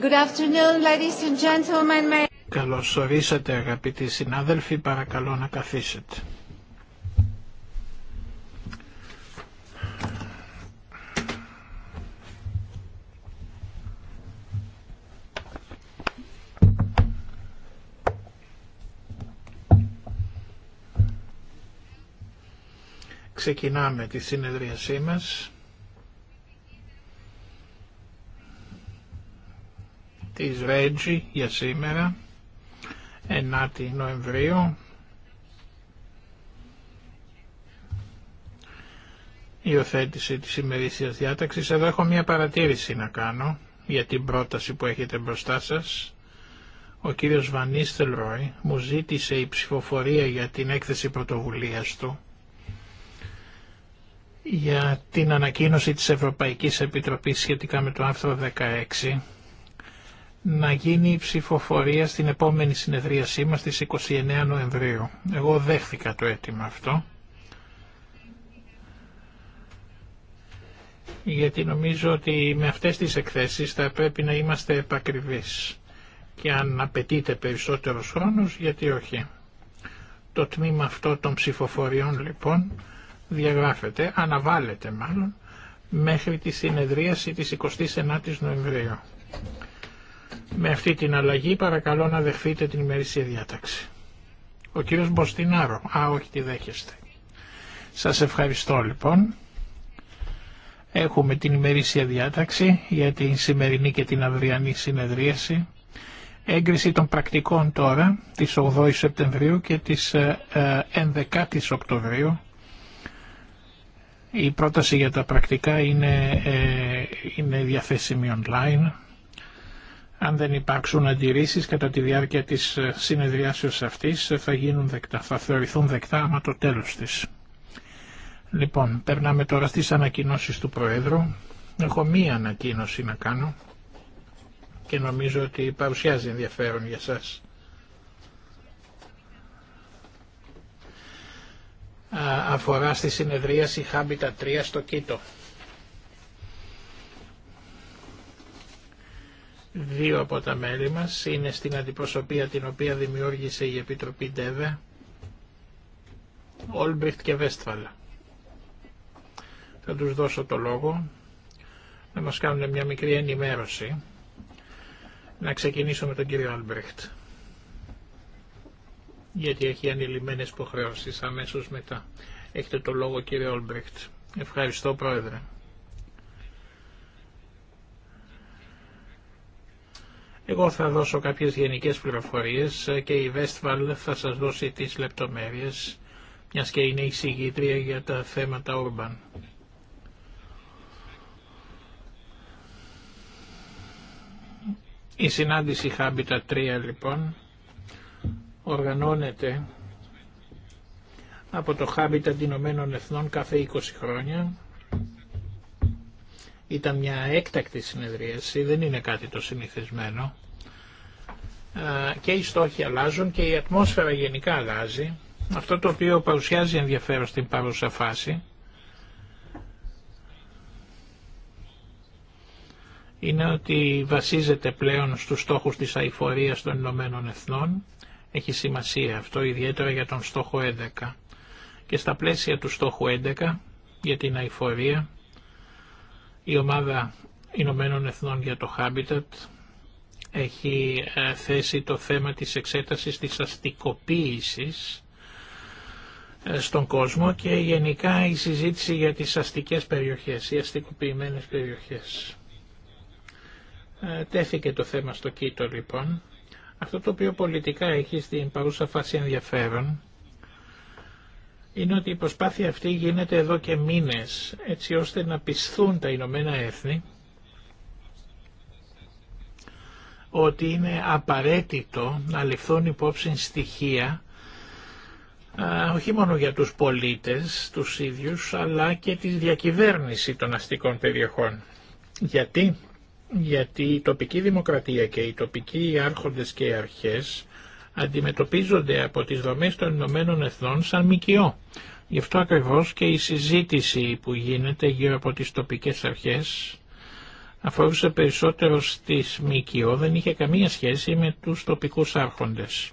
Good afternoon, ladies and gentlemen. Καλώς ορίσατε αγαπητοί συνάδελφοι, παρακαλώ να καθίσετε. Ξεκινάμε τη συνεδρίασή μας. της Ρέτζη για σήμερα, 9η Νοεμβρίου. Υιοθέτηση της ημερήσιας διάταξης. Εδώ έχω μία παρατήρηση να κάνω για την πρόταση που έχετε μπροστά σας. Ο κύριος Βανίστελ Ρόι μου ζήτησε η ψηφοφορία για την έκθεση πρωτοβουλίας του για την ανακοίνωση της Ευρωπαϊκής Επιτροπής σχετικά με το άρθρο 16 να γίνει η ψηφοφορία στην επόμενη συνεδρίασή μας στις 29 Νοεμβρίου. Εγώ δέχθηκα το αίτημα αυτό. γιατί νομίζω ότι με αυτές τις εκθέσεις θα πρέπει να είμαστε επακριβείς και αν απαιτείται περισσότερος χρόνος γιατί όχι. Το τμήμα αυτό των ψηφοφοριών λοιπόν διαγράφεται, αναβάλλεται μάλλον, μέχρι τη συνεδρίαση της 29ης Νοεμβρίου. Με αυτή την αλλαγή παρακαλώ να δεχθείτε την ημερήσια διάταξη. Ο κύριος Μποστινάρο. Α, όχι, τη δέχεστε. Σας ευχαριστώ λοιπόν. Έχουμε την ημερήσια διάταξη για την σημερινή και την αυριανή συνεδρίαση. Έγκριση των πρακτικών τώρα, της 8 η Σεπτεμβρίου και της 11 ε, ε, η Οκτωβρίου. Η πρόταση για τα πρακτικά είναι, ε, είναι διαθέσιμη online. Αν δεν υπάρξουν αντιρρήσει κατά τη διάρκεια της ε, συνεδριάσεω αυτής ε, θα, γίνουν δεκτά, θα θεωρηθούν δεκτά άμα το τέλος της. Λοιπόν, περνάμε τώρα στι ανακοινώσει του Προέδρου. Έχω μία ανακοίνωση να κάνω και νομίζω ότι παρουσιάζει ενδιαφέρον για σας. Αφορά στη συνεδρίαση Habitat 3 στο Κίτο. Δύο από τα μέλη μας είναι στην αντιπροσωπεία την οποία δημιούργησε η Επιτροπή ΤΕΒΕ, Όλμπριχτ και Βέστφαλα. Θα τους δώσω το λόγο να μας κάνουν μια μικρή ενημέρωση. Να ξεκινήσω με τον κύριο Ολμπριχτ. Γιατί έχει ανηλυμένες υποχρεώσεις αμέσως μετά. Έχετε το λόγο κύριε Ολμπριχτ. Ευχαριστώ πρόεδρε. Εγώ θα δώσω κάποιες γενικές πληροφορίες και η Βέσφαλ θα σας δώσει τις λεπτομέρειες, μιας και είναι εισηγήτρια για τα θέματα Urban. Η συνάντηση Habitat 3 λοιπόν οργανώνεται από το Habitat Ηνωμένων Εθνών κάθε 20 χρόνια ήταν μια έκτακτη συνεδρίαση, δεν είναι κάτι το συνηθισμένο. Και οι στόχοι αλλάζουν και η ατμόσφαιρα γενικά αλλάζει. Αυτό το οποίο παρουσιάζει ενδιαφέρον στην παρούσα φάση είναι ότι βασίζεται πλέον στους στόχους της αηφορίας των Ηνωμένων Εθνών. Έχει σημασία αυτό ιδιαίτερα για τον στόχο 11. Και στα πλαίσια του στόχου 11 για την αηφορία η ομάδα Ηνωμένων Εθνών για το Habitat έχει ε, θέσει το θέμα της εξέτασης της αστικοποίησης ε, στον κόσμο και γενικά η συζήτηση για τις αστικές περιοχές, οι αστικοποιημένες περιοχές. Ε, τέθηκε το θέμα στο Κίτο λοιπόν. Αυτό το οποίο πολιτικά έχει στην παρούσα φάση ενδιαφέρον είναι ότι η προσπάθεια αυτή γίνεται εδώ και μήνες έτσι ώστε να πισθούν τα Ηνωμένα Έθνη ότι είναι απαραίτητο να ληφθούν υπόψη στοιχεία όχι μόνο για τους πολίτες, τους ίδιους, αλλά και τη διακυβέρνηση των αστικών περιοχών. Γιατί? Γιατί η τοπική δημοκρατία και οι τοπικοί άρχοντες και αρχές αντιμετωπίζονται από τις δομές των Ηνωμένων Εθνών σαν μικιό. Γι' αυτό ακριβώς και η συζήτηση που γίνεται γύρω από τις τοπικές αρχές αφορούσε περισσότερο στις ΜΚΙΟ, δεν είχε καμία σχέση με τους τοπικούς άρχοντες.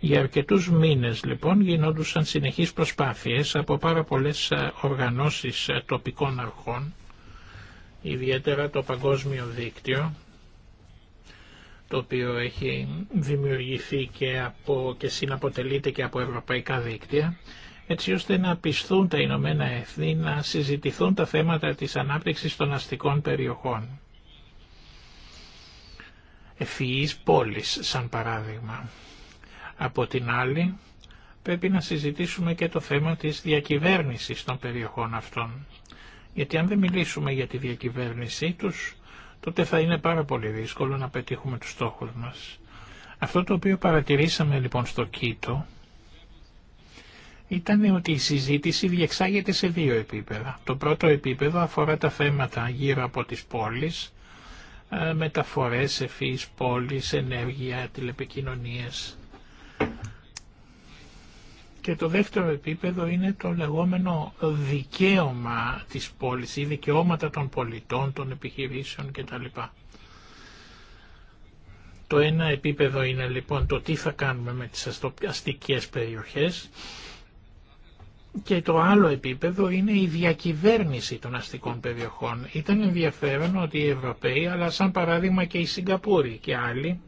Για αρκετούς μήνες λοιπόν γινόντουσαν συνεχείς προσπάθειες από πάρα πολλές ε, οργανώσεις ε, τοπικών αρχών, ιδιαίτερα το Παγκόσμιο Δίκτυο, το οποίο έχει δημιουργηθεί και, από, και συναποτελείται και από ευρωπαϊκά δίκτυα, έτσι ώστε να πισθούν τα Ηνωμένα Εθνή να συζητηθούν τα θέματα της ανάπτυξης των αστικών περιοχών. Ευφυής πόλεις, σαν παράδειγμα. Από την άλλη, πρέπει να συζητήσουμε και το θέμα της διακυβέρνησης των περιοχών αυτών. Γιατί αν δεν μιλήσουμε για τη διακυβέρνησή τους, τότε θα είναι πάρα πολύ δύσκολο να πετύχουμε τους στόχους μας. Αυτό το οποίο παρατηρήσαμε λοιπόν στο Κίτο ήταν ότι η συζήτηση διεξάγεται σε δύο επίπεδα. Το πρώτο επίπεδο αφορά τα θέματα γύρω από τις πόλεις, ε, μεταφορές, εφής, πόλεις, ενέργεια, τηλεπικοινωνίες και το δεύτερο επίπεδο είναι το λεγόμενο δικαίωμα της πόλης, ή δικαιώματα των πολιτών, των επιχειρήσεων κτλ. Το ένα επίπεδο είναι λοιπόν το τι θα κάνουμε με τις αστικές περιοχές και το άλλο επίπεδο είναι η διακυβέρνηση των αστικών περιοχών. Ήταν ενδιαφέρον ότι οι Ευρωπαίοι, αλλά σαν παράδειγμα και οι Συγκαπούροι και άλλοι,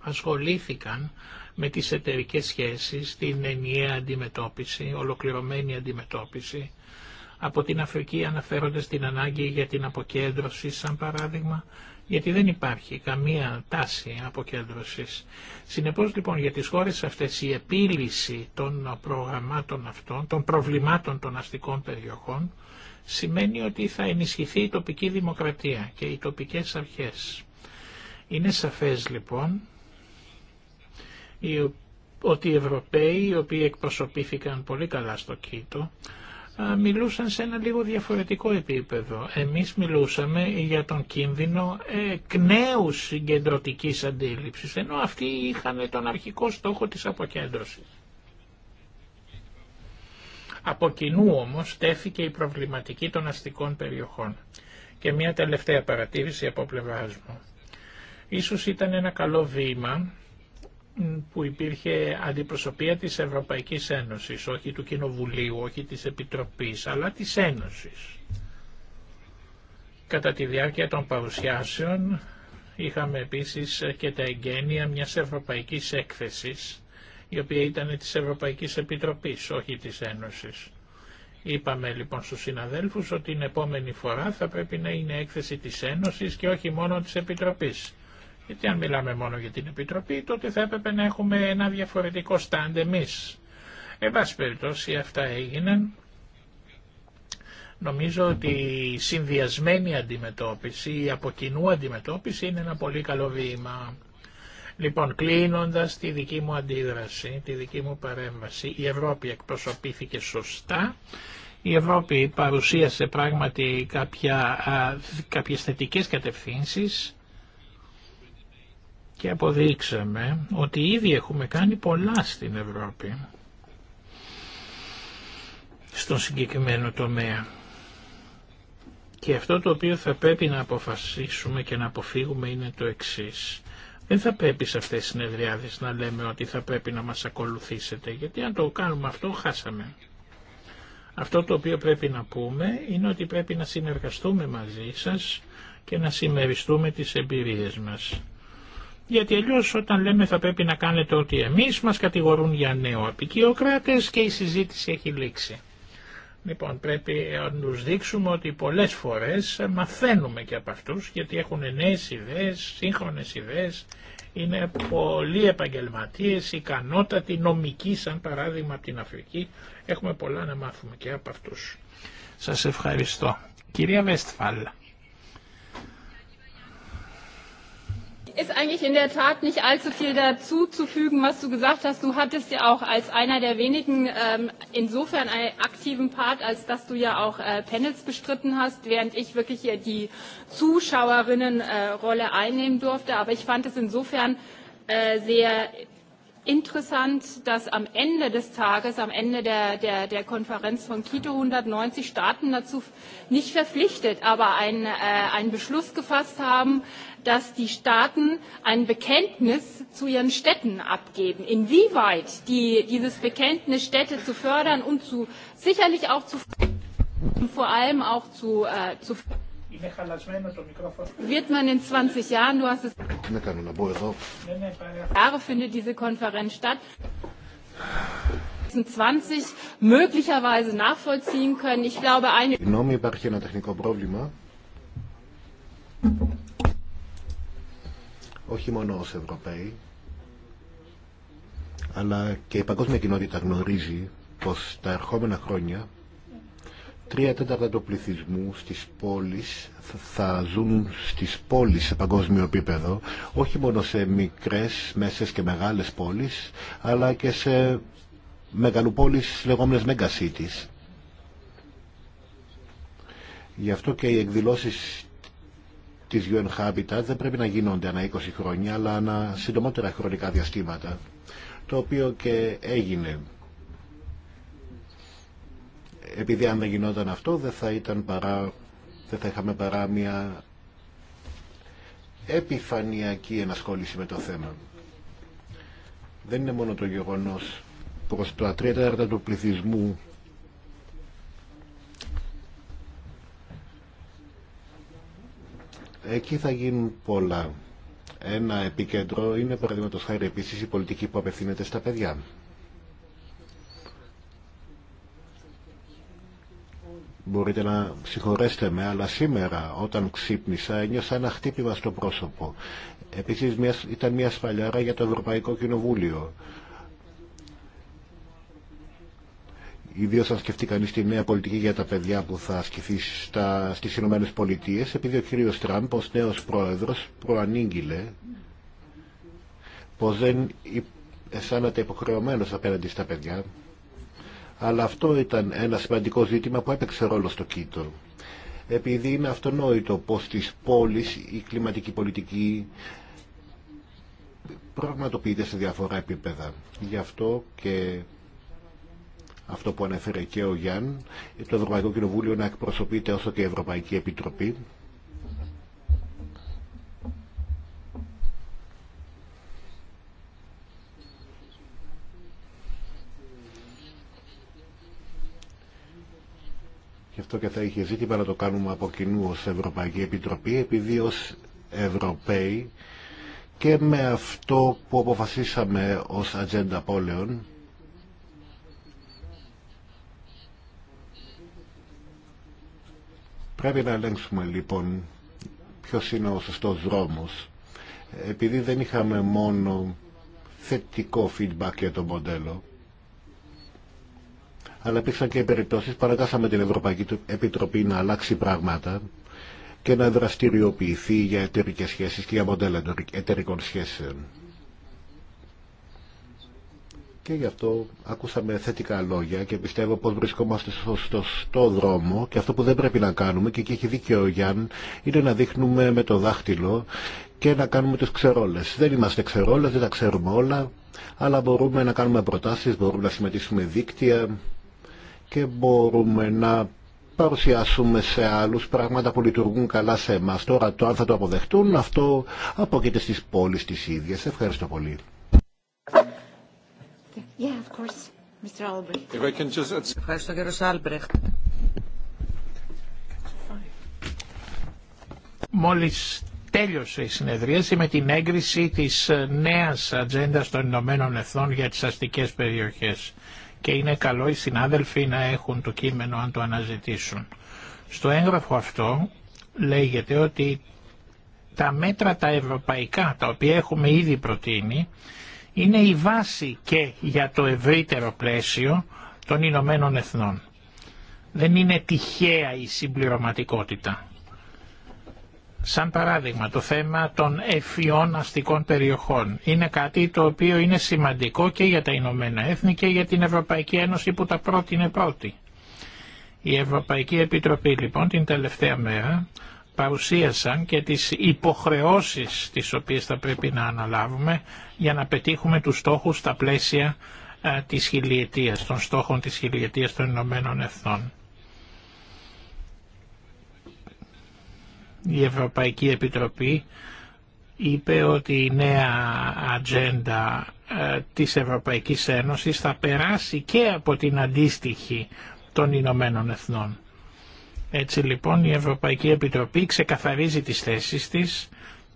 ασχολήθηκαν με τις εταιρικές σχέσεις, την ενιαία αντιμετώπιση, ολοκληρωμένη αντιμετώπιση. Από την Αφρική αναφέρονται στην ανάγκη για την αποκέντρωση σαν παράδειγμα, γιατί δεν υπάρχει καμία τάση αποκέντρωσης. Συνεπώς λοιπόν για τις χώρες αυτές η επίλυση των προγραμμάτων αυτών, των προβλημάτων των αστικών περιοχών, σημαίνει ότι θα ενισχυθεί η τοπική δημοκρατία και οι τοπικές αρχές. Είναι σαφές λοιπόν ότι οι Ευρωπαίοι, οι οποίοι εκπροσωπήθηκαν πολύ καλά στο Κίτο, μιλούσαν σε ένα λίγο διαφορετικό επίπεδο. Εμείς μιλούσαμε για τον κίνδυνο εκ νέου συγκεντρωτική αντίληψης, ενώ αυτοί είχαν τον αρχικό στόχο της αποκέντρωσης. Από κοινού όμως τέθηκε η προβληματική των αστικών περιοχών. Και μια τελευταία παρατήρηση από πλευράς μου. Ίσως ήταν ένα καλό βήμα που υπήρχε αντιπροσωπεία της Ευρωπαϊκής Ένωσης, όχι του Κοινοβουλίου, όχι της Επιτροπής, αλλά της Ένωσης. Κατά τη διάρκεια των παρουσιάσεων είχαμε επίσης και τα εγγένεια μιας ευρωπαϊκής έκθεσης, η οποία ήταν της Ευρωπαϊκής Επιτροπής, όχι της Ένωσης. Είπαμε λοιπόν στους συναδέλφους ότι την επόμενη φορά θα πρέπει να είναι έκθεση της Ένωσης και όχι μόνο της Επιτροπής γιατί αν μιλάμε μόνο για την Επιτροπή, τότε θα έπρεπε να έχουμε ένα διαφορετικό στάντ εμεί. Εν πάση περιπτώσει αυτά έγιναν. Νομίζω ότι η συνδυασμένη αντιμετώπιση, η αποκοινού αντιμετώπιση είναι ένα πολύ καλό βήμα. Λοιπόν, κλείνοντα τη δική μου αντίδραση, τη δική μου παρέμβαση, η Ευρώπη εκπροσωπήθηκε σωστά. Η Ευρώπη παρουσίασε πράγματι κάποια, κάποιες θετικές κατευθύνσεις και αποδείξαμε ότι ήδη έχουμε κάνει πολλά στην Ευρώπη στον συγκεκριμένο τομέα. Και αυτό το οποίο θα πρέπει να αποφασίσουμε και να αποφύγουμε είναι το εξής. Δεν θα πρέπει σε αυτές τις συνεδριάδες να λέμε ότι θα πρέπει να μας ακολουθήσετε, γιατί αν το κάνουμε αυτό χάσαμε. Αυτό το οποίο πρέπει να πούμε είναι ότι πρέπει να συνεργαστούμε μαζί σας και να συμμεριστούμε τις εμπειρίες μας γιατί αλλιώ όταν λέμε θα πρέπει να κάνετε ό,τι εμεί μα κατηγορούν για νέο απεικιοκράτε και η συζήτηση έχει λήξει. Λοιπόν, πρέπει να του δείξουμε ότι πολλέ φορέ μαθαίνουμε και από αυτού, γιατί έχουν νέε ιδέε, σύγχρονε ιδέε, είναι πολλοί επαγγελματίες, ικανότατοι, νομικοί σαν παράδειγμα από την Αφρική. Έχουμε πολλά να μάθουμε και από αυτού. Σα ευχαριστώ. Κυρία Βέστφαλ. ist eigentlich in der Tat nicht allzu viel dazu zu fügen, was du gesagt hast. Du hattest ja auch als einer der wenigen insofern einen aktiven Part, als dass du ja auch Panels bestritten hast, während ich wirklich hier die Zuschauerinnenrolle einnehmen durfte. Aber ich fand es insofern sehr interessant, dass am Ende des Tages, am Ende der, der, der Konferenz von Kito 190 Staaten dazu nicht verpflichtet, aber einen Beschluss gefasst haben, dass die Staaten ein Bekenntnis zu ihren Städten abgeben. Inwieweit dieses Bekenntnis, Städte zu fördern und zu sicherlich auch zu vor allem auch zu wird man in 20 Jahren, du hast es Jahre findet diese Konferenz statt. 20 möglicherweise nachvollziehen können. Ich glaube, eine όχι μόνο ως Ευρωπαίοι, αλλά και η παγκόσμια κοινότητα γνωρίζει πως τα ερχόμενα χρόνια τρία τέταρτα του πληθυσμού στις πόλεις θα ζουν στις πόλεις σε παγκόσμιο επίπεδο, όχι μόνο σε μικρές, μέσες και μεγάλες πόλεις, αλλά και σε μεγαλοπόλεις λεγόμενες megacities. Γι' αυτό και οι εκδηλώσεις τη UN Habitat δεν πρέπει να γίνονται ανά 20 χρόνια, αλλά ανά συντομότερα χρονικά διαστήματα, το οποίο και έγινε. Επειδή αν δεν γινόταν αυτό, δεν θα, ήταν παρά, δεν θα είχαμε παρά μια επιφανειακή ενασχόληση με το θέμα. Δεν είναι μόνο το γεγονός πως το ατρέταρτα του πληθυσμού Εκεί θα γίνουν πολλά. Ένα επίκεντρο είναι παραδείγματος χάρη επίσης η πολιτική που απευθύνεται στα παιδιά. Μπορείτε να συγχωρέσετε με, αλλά σήμερα όταν ξύπνησα ένιωσα ένα χτύπημα στο πρόσωπο. Επίσης ήταν μια σφαλιάρα για το Ευρωπαϊκό Κοινοβούλιο. Ιδίω αν σκεφτεί κανεί τη νέα πολιτική για τα παιδιά που θα ασκηθεί στι στις Ηνωμένες Πολιτείες, επειδή ο κύριος Τραμπ ως νέος πρόεδρος προανήγγειλε πως δεν αισθάνεται υποχρεωμένος απέναντι στα παιδιά, αλλά αυτό ήταν ένα σημαντικό ζήτημα που έπαιξε ρόλο στο Κίτο. Επειδή είναι αυτονόητο πως στις πόλεις η κλιματική πολιτική πραγματοποιείται σε διάφορα επίπεδα. Γι' αυτό και αυτό που ανέφερε και ο Γιάνν, το Ευρωπαϊκό Κοινοβούλιο να εκπροσωπείται όσο και η Ευρωπαϊκή Επιτροπή. Και αυτό και θα είχε ζήτημα να το κάνουμε από κοινού ως Ευρωπαϊκή Επιτροπή, επειδή ως Ευρωπαίοι και με αυτό που αποφασίσαμε ως ατζέντα πόλεων, Πρέπει να ελέγξουμε λοιπόν ποιος είναι ο σωστός δρόμος. Επειδή δεν είχαμε μόνο θετικό feedback για το μοντέλο, αλλά υπήρξαν και περιπτώσεις που αναγκάσαμε την Ευρωπαϊκή Επιτροπή να αλλάξει πράγματα και να δραστηριοποιηθεί για εταιρικές σχέσεις και για μοντέλα εταιρικών σχέσεων και γι' αυτό άκουσαμε θετικά λόγια και πιστεύω πως βρισκόμαστε στο σωστό δρόμο και αυτό που δεν πρέπει να κάνουμε και εκεί έχει δίκιο ο Γιάν, είναι να δείχνουμε με το δάχτυλο και να κάνουμε τους ξερόλες. Δεν είμαστε ξερόλες, δεν τα ξέρουμε όλα, αλλά μπορούμε να κάνουμε προτάσεις, μπορούμε να συμμετήσουμε δίκτυα και μπορούμε να παρουσιάσουμε σε άλλους πράγματα που λειτουργούν καλά σε εμάς. Τώρα το αν θα το αποδεχτούν αυτό απόκειται στις πόλεις τις ίδιες. Ευχαριστώ πολύ. Yeah, of Μόλις τέλειωσε η συνεδρίαση με την έγκριση της νέας ατζέντα των Ηνωμένων Εθνών για τις αστικές περιοχές και είναι καλό οι συνάδελφοι να έχουν το κείμενο αν το αναζητήσουν. Στο έγγραφο αυτό λέγεται ότι τα μέτρα τα ευρωπαϊκά τα οποία έχουμε ήδη προτείνει είναι η βάση και για το ευρύτερο πλαίσιο των Ηνωμένων Εθνών. Δεν είναι τυχαία η συμπληρωματικότητα. Σαν παράδειγμα το θέμα των εφιών αστικών περιοχών είναι κάτι το οποίο είναι σημαντικό και για τα Ηνωμένα Έθνη και για την Ευρωπαϊκή Ένωση που τα πρώτη είναι πρώτη. Η Ευρωπαϊκή Επιτροπή λοιπόν την τελευταία μέρα παρουσίασαν και τις υποχρεώσεις τις οποίες θα πρέπει να αναλάβουμε για να πετύχουμε τους στόχους στα πλαίσια ε, της χιλιετίας, των στόχων της χιλιετίας των Ηνωμένων Εθνών. Η Ευρωπαϊκή Επιτροπή είπε ότι η νέα ατζέντα ε, της Ευρωπαϊκής Ένωσης θα περάσει και από την αντίστοιχη των Ηνωμένων Εθνών. Έτσι λοιπόν η Ευρωπαϊκή Επιτροπή ξεκαθαρίζει τις θέσεις της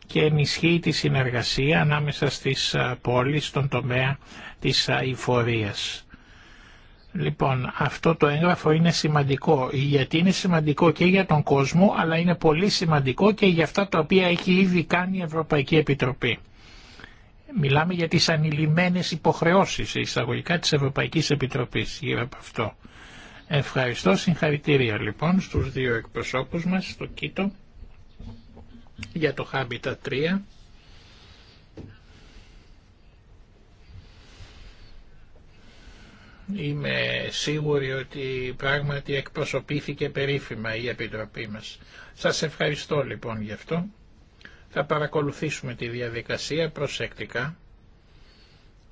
και ενισχύει τη συνεργασία ανάμεσα στις πόλεις στον τομέα της αηφορίας. Λοιπόν, αυτό το έγγραφο είναι σημαντικό, γιατί είναι σημαντικό και για τον κόσμο, αλλά είναι πολύ σημαντικό και για αυτά τα οποία έχει ήδη κάνει η Ευρωπαϊκή Επιτροπή. Μιλάμε για τις ανηλυμένες υποχρεώσεις εισαγωγικά της Ευρωπαϊκής Επιτροπής γύρω από αυτό. Ευχαριστώ, συγχαρητήρια λοιπόν στους δύο εκπροσώπους μας στο Κίτο για το Χάμπιτα 3. Είμαι σίγουρη ότι πράγματι εκπροσωπήθηκε περίφημα η Επιτροπή μας. Σας ευχαριστώ λοιπόν γι' αυτό. Θα παρακολουθήσουμε τη διαδικασία προσεκτικά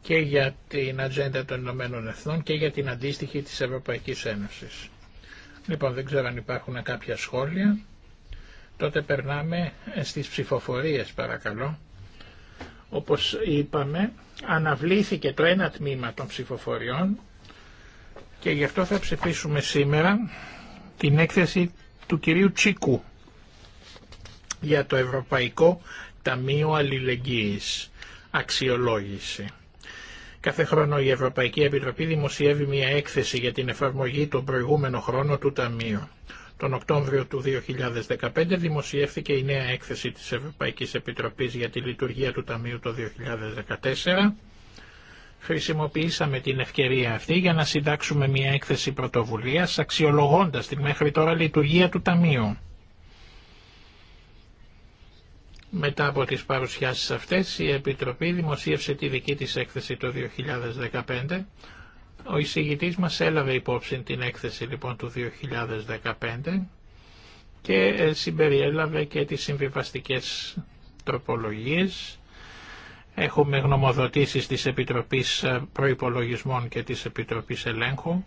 και για την ατζέντα των Ηνωμένων Εθνών και για την αντίστοιχη της Ευρωπαϊκής Ένωσης. Λοιπόν, δεν ξέρω αν υπάρχουν κάποια σχόλια. Τότε περνάμε στις ψηφοφορίες, παρακαλώ. Όπως είπαμε, αναβλήθηκε το ένα τμήμα των ψηφοφοριών και γι' αυτό θα ψηφίσουμε σήμερα την έκθεση του κυρίου Τσίκου για το Ευρωπαϊκό Ταμείο Αλληλεγγύης. Αξιολόγηση. Κάθε χρόνο η Ευρωπαϊκή Επιτροπή δημοσιεύει μια έκθεση για την εφαρμογή τον προηγούμενο χρόνο του Ταμείου. Τον Οκτώβριο του 2015 δημοσιεύθηκε η νέα έκθεση της Ευρωπαϊκής Επιτροπής για τη λειτουργία του Ταμείου το 2014. Χρησιμοποιήσαμε την ευκαιρία αυτή για να συντάξουμε μια έκθεση πρωτοβουλίας αξιολογώντας τη μέχρι τώρα λειτουργία του Ταμείου. Μετά από τις παρουσιάσεις αυτές, η Επιτροπή δημοσίευσε τη δική της έκθεση το 2015. Ο εισηγητής μας έλαβε υπόψη την έκθεση λοιπόν του 2015 και ε, συμπεριέλαβε και τις συμβιβαστικές τροπολογίες. Έχουμε γνωμοδοτήσεις της Επιτροπής ε, Προϋπολογισμών και της Επιτροπής Ελέγχου.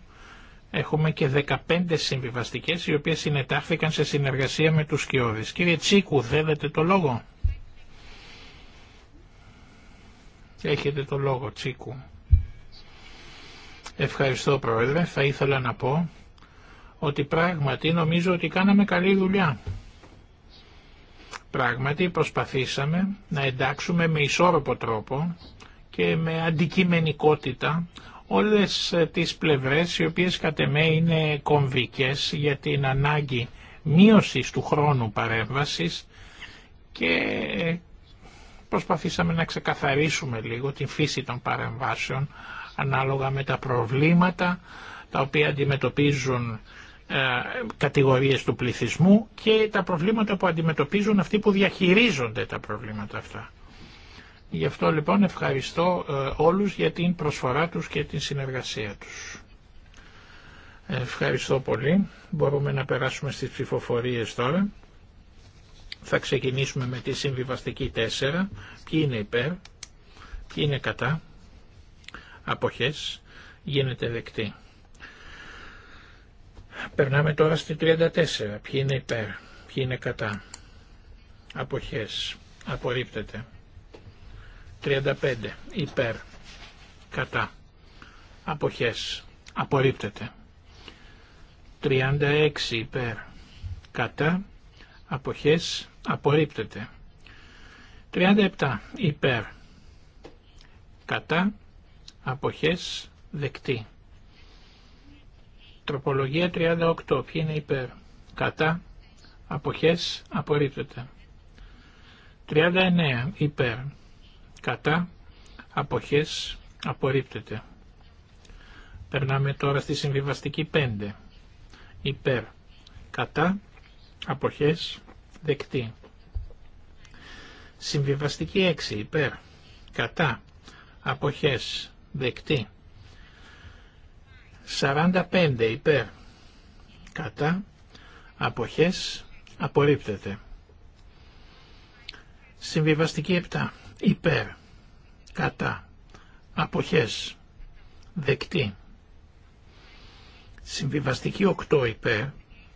Έχουμε και 15 συμβιβαστικές οι οποίες συνετάχθηκαν σε συνεργασία με τους Σκιώδης. Κύριε Τσίκου, δέλετε το λόγο. έχετε το λόγο, Τσίκου. Ευχαριστώ, Πρόεδρε. Θα ήθελα να πω ότι πράγματι νομίζω ότι κάναμε καλή δουλειά. Πράγματι προσπαθήσαμε να εντάξουμε με ισόρροπο τρόπο και με αντικειμενικότητα όλες ε, τις πλευρές οι οποίες κατ' εμέ είναι κομβικές για την ανάγκη μείωσης του χρόνου παρέμβασης και Προσπαθήσαμε να ξεκαθαρίσουμε λίγο την φύση των παρεμβάσεων ανάλογα με τα προβλήματα τα οποία αντιμετωπίζουν ε, κατηγορίες του πληθυσμού και τα προβλήματα που αντιμετωπίζουν αυτοί που διαχειρίζονται τα προβλήματα αυτά. Γι' αυτό λοιπόν ευχαριστώ ε, όλους για την προσφορά τους και την συνεργασία τους. Ευχαριστώ πολύ. Μπορούμε να περάσουμε στις ψηφοφορίες τώρα. Θα ξεκινήσουμε με τη συμβιβαστική 4. Ποιοι είναι υπέρ, ποιοι είναι κατά. Αποχές γίνεται δεκτή. Περνάμε τώρα στη 34. Ποιοι είναι υπέρ, ποιοι είναι κατά. Αποχές. Απορρίπτεται. 35. Υπέρ. Κατά. Αποχές. Απορρίπτεται. 36. Υπέρ. Κατά. Αποχές. Απορρίπτεται. 37 υπέρ. Κατά. Αποχές. Δεκτή. Τροπολογία 38. Ποιοι είναι υπέρ. Κατά. Αποχές. Απορρίπτεται. 39 υπέρ. Κατά. Αποχές. Απορρίπτεται. Περνάμε τώρα στη συμβιβαστική 5. Υπέρ. Κατά. Αποχές δεκτή. Συμβιβαστική 6 υπέρ, κατά, αποχές, δεκτή. 45 υπέρ, κατά, αποχές, απορρίπτεται. Συμβιβαστική 7 υπέρ, κατά, αποχές, δεκτή. Συμβιβαστική 8 υπέρ,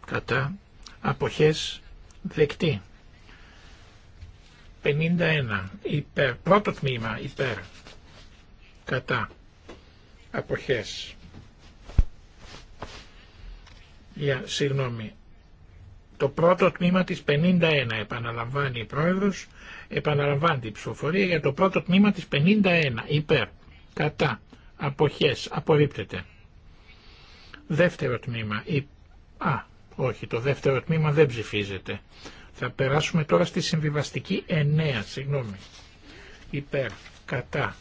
κατά, αποχές, Δεκτή. 51. Υπέρ. Πρώτο τμήμα. Υπέρ. Κατά. Αποχές. Για, συγγνώμη. Το πρώτο τμήμα της 51 επαναλαμβάνει η πρόεδρος, επαναλαμβάνει την ψηφοφορία για το πρώτο τμήμα της 51 υπέρ, κατά, αποχές, απορρίπτεται. Δεύτερο τμήμα, υπέρ α, όχι, το δεύτερο τμήμα δεν ψηφίζεται. Θα περάσουμε τώρα στη συμβιβαστική 9, συγγνώμη. Υπέρ, κατά,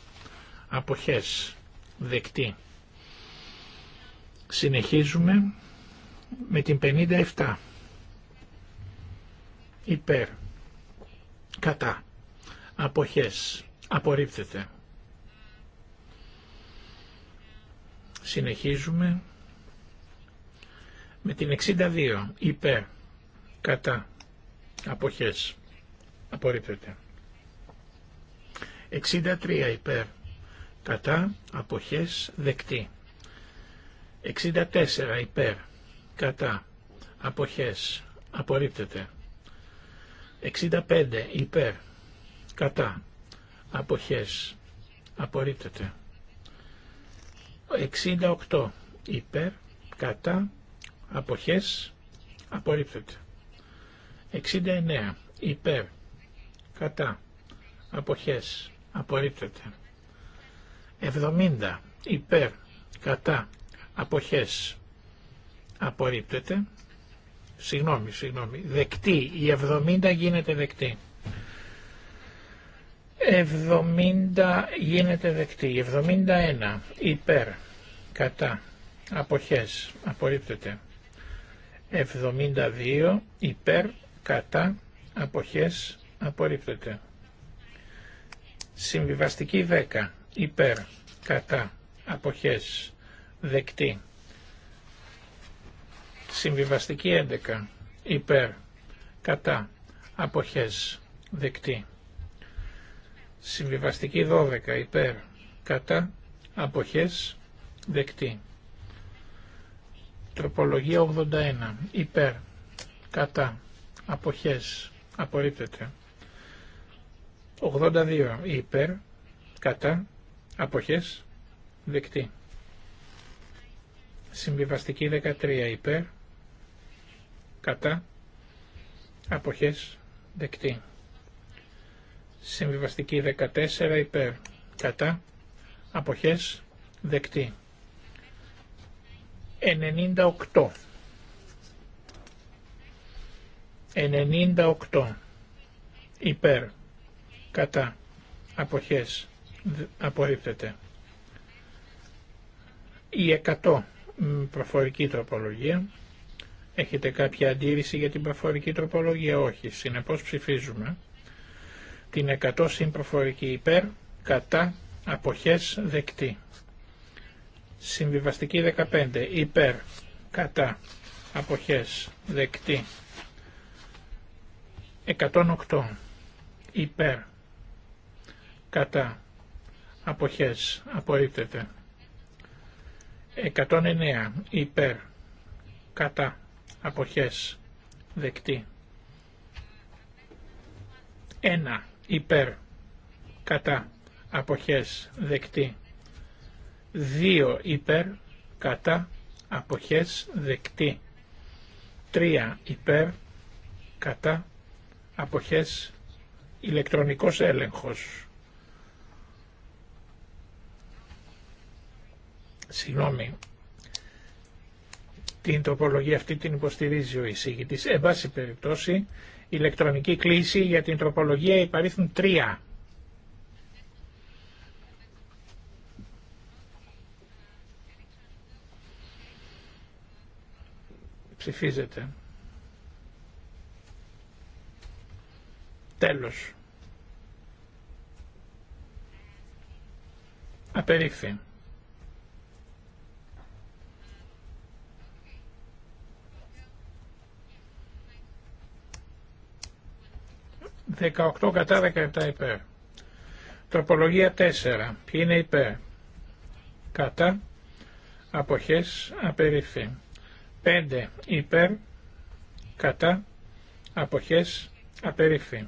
αποχές, δεκτή. Συνεχίζουμε με την 57. Υπέρ, κατά, αποχές, απορρίπτεται. Συνεχίζουμε με την 62 υπέρ κατά αποχές απορρίπτεται 63 υπέρ κατά αποχές δεκτή 64 υπέρ κατά αποχές απορρίπτεται 65 υπέρ κατά αποχές απορρίπτεται 68 υπέρ κατά αποχές απορρίπτεται. 69 υπέρ κατά αποχές απορρίπτεται. 70 υπέρ κατά αποχές απορρίπτεται. Συγγνώμη, συγγνώμη. Δεκτή. Η 70 γίνεται δεκτή. 70 γίνεται δεκτή. 71 υπέρ κατά αποχές απορρίπτεται. 72 υπέρ κατά αποχές απορρίπτεται. Συμβιβαστική 10 υπέρ κατά αποχές δεκτή. Συμβιβαστική 11 υπέρ κατά αποχές δεκτή. Συμβιβαστική 12 υπέρ κατά αποχές δεκτή. Τροπολογία 81. Υπέρ. Κατά. Αποχές. Απορρίπτεται. 82. Υπέρ. Κατά. Αποχές. Δεκτή. Συμβιβαστική 13. Υπέρ. Κατά. Αποχές. Δεκτή. Συμβιβαστική 14. Υπέρ. Κατά. Αποχές. Δεκτή. 98. 98. Υπέρ. Κατά. Αποχές. Απορρίπτεται. Η 100. Προφορική τροπολογία. Έχετε κάποια αντίρρηση για την προφορική τροπολογία. Όχι. Συνεπώς ψηφίζουμε. Την 100 συμπροφορική προφορική υπέρ. Κατά. Αποχές. Δεκτή. Συμβιβαστική 15. Υπέρ. Κατά. Αποχές. Δεκτή. 108. Υπέρ. Κατά. Αποχές. Απορρίπτεται. 109. Υπέρ. Κατά. Αποχές. Δεκτή. 1. Υπέρ. Κατά. Αποχές. Δεκτή. Δύο υπέρ κατά αποχές δεκτή. Τρία υπέρ κατά αποχές ηλεκτρονικός έλεγχος. Συγγνώμη. Την τροπολογία αυτή την υποστηρίζει ο εισήγητης. Εν πάση περιπτώσει, ηλεκτρονική κλίση για την τροπολογία υπαρίθουν τρία... Ψηφίζεται. Τέλος. Απερίφθη. Δεκαοκτώ κατά δεκαεπτά υπέρ. Τροπολογία 4. Ποιοι είναι υπέρ. Κατά. Αποχές απερίφθη. 5 υπέρ κατά αποχές απερίφη.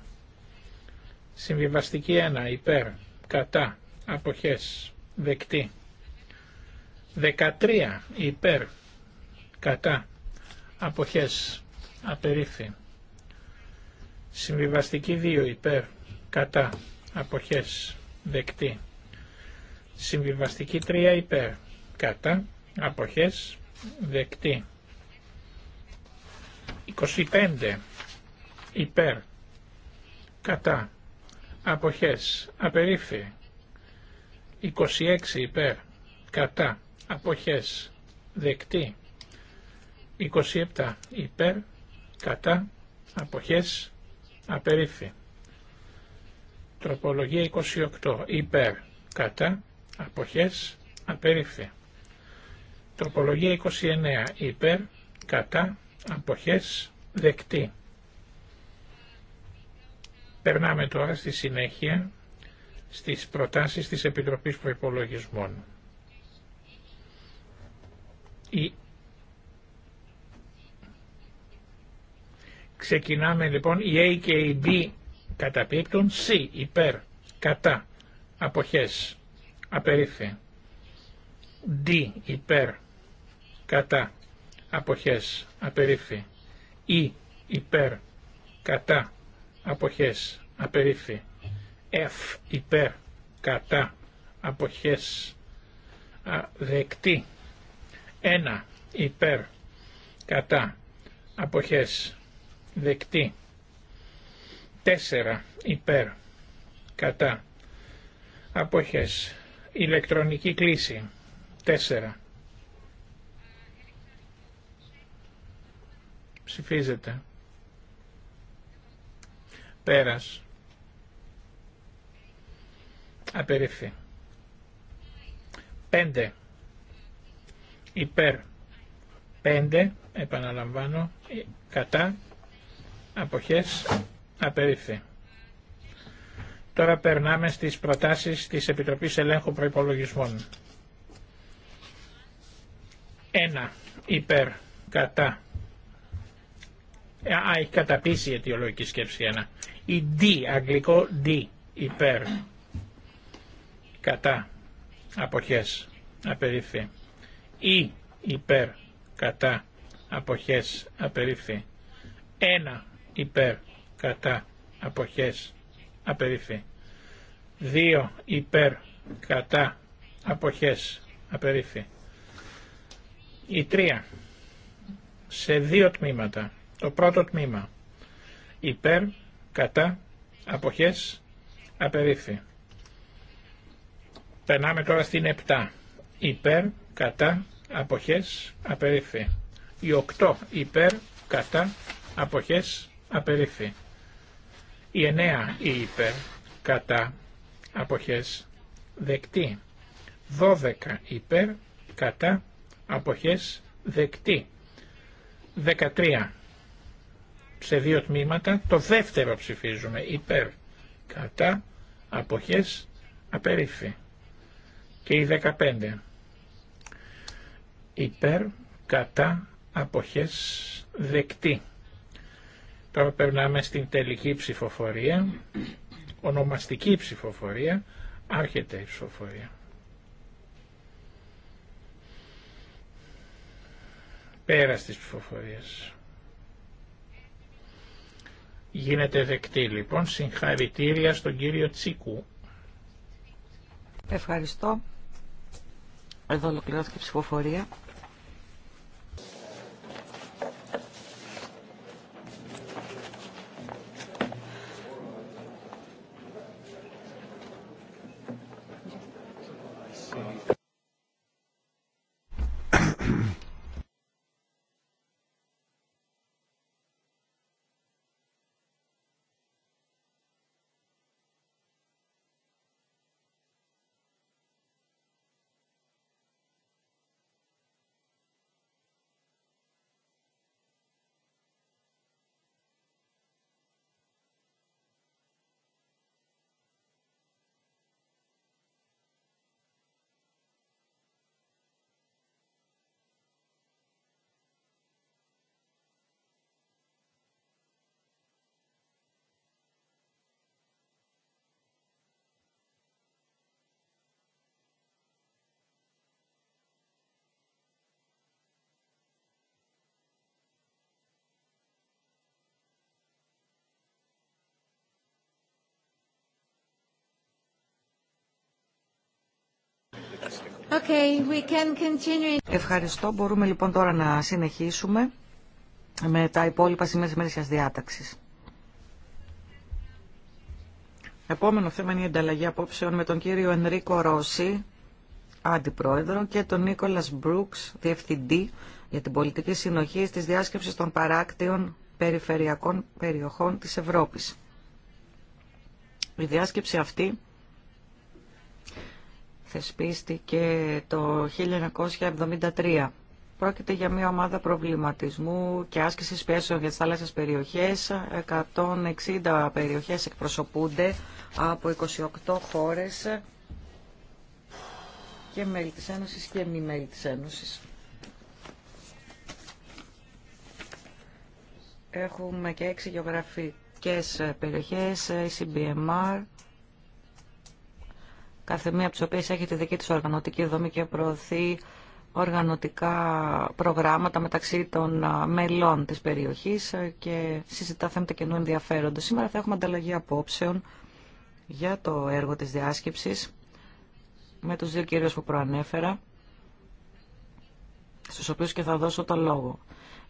Συμβιβαστική 1 υπέρ κατά αποχές δεκτή. δεκατρία υπέρ κατά αποχές απερίφη. Συμβιβαστική 2 υπέρ κατά αποχές δεκτή. Συμβιβαστική 3 υπέρ κατά αποχές δεκτή. 25 υπέρ κατά αποχές απερίφθη 26 υπέρ κατά αποχές δεκτή 27 υπέρ κατά αποχές απερίφθη τροπολογία 28 υπέρ κατά αποχές απερίφθη τροπολογία 29 υπέρ κατά αποχές δεκτή. Περνάμε τώρα στη συνέχεια στις προτάσεις της Επιτροπής Προϋπολογισμών. Η... Ξεκινάμε λοιπόν, η A και η B καταπίπτουν, C υπέρ, κατά, αποχές, απερίφθη. D υπέρ, κατά, αποχές απερίφθη ή υπέρ κατά αποχές απερίφθη Εφ υπέρ κατά αποχές δεκτή 1 υπέρ κατά αποχές δεκτή 4 υπέρ κατά αποχές ηλεκτρονική κλίση 4 Ψηφίζεται. Πέρας. Απερίφθη. Πέντε. Υπέρ. Πέντε. Επαναλαμβάνω. Ε, κατά. Αποχές. Απερίφθη. Τώρα περνάμε στις προτάσεις της Επιτροπής Ελέγχου Προϋπολογισμών. Ένα. Υπέρ. Κατά. Ε, α, έχει καταπίσει η αιτιολογική σκέψη ένα. Η D, αγγλικό D, υπέρ. Κατά. Αποχές. Απερίφθη. Ή, e, υπέρ. Κατά. Αποχές. Απερίφθη. Ένα Υπέρ. Κατά. Αποχές. Απερίφθη. Δύο Υπέρ. Κατά. Αποχές. Απερίφθη. Η τρία, Σε δύο τμήματα το πρώτο τμήμα. Υπέρ, κατά, αποχές, απερίφθη. Περνάμε τώρα στην 7. Υπέρ, κατά, αποχές, απερίφθη. Η 8. Υπέρ, κατά, αποχές, απερίφθη. Η 9. Η υπέρ, κατά, αποχές, δεκτή. 12. Υπέρ, κατά, αποχές, δεκτή. 13 σε δύο τμήματα. Το δεύτερο ψηφίζουμε υπέρ κατά αποχές απερίφη Και η 15. Υπέρ κατά αποχές δεκτή. Τώρα περνάμε στην τελική ψηφοφορία, ονομαστική ψηφοφορία, άρχεται η ψηφοφορία. Πέρα τη ψηφοφορίες. Γίνεται δεκτή λοιπόν. Συγχαρητήρια στον κύριο Τσίκου. Ευχαριστώ. Εδώ ολοκληρώθηκε η ψηφοφορία. Okay, we can continue. Ευχαριστώ. Μπορούμε λοιπόν τώρα να συνεχίσουμε με τα υπόλοιπα σημεία της ημέρησιας διάταξης. Επόμενο θέμα είναι η ανταλλαγή απόψεων με τον κύριο Ενρίκο Ρώση, αντιπρόεδρο, και τον Νίκολας Μπρούξ, διευθυντή για την πολιτική συνοχή της διάσκεψης των παράκτιων περιφερειακών περιοχών της Ευρώπης. Η διάσκεψη αυτή θεσπίστηκε το 1973. Πρόκειται για μια ομάδα προβληματισμού και άσκηση πιέσεων για τι θάλασσες περιοχές. 160 περιοχές εκπροσωπούνται από 28 χώρες και μέλη της Ένωσης και μη μέλη της Ένωσης. Έχουμε και έξι γεωγραφικές περιοχές, η CBMR, κάθε μία από τις οποίες έχει τη δική της οργανωτική δομή και προωθεί οργανωτικά προγράμματα μεταξύ των μελών της περιοχής και συζητά θέματα καινού ενδιαφέροντος. Σήμερα θα έχουμε ανταλλαγή απόψεων για το έργο της διάσκεψης με τους δύο κυρίους που προανέφερα, στους οποίους και θα δώσω το λόγο.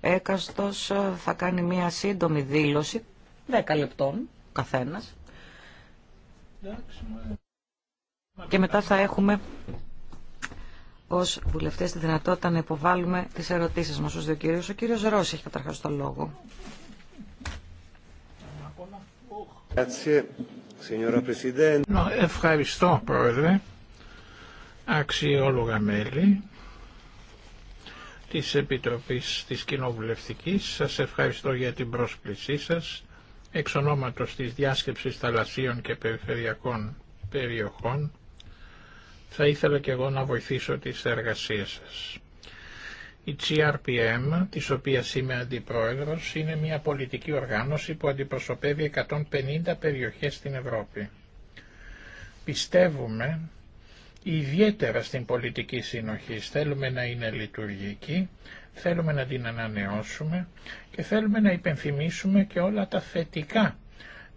Έκαστος θα κάνει μία σύντομη δήλωση, 10 λεπτών καθένας και μετά θα έχουμε ως βουλευτές τη δυνατότητα να υποβάλουμε τις ερωτήσεις μας στους δύο κυρίους. Ο κύριος Ρώση έχει καταρχάς το λόγο. Ευχαριστώ Πρόεδρε, αξιόλογα μέλη της Επιτροπής της Κοινοβουλευτικής. Σας ευχαριστώ για την πρόσκλησή σας εξ ονόματος της διάσκεψης θαλασσίων και περιφερειακών περιοχών θα ήθελα και εγώ να βοηθήσω τις εργασίες σας. Η CRPM, της οποίας είμαι αντιπρόεδρος, είναι μια πολιτική οργάνωση που αντιπροσωπεύει 150 περιοχές στην Ευρώπη. Πιστεύουμε ιδιαίτερα στην πολιτική συνοχή. Θέλουμε να είναι λειτουργική, θέλουμε να την ανανεώσουμε και θέλουμε να υπενθυμίσουμε και όλα τα θετικά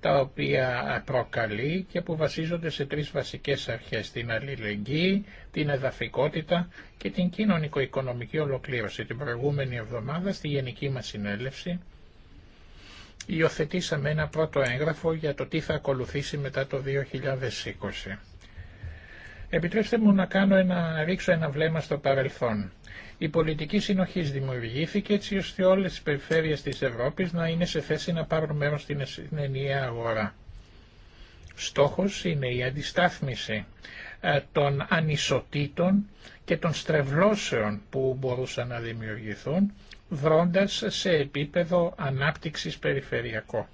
τα οποία προκαλεί και που βασίζονται σε τρεις βασικές αρχές, την αλληλεγγύη, την εδαφικότητα και την κοινωνικο-οικονομική ολοκλήρωση. Την προηγούμενη εβδομάδα στη Γενική μας Συνέλευση υιοθετήσαμε ένα πρώτο έγγραφο για το τι θα ακολουθήσει μετά το 2020. Επιτρέψτε μου να κάνω ένα, ρίξω ένα βλέμμα στο παρελθόν. Η πολιτική συνοχή δημιουργήθηκε έτσι ώστε όλες τι περιφέρειες της Ευρώπης να είναι σε θέση να πάρουν μέρο στην ενιαία αγορά. Στόχος είναι η αντιστάθμιση ε, των ανισοτήτων και των στρεβλώσεων που μπορούσαν να δημιουργηθούν, βρώντας σε επίπεδο ανάπτυξης περιφερειακό.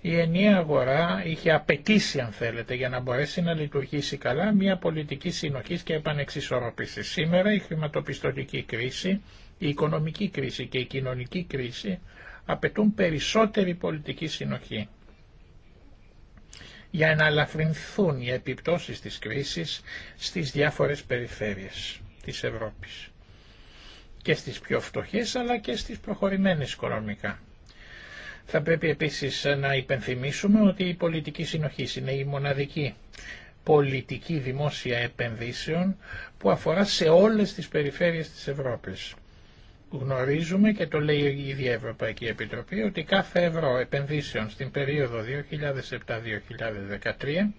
Η ενιαία αγορά είχε απαιτήσει, αν θέλετε, για να μπορέσει να λειτουργήσει καλά, μια πολιτική συνοχή και επανεξισορρόπηση. Σήμερα η χρηματοπιστωτική κρίση, η οικονομική κρίση και η κοινωνική κρίση απαιτούν περισσότερη πολιτική συνοχή. Για να ελαφρυνθούν οι επιπτώσεις της κρίσης στις διάφορες περιφέρειες της Ευρώπης και στις πιο φτωχές αλλά και στις προχωρημένες οικονομικά. Θα πρέπει επίσης να υπενθυμίσουμε ότι η πολιτική συνοχή είναι η μοναδική πολιτική δημόσια επενδύσεων που αφορά σε όλες τις περιφέρειες της Ευρώπης. Γνωρίζουμε και το λέει η ίδια Ευρωπαϊκή Επιτροπή ότι κάθε ευρώ επενδύσεων στην περίοδο 2007-2013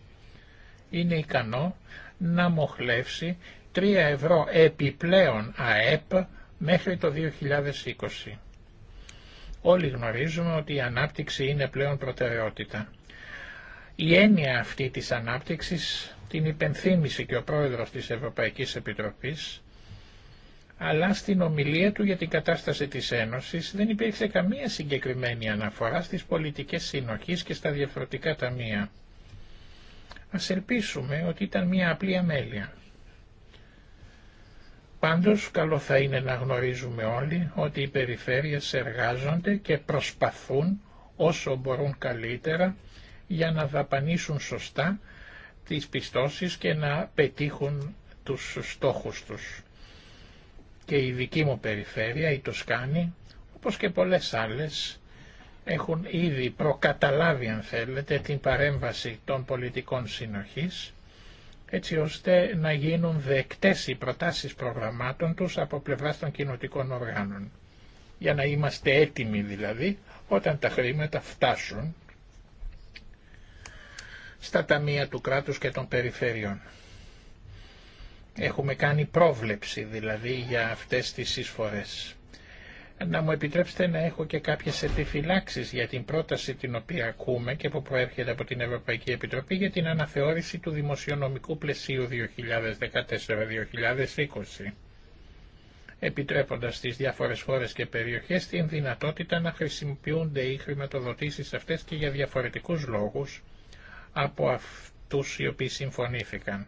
είναι ικανό να μοχλεύσει 3 ευρώ επιπλέον ΑΕΠ μέχρι το 2020. Όλοι γνωρίζουμε ότι η ανάπτυξη είναι πλέον προτεραιότητα. Η έννοια αυτή της ανάπτυξης την υπενθύμησε και ο πρόεδρος της Ευρωπαϊκής Επιτροπής, αλλά στην ομιλία του για την κατάσταση της Ένωσης δεν υπήρξε καμία συγκεκριμένη αναφορά στις πολιτικές συνοχής και στα διαφορετικά ταμεία. Ας ελπίσουμε ότι ήταν μια απλή αμέλεια. Πάντως καλό θα είναι να γνωρίζουμε όλοι ότι οι περιφέρειες εργάζονται και προσπαθούν όσο μπορούν καλύτερα για να δαπανίσουν σωστά τις πιστώσεις και να πετύχουν τους στόχους τους. Και η δική μου περιφέρεια, η Τοσκάνη, όπως και πολλές άλλες, έχουν ήδη προκαταλάβει αν θέλετε την παρέμβαση των πολιτικών συνοχής έτσι ώστε να γίνουν δεκτές οι προτάσεις προγραμμάτων τους από πλευράς των κοινοτικών οργάνων. Για να είμαστε έτοιμοι δηλαδή όταν τα χρήματα φτάσουν στα ταμεία του κράτους και των περιφερειών. Έχουμε κάνει πρόβλεψη δηλαδή για αυτές τις εισφορές να μου επιτρέψετε να έχω και κάποιες επιφυλάξεις για την πρόταση την οποία ακούμε και που προέρχεται από την Ευρωπαϊκή Επιτροπή για την αναθεώρηση του δημοσιονομικού πλαισίου 2014-2020 επιτρέποντας στις διάφορες χώρες και περιοχές την δυνατότητα να χρησιμοποιούνται οι χρηματοδοτήσεις αυτές και για διαφορετικούς λόγους από αυτούς οι οποίοι συμφωνήθηκαν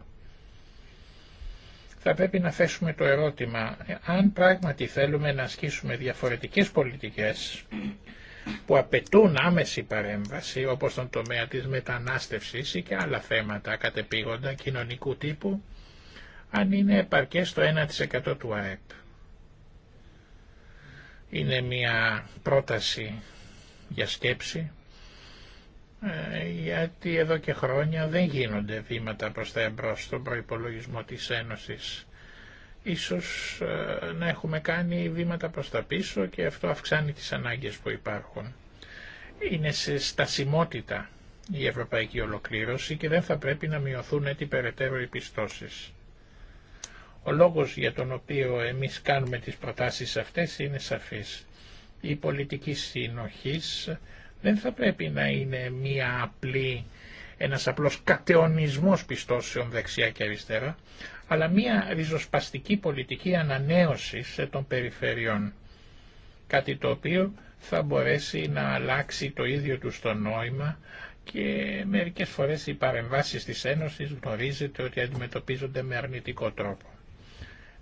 θα πρέπει να θέσουμε το ερώτημα αν πράγματι θέλουμε να ασκήσουμε διαφορετικές πολιτικές που απαιτούν άμεση παρέμβαση όπως τον τομέα της μετανάστευσης ή και άλλα θέματα κατεπήγοντα κοινωνικού τύπου αν είναι επαρκές το 1% του ΑΕΠ. Είναι μια πρόταση για σκέψη ε, γιατί εδώ και χρόνια δεν γίνονται βήματα προς τα εμπρός στον προϋπολογισμό της Ένωσης. Ίσως ε, να έχουμε κάνει βήματα προς τα πίσω και αυτό αυξάνει τις ανάγκες που υπάρχουν. Είναι σε στασιμότητα η ευρωπαϊκή ολοκλήρωση και δεν θα πρέπει να μειωθούν έτσι περαιτέρω οι πιστώσεις. Ο λόγος για τον οποίο εμείς κάνουμε τις προτάσεις αυτές είναι σαφής. Η πολιτική συνοχής δεν θα πρέπει να είναι μία απλή, ένας απλός κατεωνισμός πιστώσεων δεξιά και αριστερά, αλλά μία ριζοσπαστική πολιτική ανανέωσης των περιφερειών. Κάτι το οποίο θα μπορέσει να αλλάξει το ίδιο του το νόημα και μερικές φορές οι παρεμβάσεις της Ένωσης γνωρίζετε ότι αντιμετωπίζονται με αρνητικό τρόπο.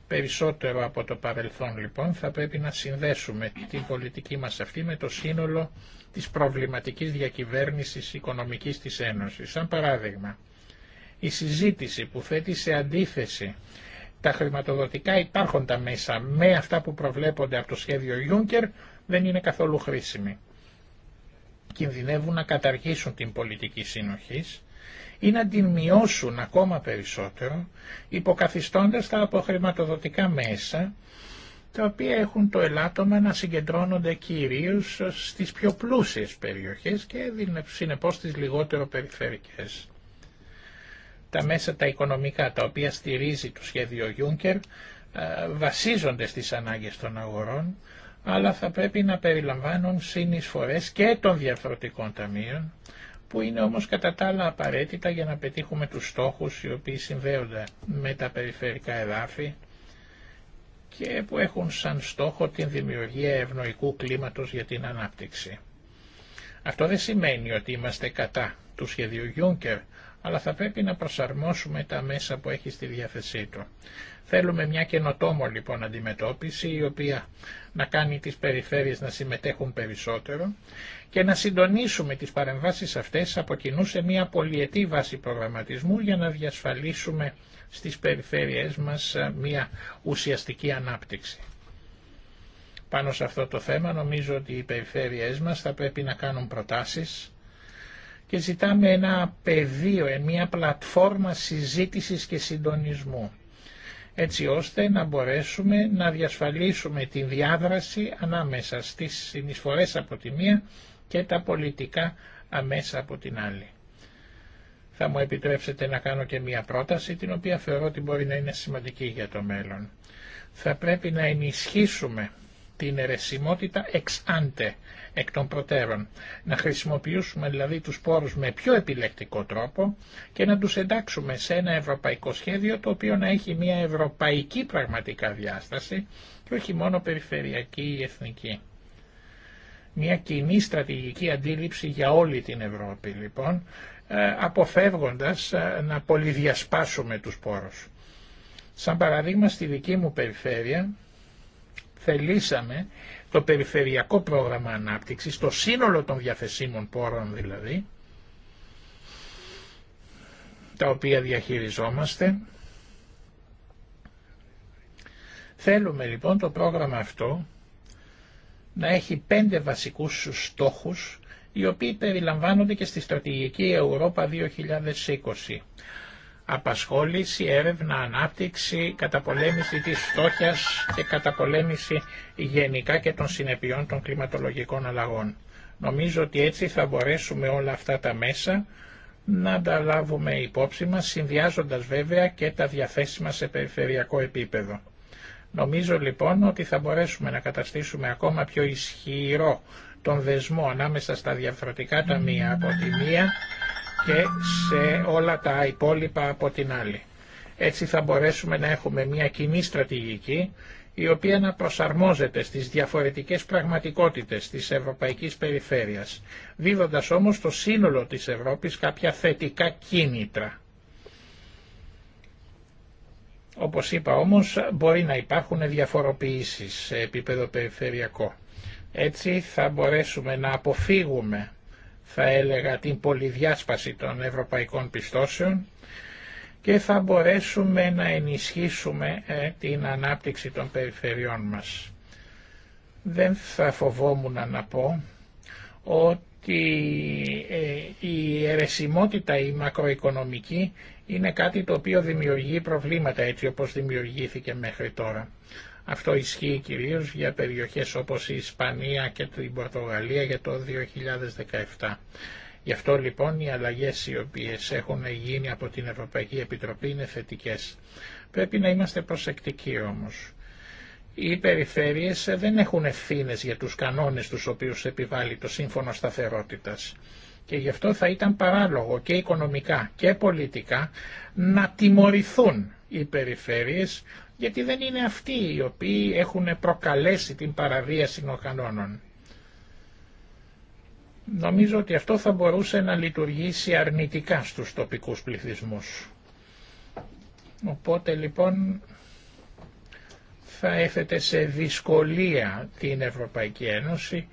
Περισσότερο από το παρελθόν λοιπόν θα πρέπει να συνδέσουμε την πολιτική μας αυτή με το σύνολο της προβληματικής διακυβέρνησης οικονομικής της Ένωσης. Σαν παράδειγμα, η συζήτηση που θέτει σε αντίθεση τα χρηματοδοτικά υπάρχοντα μέσα με αυτά που προβλέπονται από το σχέδιο Juncker δεν είναι καθόλου χρήσιμη. Κινδυνεύουν να καταργήσουν την πολιτική σύνοχης ή να την μειώσουν ακόμα περισσότερο, υποκαθιστώντας τα αποχρηματοδοτικά μέσα, τα οποία έχουν το ελάττωμα να συγκεντρώνονται κυρίως στις πιο πλούσιες περιοχές και συνεπώς στις λιγότερο περιφερικές. Τα μέσα τα οικονομικά τα οποία στηρίζει το σχέδιο Juncker ε, βασίζονται στις ανάγκες των αγορών, αλλά θα πρέπει να περιλαμβάνουν συνεισφορές και των διαφορετικών ταμείων, που είναι όμως κατά τα άλλα απαραίτητα για να πετύχουμε τους στόχους οι οποίοι συνδέονται με τα περιφερικά εδάφη και που έχουν σαν στόχο την δημιουργία ευνοϊκού κλίματος για την ανάπτυξη. Αυτό δεν σημαίνει ότι είμαστε κατά του σχεδίου Juncker, αλλά θα πρέπει να προσαρμόσουμε τα μέσα που έχει στη διάθεσή του. Θέλουμε μια καινοτόμο λοιπόν αντιμετώπιση η οποία να κάνει τις περιφέρειες να συμμετέχουν περισσότερο και να συντονίσουμε τις παρεμβάσεις αυτές από κοινού σε μια πολυετή βάση προγραμματισμού για να διασφαλίσουμε στις περιφέρειές μας ε, μια ουσιαστική ανάπτυξη. Πάνω σε αυτό το θέμα νομίζω ότι οι περιφέρειές μας θα πρέπει να κάνουν προτάσεις και ζητάμε ένα πεδίο, ε, μια πλατφόρμα συζήτησης και συντονισμού έτσι ώστε να μπορέσουμε να διασφαλίσουμε τη διάδραση ανάμεσα στις συνεισφορές από τη μία και τα πολιτικά αμέσα από την άλλη. Θα μου επιτρέψετε να κάνω και μία πρόταση την οποία θεωρώ ότι μπορεί να είναι σημαντική για το μέλλον. Θα πρέπει να ενισχύσουμε την ερεσιμότητα εξ άντε, εκ των προτέρων. Να χρησιμοποιήσουμε δηλαδή τους πόρους με πιο επιλεκτικό τρόπο και να τους εντάξουμε σε ένα ευρωπαϊκό σχέδιο το οποίο να έχει μια ευρωπαϊκή πραγματικά διάσταση και όχι μόνο περιφερειακή ή εθνική μια κοινή στρατηγική αντίληψη για όλη την Ευρώπη λοιπόν, ε, αποφεύγοντας ε, να πολυδιασπάσουμε τους πόρους. Σαν παραδείγμα στη δική μου περιφέρεια θελήσαμε το περιφερειακό πρόγραμμα ανάπτυξης, το σύνολο των διαθεσίμων πόρων δηλαδή, τα οποία διαχειριζόμαστε. Θέλουμε λοιπόν το πρόγραμμα αυτό να έχει πέντε βασικούς στόχους, οι οποίοι περιλαμβάνονται και στη στρατηγική Ευρώπα 2020. Απασχόληση, έρευνα, ανάπτυξη, καταπολέμηση της φτώχειας και καταπολέμηση γενικά και των συνεπειών των κλιματολογικών αλλαγών. Νομίζω ότι έτσι θα μπορέσουμε όλα αυτά τα μέσα να τα λάβουμε υπόψη μας, συνδυάζοντας βέβαια και τα διαθέσιμα σε περιφερειακό επίπεδο. Νομίζω λοιπόν ότι θα μπορέσουμε να καταστήσουμε ακόμα πιο ισχυρό τον δεσμό ανάμεσα στα διαφορετικά ταμεία από τη μία και σε όλα τα υπόλοιπα από την άλλη. Έτσι θα μπορέσουμε να έχουμε μια κοινή στρατηγική η οποία να προσαρμόζεται στις διαφορετικές πραγματικότητες της ευρωπαϊκής περιφέρειας, δίδοντας όμως το σύνολο της Ευρώπης κάποια θετικά κίνητρα. Όπως είπα όμως μπορεί να υπάρχουν διαφοροποιήσεις σε επίπεδο περιφερειακό. Έτσι θα μπορέσουμε να αποφύγουμε θα έλεγα την πολυδιάσπαση των ευρωπαϊκών πιστώσεων και θα μπορέσουμε να ενισχύσουμε ε, την ανάπτυξη των περιφερειών μας. Δεν θα φοβόμουν να πω ότι ε, η αιρεσιμότητα η μακροοικονομική είναι κάτι το οποίο δημιουργεί προβλήματα έτσι όπως δημιουργήθηκε μέχρι τώρα. Αυτό ισχύει κυρίως για περιοχές όπως η Ισπανία και την Πορτογαλία για το 2017. Γι' αυτό λοιπόν οι αλλαγές οι οποίες έχουν γίνει από την Ευρωπαϊκή Επιτροπή είναι θετικές. Πρέπει να είμαστε προσεκτικοί όμως. Οι περιφέρειες δεν έχουν ευθύνε για τους κανόνες τους οποίους επιβάλλει το Σύμφωνο Σταθερότητας. Και γι' αυτό θα ήταν παράλογο και οικονομικά και πολιτικά να τιμωρηθούν οι περιφέρειες γιατί δεν είναι αυτοί οι οποίοι έχουν προκαλέσει την παραβίαση των κανόνων. Νομίζω ότι αυτό θα μπορούσε να λειτουργήσει αρνητικά στους τοπικούς πληθυσμούς. Οπότε λοιπόν θα έφεται σε δυσκολία την Ευρωπαϊκή Ένωση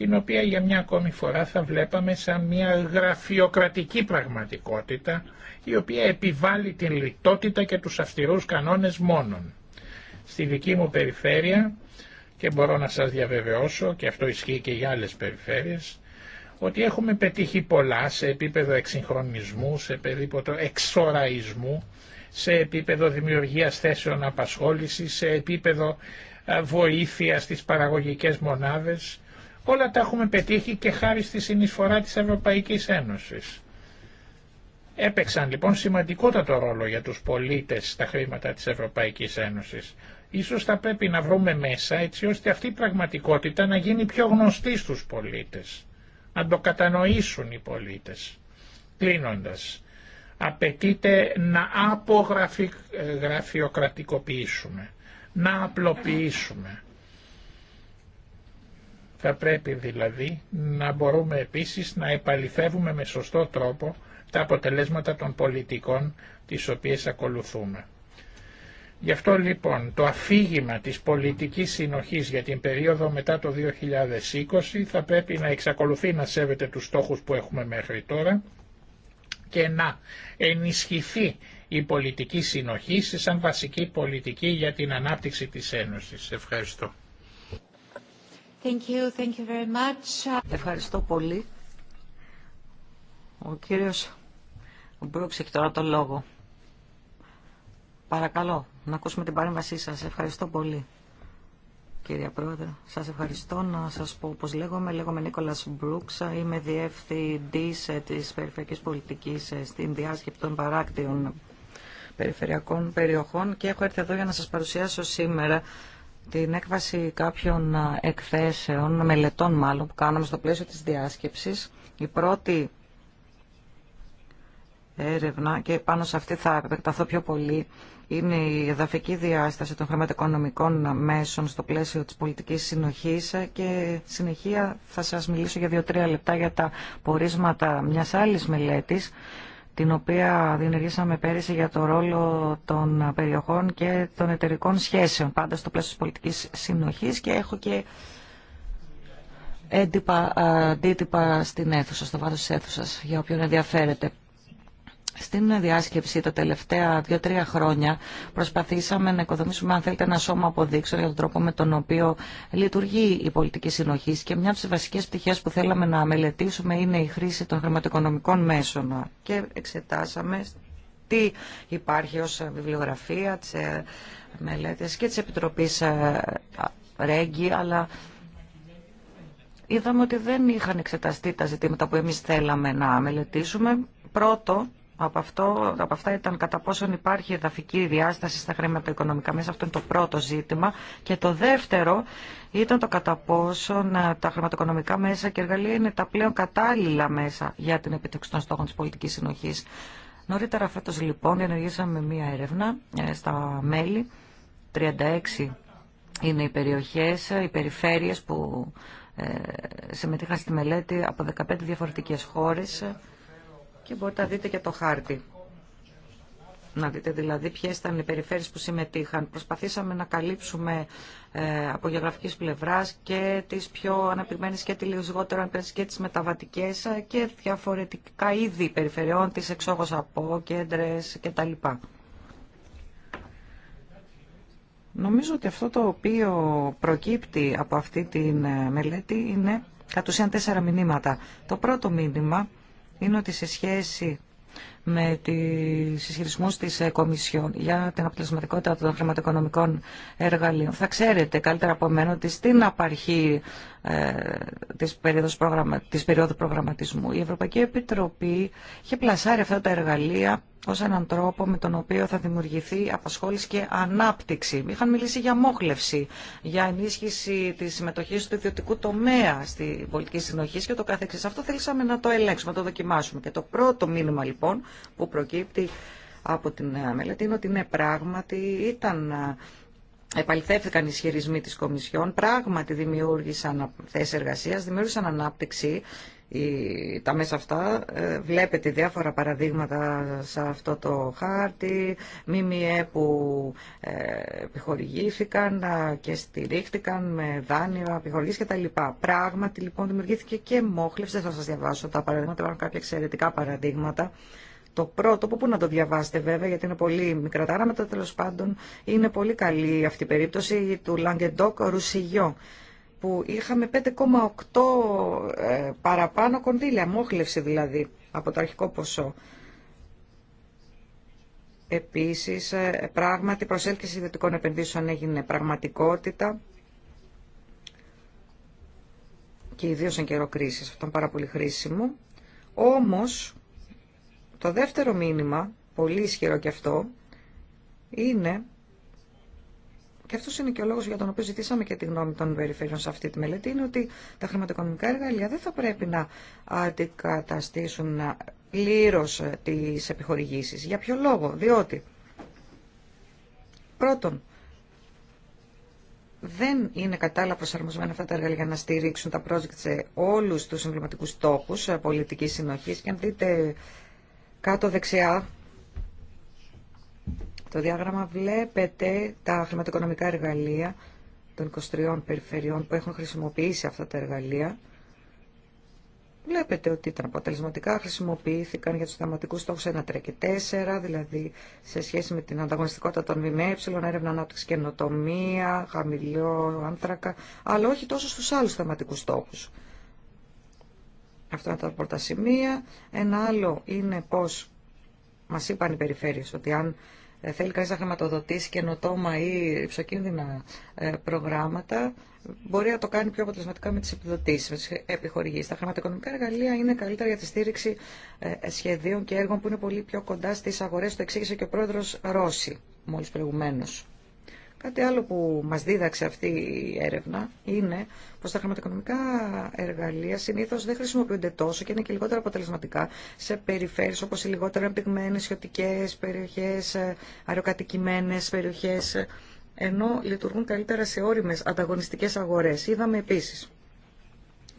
την οποία για μια ακόμη φορά θα βλέπαμε σαν μια γραφειοκρατική πραγματικότητα η οποία επιβάλλει την λιτότητα και τους αυστηρούς κανόνες μόνον. Στη δική μου περιφέρεια και μπορώ να σας διαβεβαιώσω και αυτό ισχύει και για άλλες περιφέρειες ότι έχουμε πετύχει πολλά σε επίπεδο εξυγχρονισμού, σε επίπεδο εξοραϊσμού, σε επίπεδο δημιουργίας θέσεων απασχόλησης, σε επίπεδο βοήθεια στις παραγωγικές μονάδες Όλα τα έχουμε πετύχει και χάρη στη συνεισφορά της Ευρωπαϊκής Ένωσης. Έπαιξαν λοιπόν σημαντικότατο ρόλο για τους πολίτες τα χρήματα της Ευρωπαϊκής Ένωσης. Ίσως θα πρέπει να βρούμε μέσα έτσι ώστε αυτή η πραγματικότητα να γίνει πιο γνωστή στους πολίτες. Να το κατανοήσουν οι πολίτες. Κλείνοντας, απαιτείται να απογραφειοκρατικοποιήσουμε, ε, να απλοποιήσουμε θα πρέπει δηλαδή να μπορούμε επίσης να επαληθεύουμε με σωστό τρόπο τα αποτελέσματα των πολιτικών τις οποίες ακολουθούμε. Γι' αυτό λοιπόν το αφήγημα της πολιτικής συνοχής για την περίοδο μετά το 2020 θα πρέπει να εξακολουθεί να σέβεται τους στόχους που έχουμε μέχρι τώρα και να ενισχυθεί η πολιτική συνοχή σαν βασική πολιτική για την ανάπτυξη της Ένωσης. Ευχαριστώ. Ευχαριστώ πολύ. Ο κύριος Μπρούξ έχει τώρα το λόγο. Παρακαλώ, να ακούσουμε την παρέμβασή σας. Ευχαριστώ πολύ, κύριε Πρόεδρε. Σας ευχαριστώ να σας πω πώς λέγομαι. Λέγομαι Νίκολας Μπρούξ. Είμαι διευθυντής ε, της Περιφερειακής Πολιτικής ε, στην διάσκεψη των παράκτιων περιφερειακών περιοχών και έχω έρθει εδώ για να σας παρουσιάσω σήμερα την έκβαση κάποιων εκθέσεων, μελετών μάλλον, που κάναμε στο πλαίσιο της διάσκεψης. Η πρώτη έρευνα, και πάνω σε αυτή θα επεκταθώ πιο πολύ, είναι η εδαφική διάσταση των χρηματοοικονομικών μέσων στο πλαίσιο της πολιτικής συνοχής και συνεχεία θα σας μιλήσω για δύο-τρία λεπτά για τα πορίσματα μιας άλλης μελέτης την οποία δημιουργήσαμε πέρυσι για το ρόλο των περιοχών και των εταιρικών σχέσεων, πάντα στο πλαίσιο της πολιτικής συνοχής και έχω και έντυπα, αντίτυπα στην αίθουσα, στο βάθος της αίθουσας, για όποιον ενδιαφέρεται. Στην διάσκεψη τα τελευταία δύο-τρία χρόνια προσπαθήσαμε να οικοδομήσουμε, αν θέλετε, ένα σώμα αποδείξεων για τον τρόπο με τον οποίο λειτουργεί η πολιτική συνοχή. Και μια από τι βασικέ πτυχέ που θέλαμε να μελετήσουμε είναι η χρήση των χρηματοοικονομικών μέσων. Και εξετάσαμε τι υπάρχει ως βιβλιογραφία, τι ε, μελέτες και τη επιτροπής ε, Ρέγγι, αλλά είδαμε ότι δεν είχαν εξεταστεί τα ζητήματα που εμείς θέλαμε να μελετήσουμε. Πρώτο, από, αυτό, από αυτά ήταν κατά πόσον υπάρχει εδαφική διάσταση στα χρηματοοικονομικά μέσα. Αυτό είναι το πρώτο ζήτημα. Και το δεύτερο ήταν το κατά πόσον ε, τα χρηματοοικονομικά μέσα και εργαλεία είναι τα πλέον κατάλληλα μέσα για την επιτυχία των στόχων τη πολιτική συνοχή. Νωρίτερα φέτο λοιπόν ενεργήσαμε μία έρευνα ε, στα μέλη. 36 είναι οι περιοχέ, ε, οι περιφέρειες που συμμετείχαν στη μελέτη από 15 διαφορετικέ χώρε και μπορείτε να δείτε και το χάρτη. Να δείτε δηλαδή ποιες ήταν οι περιφέρειες που συμμετείχαν. Προσπαθήσαμε να καλύψουμε ε, από γεωγραφικής πλευράς και τις πιο αναπτυγμένες και τις λιγότερο και τις μεταβατικές ε, και διαφορετικά είδη περιφερειών, τις εξόγως από, κέντρες κτλ. Νομίζω ότι αυτό το οποίο προκύπτει από αυτή τη ε, μελέτη είναι κατ' ουσίαν τέσσερα μηνύματα. Το πρώτο μήνυμα είναι ότι σε σχέση με τις ισχυρισμούς της ε, Κομισιόν για την αποτελεσματικότητα των χρηματοοικονομικών εργαλείων. Θα ξέρετε καλύτερα από μένα ότι στην απαρχή ε, της, της περίοδου προγραμματισμού η Ευρωπαϊκή Επιτροπή είχε πλασάρει αυτά τα εργαλεία ως έναν τρόπο με τον οποίο θα δημιουργηθεί απασχόληση και ανάπτυξη. Είχαν μιλήσει για μόχλευση, για ενίσχυση της συμμετοχής του ιδιωτικού τομέα στη πολιτική συνοχή και το καθεξής. Αυτό θέλησαμε να το ελέγξουμε, να το δοκιμάσουμε. Και το πρώτο μήνυμα λοιπόν που προκύπτει από την ε, μελέτη είναι ότι ναι πράγματι ήταν ε, επαληθεύθηκαν οι ισχυρισμοί της Κομισιόν, πράγματι δημιούργησαν θέσεις εργασίας, δημιούργησαν ανάπτυξη τα μέσα αυτά. Ε, βλέπετε διάφορα παραδείγματα σε αυτό το χάρτη, ΜΜΕ που ε, επιχορηγήθηκαν και στηρίχτηκαν με δάνεια, επιχορηγήσεις και τα λοιπά. Πράγματι λοιπόν δημιουργήθηκε και μόχλευση, δεν θα σας διαβάσω τα παραδείγματα, υπάρχουν κάποια εξαιρετικά παραδείγματα. Το πρώτο, που πού να το διαβάσετε βέβαια, γιατί είναι πολύ μικρά τα άραματα, τέλο πάντων είναι πολύ καλή αυτή η περίπτωση του Λαγκεντόκ Ρουσιγιό που είχαμε 5,8 ε, παραπάνω κονδύλια, μόχλευση δηλαδή από το αρχικό ποσό. Επίσης, ε, πράγματι, προσέλκυση ιδιωτικών επενδύσεων έγινε πραγματικότητα και ιδίως εν καιρό κρίσης. Αυτό ήταν πάρα πολύ χρήσιμο. Όμως, το δεύτερο μήνυμα, πολύ ισχυρό και αυτό, είναι και αυτό είναι και ο λόγο για τον οποίο ζητήσαμε και τη γνώμη των περιφερειών σε αυτή τη μελέτη, είναι ότι τα χρηματοοικονομικά εργαλεία δεν θα πρέπει να αντικαταστήσουν πλήρω τι επιχορηγήσει. Για ποιο λόγο, διότι πρώτον, δεν είναι κατάλληλα προσαρμοσμένα αυτά τα εργαλεία για να στηρίξουν τα project σε όλου του εμβληματικού στόχου ε, πολιτική συνοχή. Και αν δείτε κάτω δεξιά το διάγραμμα βλέπετε τα χρηματοοικονομικά εργαλεία των 23 περιφερειών που έχουν χρησιμοποιήσει αυτά τα εργαλεία. Βλέπετε ότι ήταν αποτελεσματικά, χρησιμοποιήθηκαν για τους θεματικούς στόχους 1, 3 και 4, δηλαδή σε σχέση με την ανταγωνιστικότητα των ΜΜΕ, έρευνα ανάπτυξη και ενοτομία, χαμηλό άνθρακα, αλλά όχι τόσο στους άλλους θεματικούς στόχους. Αυτά είναι τα πρώτα σημεία. Ένα άλλο είναι πως μας είπαν οι περιφέρειες ότι αν ε, θέλει κανείς να χρηματοδοτήσει καινοτόμα ή υψοκίνδυνα ε, προγράμματα, μπορεί να το κάνει πιο αποτελεσματικά με τις επιδοτήσεις, με τις επιχορηγήσεις. Τα χρηματοοικονομικά εργαλεία είναι καλύτερα για τη στήριξη ε, σχεδίων και έργων που είναι πολύ πιο κοντά στις αγορές, το εξήγησε και ο πρόεδρος Ρώση μόλις προηγουμένως. Κάτι άλλο που μας δίδαξε αυτή η έρευνα είναι πως τα χρηματοοικονομικά εργαλεία συνήθως δεν χρησιμοποιούνται τόσο και είναι και λιγότερα αποτελεσματικά σε περιφέρειες όπως οι λιγότερα εμπιγμένες σιωτικές περιοχές, ε, αεροκατοικημένες περιοχές, ε, ενώ λειτουργούν καλύτερα σε όριμες ανταγωνιστικές αγορές. Είδαμε επίσης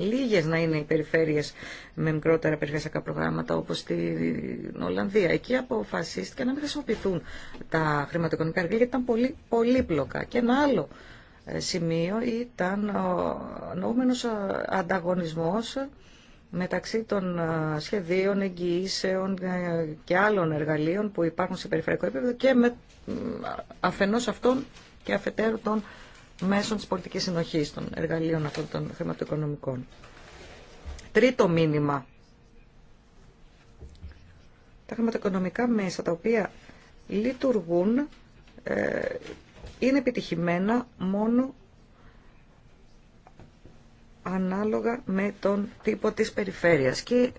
Λίγε να είναι οι περιφέρειες με μικρότερα περιφερειακά προγράμματα όπως στην Ολλανδία. Εκεί αποφασίστηκε να μην χρησιμοποιηθούν τα χρηματοοικονομικά εργαλεία γιατί ήταν πολύ πολύπλοκα. Και ένα άλλο ε, σημείο ήταν ο νοούμενο ε, ανταγωνισμός μεταξύ των ε, σχεδίων, εγγυήσεων και άλλων εργαλείων που υπάρχουν σε περιφερειακό επίπεδο και με αφενός αυτών και αφετέρου των μέσω της πολιτικής συνοχής των εργαλείων αυτών των χρηματοοικονομικών. Τρίτο μήνυμα. Τα χρηματοοικονομικά μέσα τα οποία λειτουργούν ε, είναι επιτυχημένα μόνο ανάλογα με τον τύπο της περιφέρειας και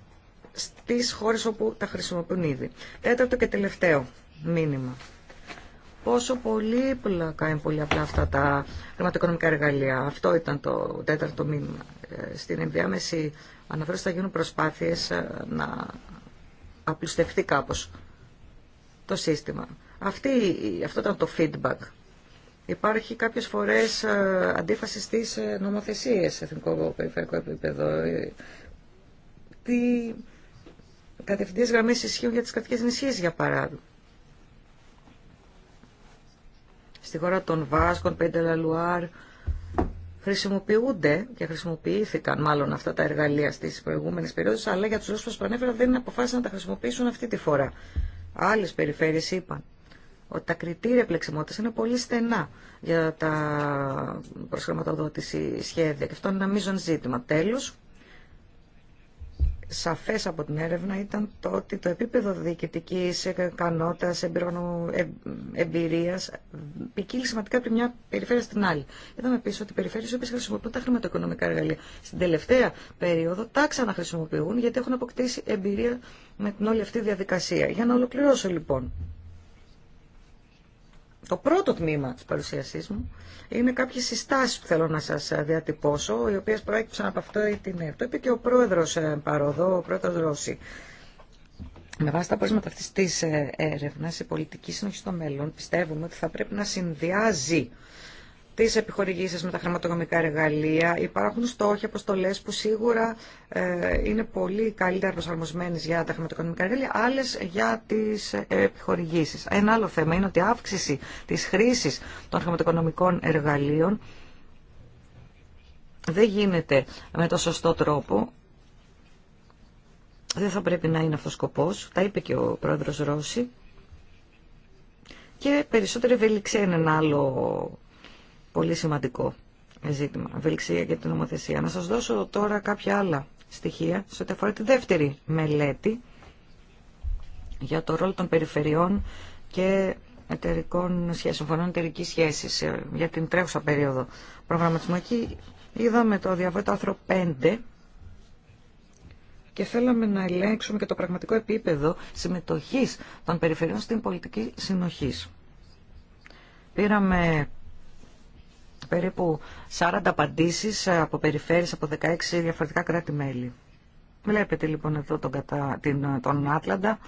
στις χώρες όπου τα χρησιμοποιούν ήδη. Τέταρτο και τελευταίο μήνυμα πόσο ε, είναι πολύ απλά αυτά τα χρηματοοικονομικά εργαλεία. Αυτό ήταν το τέταρτο μήνυμα. Ε, στην ενδιάμεση αναφέρω θα γίνουν προσπάθειες ε, να απλουστευτεί κάπως το σύστημα. Αυτή, αυτό ήταν το feedback. Υπάρχει κάποιες φορές αντίφαση στις νομοθεσίες σε εθνικό περιφερειακό επίπεδο. Τι κατευθυντές γραμμές ισχύουν για τις κρατικές νησίες, για παράδειγμα. στη χώρα των Βάσκων, Πέντε Λαλουάρ, χρησιμοποιούνται και χρησιμοποιήθηκαν μάλλον αυτά τα εργαλεία στις προηγούμενες περιόδους, αλλά για τους λόγους που ανέφερα δεν αποφάσισαν να τα χρησιμοποιήσουν αυτή τη φορά. Άλλε περιφέρειε είπαν ότι τα κριτήρια πλεξιμότητας είναι πολύ στενά για τα προσχρηματοδότηση σχέδια και αυτό είναι ένα μείζον ζήτημα. τέλο σαφές από την έρευνα ήταν το ότι το επίπεδο διοικητικής ικανότητας, ε, εμπειρίας ποικίλει σημαντικά από τη μια περιφέρεια στην άλλη. Είδαμε επίση ότι οι περιφέρειες οποίες χρησιμοποιούν τα χρηματοοικονομικά εργαλεία στην τελευταία περίοδο τα ξαναχρησιμοποιούν γιατί έχουν αποκτήσει εμπειρία με την όλη αυτή διαδικασία. Για να ολοκληρώσω λοιπόν. Το πρώτο τμήμα της παρουσίασής μου είναι κάποιες συστάσεις που θέλω να σας ε, διατυπώσω, οι οποίες προέκυψαν από αυτό ή την ε, Το είπε και ο πρόεδρος ε, Παροδό, ο πρόεδρος Ρώση. Με βάση τα πρόσφατα αυτής της έρευνας, η πολιτική συνοχή στο μέλλον πιστεύουμε ότι θα πρέπει να συνδυάζει τις επιχορηγήσεις με τα χρηματοδομικά εργαλεία. Υπάρχουν στόχοι, αποστολέ που σίγουρα ε, είναι πολύ καλύτερα προσαρμοσμένε για τα χρηματοοικονομικά εργαλεία, άλλε για τι ε, επιχορηγήσει. Ένα άλλο θέμα είναι ότι η αύξηση τη χρήση των χρηματοοικονομικών εργαλείων δεν γίνεται με το σωστό τρόπο. Δεν θα πρέπει να είναι αυτό ο σκοπός. Τα είπε και ο πρόεδρο Ρώση. Και περισσότερη ευελιξία είναι ένα άλλο πολύ σημαντικό ζήτημα. Ευελιξία για την νομοθεσία. Να σας δώσω τώρα κάποια άλλα στοιχεία σε ό,τι αφορά τη δεύτερη μελέτη για το ρόλο των περιφερειών και εταιρικών σχέσεων, φωνών εταιρικής σχέσης ε, για την τρέχουσα περίοδο προγραμματισμού. Εκεί είδαμε το διαβόητο άρθρο 5 και θέλαμε να ελέγξουμε και το πραγματικό επίπεδο συμμετοχής των περιφερειών στην πολιτική συνοχής. Πήραμε περίπου 40 απαντήσει ε, από περιφέρειες από 16 διαφορετικά κράτη-μέλη. Βλέπετε λοιπόν εδώ τον, κατά, την, τον Άτλαντα.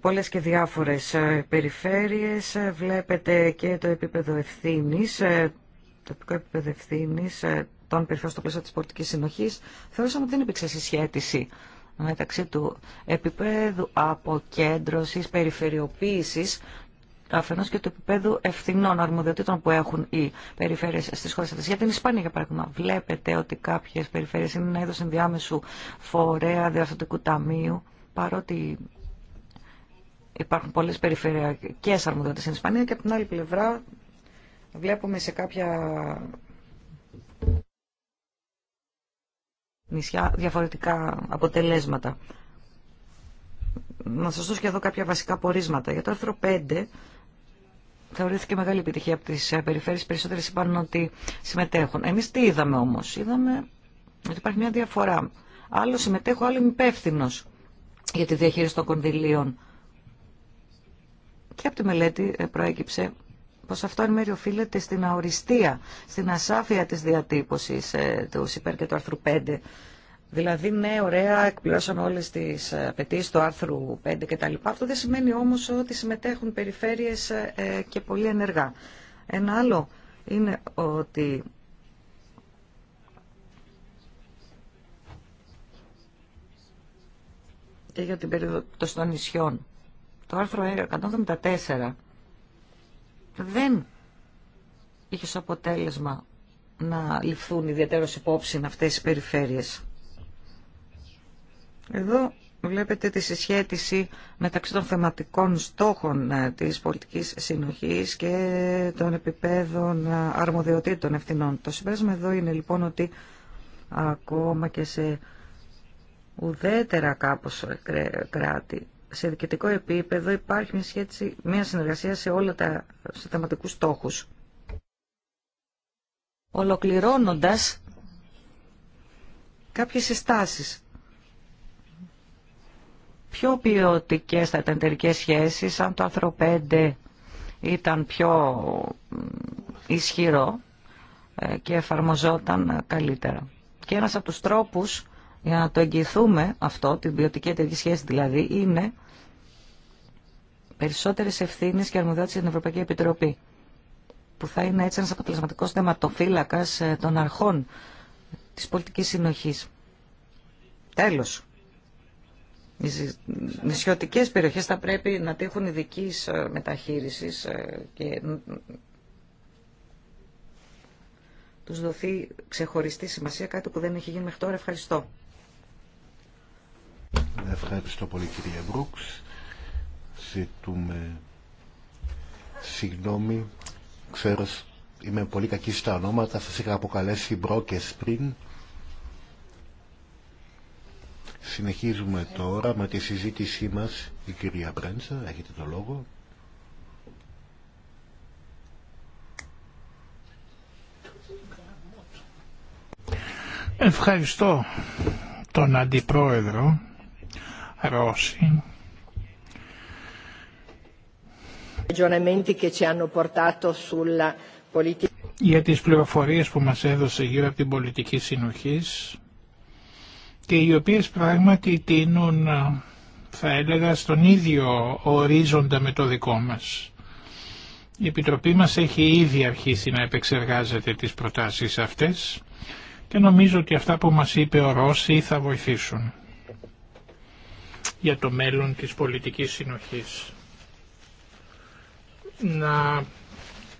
Πολλές και διάφορες ε, περιφέρειες. Ε, βλέπετε και το επίπεδο ευθύνης, το επίπεδο ευθύνης των περιφερειών στο πλαίσιο της πολιτικής συνοχής. Θεωρούσαμε ότι δεν υπήρξε συσχέτιση μεταξύ του επίπεδου αποκέντρωσης, περιφερειοποίησης αφενός και του επίπεδου ευθυνών αρμοδιοτήτων που έχουν οι περιφέρειες στις χώρες αυτές. Για την Ισπανία, για παράδειγμα, βλέπετε ότι κάποιες περιφέρειες είναι ένα είδος ενδιάμεσου φορέα διαστατικού ταμείου, παρότι υπάρχουν πολλές περιφερειακέ αρμοδιότητες στην Ισπανία και από την άλλη πλευρά βλέπουμε σε κάποια νησιά διαφορετικά αποτελέσματα. Να σας δώσω και εδώ κάποια βασικά πορίσματα. Για το άρθρο θεωρήθηκε μεγάλη επιτυχία από τις ε, περιφέρειες. Περισσότερες είπαν ότι συμμετέχουν. Εμείς τι είδαμε όμως. Είδαμε ότι υπάρχει μια διαφορά. Άλλο συμμετέχω, άλλο είμαι υπεύθυνο για τη διαχείριση των κονδυλίων. Και από τη μελέτη ε, προέκυψε πως αυτό εν μέρει οφείλεται στην αοριστία, στην ασάφεια της διατύπωσης ε, του ΣΥΠΕΡ και του άρθρου 5 Δηλαδή, ναι, ωραία, εκπληρώσαν όλε τι απαιτήσει του άρθρου 5 κτλ. Αυτό δεν σημαίνει όμως ότι συμμετέχουν περιφέρειες ε, και πολύ ενεργά. Ένα άλλο είναι ότι και για την περίοδο των νησιών. Το άρθρο 174 δεν είχε ως αποτέλεσμα να ληφθούν ιδιαίτερως υπόψη αυτές οι περιφέρειες. Εδώ βλέπετε τη συσχέτιση μεταξύ των θεματικών στόχων ε, της πολιτικής συνοχής και των επιπέδων ε, αρμοδιοτήτων ευθυνών. Το συμπέρασμα εδώ είναι λοιπόν ότι ακόμα και σε ουδέτερα κάπως ε, κράτη, σε διοικητικό επίπεδο υπάρχει μια, μια συνεργασία σε όλα τα σε θεματικούς στόχους. Ολοκληρώνοντας κάποιες συστάσεις πιο ποιοτικέ θα ήταν εταιρικέ σχέσεις, αν το άρθρο 5 ήταν πιο ισχυρό ε, και εφαρμοζόταν καλύτερα. Και ένας από τους τρόπους για να το εγγυηθούμε αυτό, την ποιοτική εταιρική σχέση δηλαδή, είναι περισσότερες ευθύνες και αρμοδιότητες στην Ευρωπαϊκή Επιτροπή, που θα είναι έτσι ένας αποτελεσματικός θεματοφύλακας ε, των αρχών της πολιτικής συνοχής. Τέλος. Οι νησιωτικές περιοχές θα πρέπει να τύχουν ειδική ε, μεταχείρισης ε, και τους δοθεί ξεχωριστή σημασία, κάτι που δεν έχει γίνει μέχρι τώρα. Ευχαριστώ. Ευχαριστώ πολύ κυρία Μπρούξ. Ζητούμε συγγνώμη. Ξέρω, είμαι πολύ κακή στα ονόματα. Σας είχα αποκαλέσει μπρόκες πριν. Συνεχίζουμε τώρα με τη συζήτησή μας. Η κυρία Μπρέντσα, έχετε το λόγο. Ευχαριστώ τον Αντιπρόεδρο Ρώση για τις πληροφορίες που μας έδωσε γύρω από την πολιτική συνοχής και οι οποίες πράγματι τείνουν, θα έλεγα στον ίδιο ορίζοντα με το δικό μας. Η Επιτροπή μας έχει ήδη αρχίσει να επεξεργάζεται τις προτάσεις αυτές και νομίζω ότι αυτά που μας είπε ο Ρώση θα βοηθήσουν για το μέλλον της πολιτικής συνοχής. Να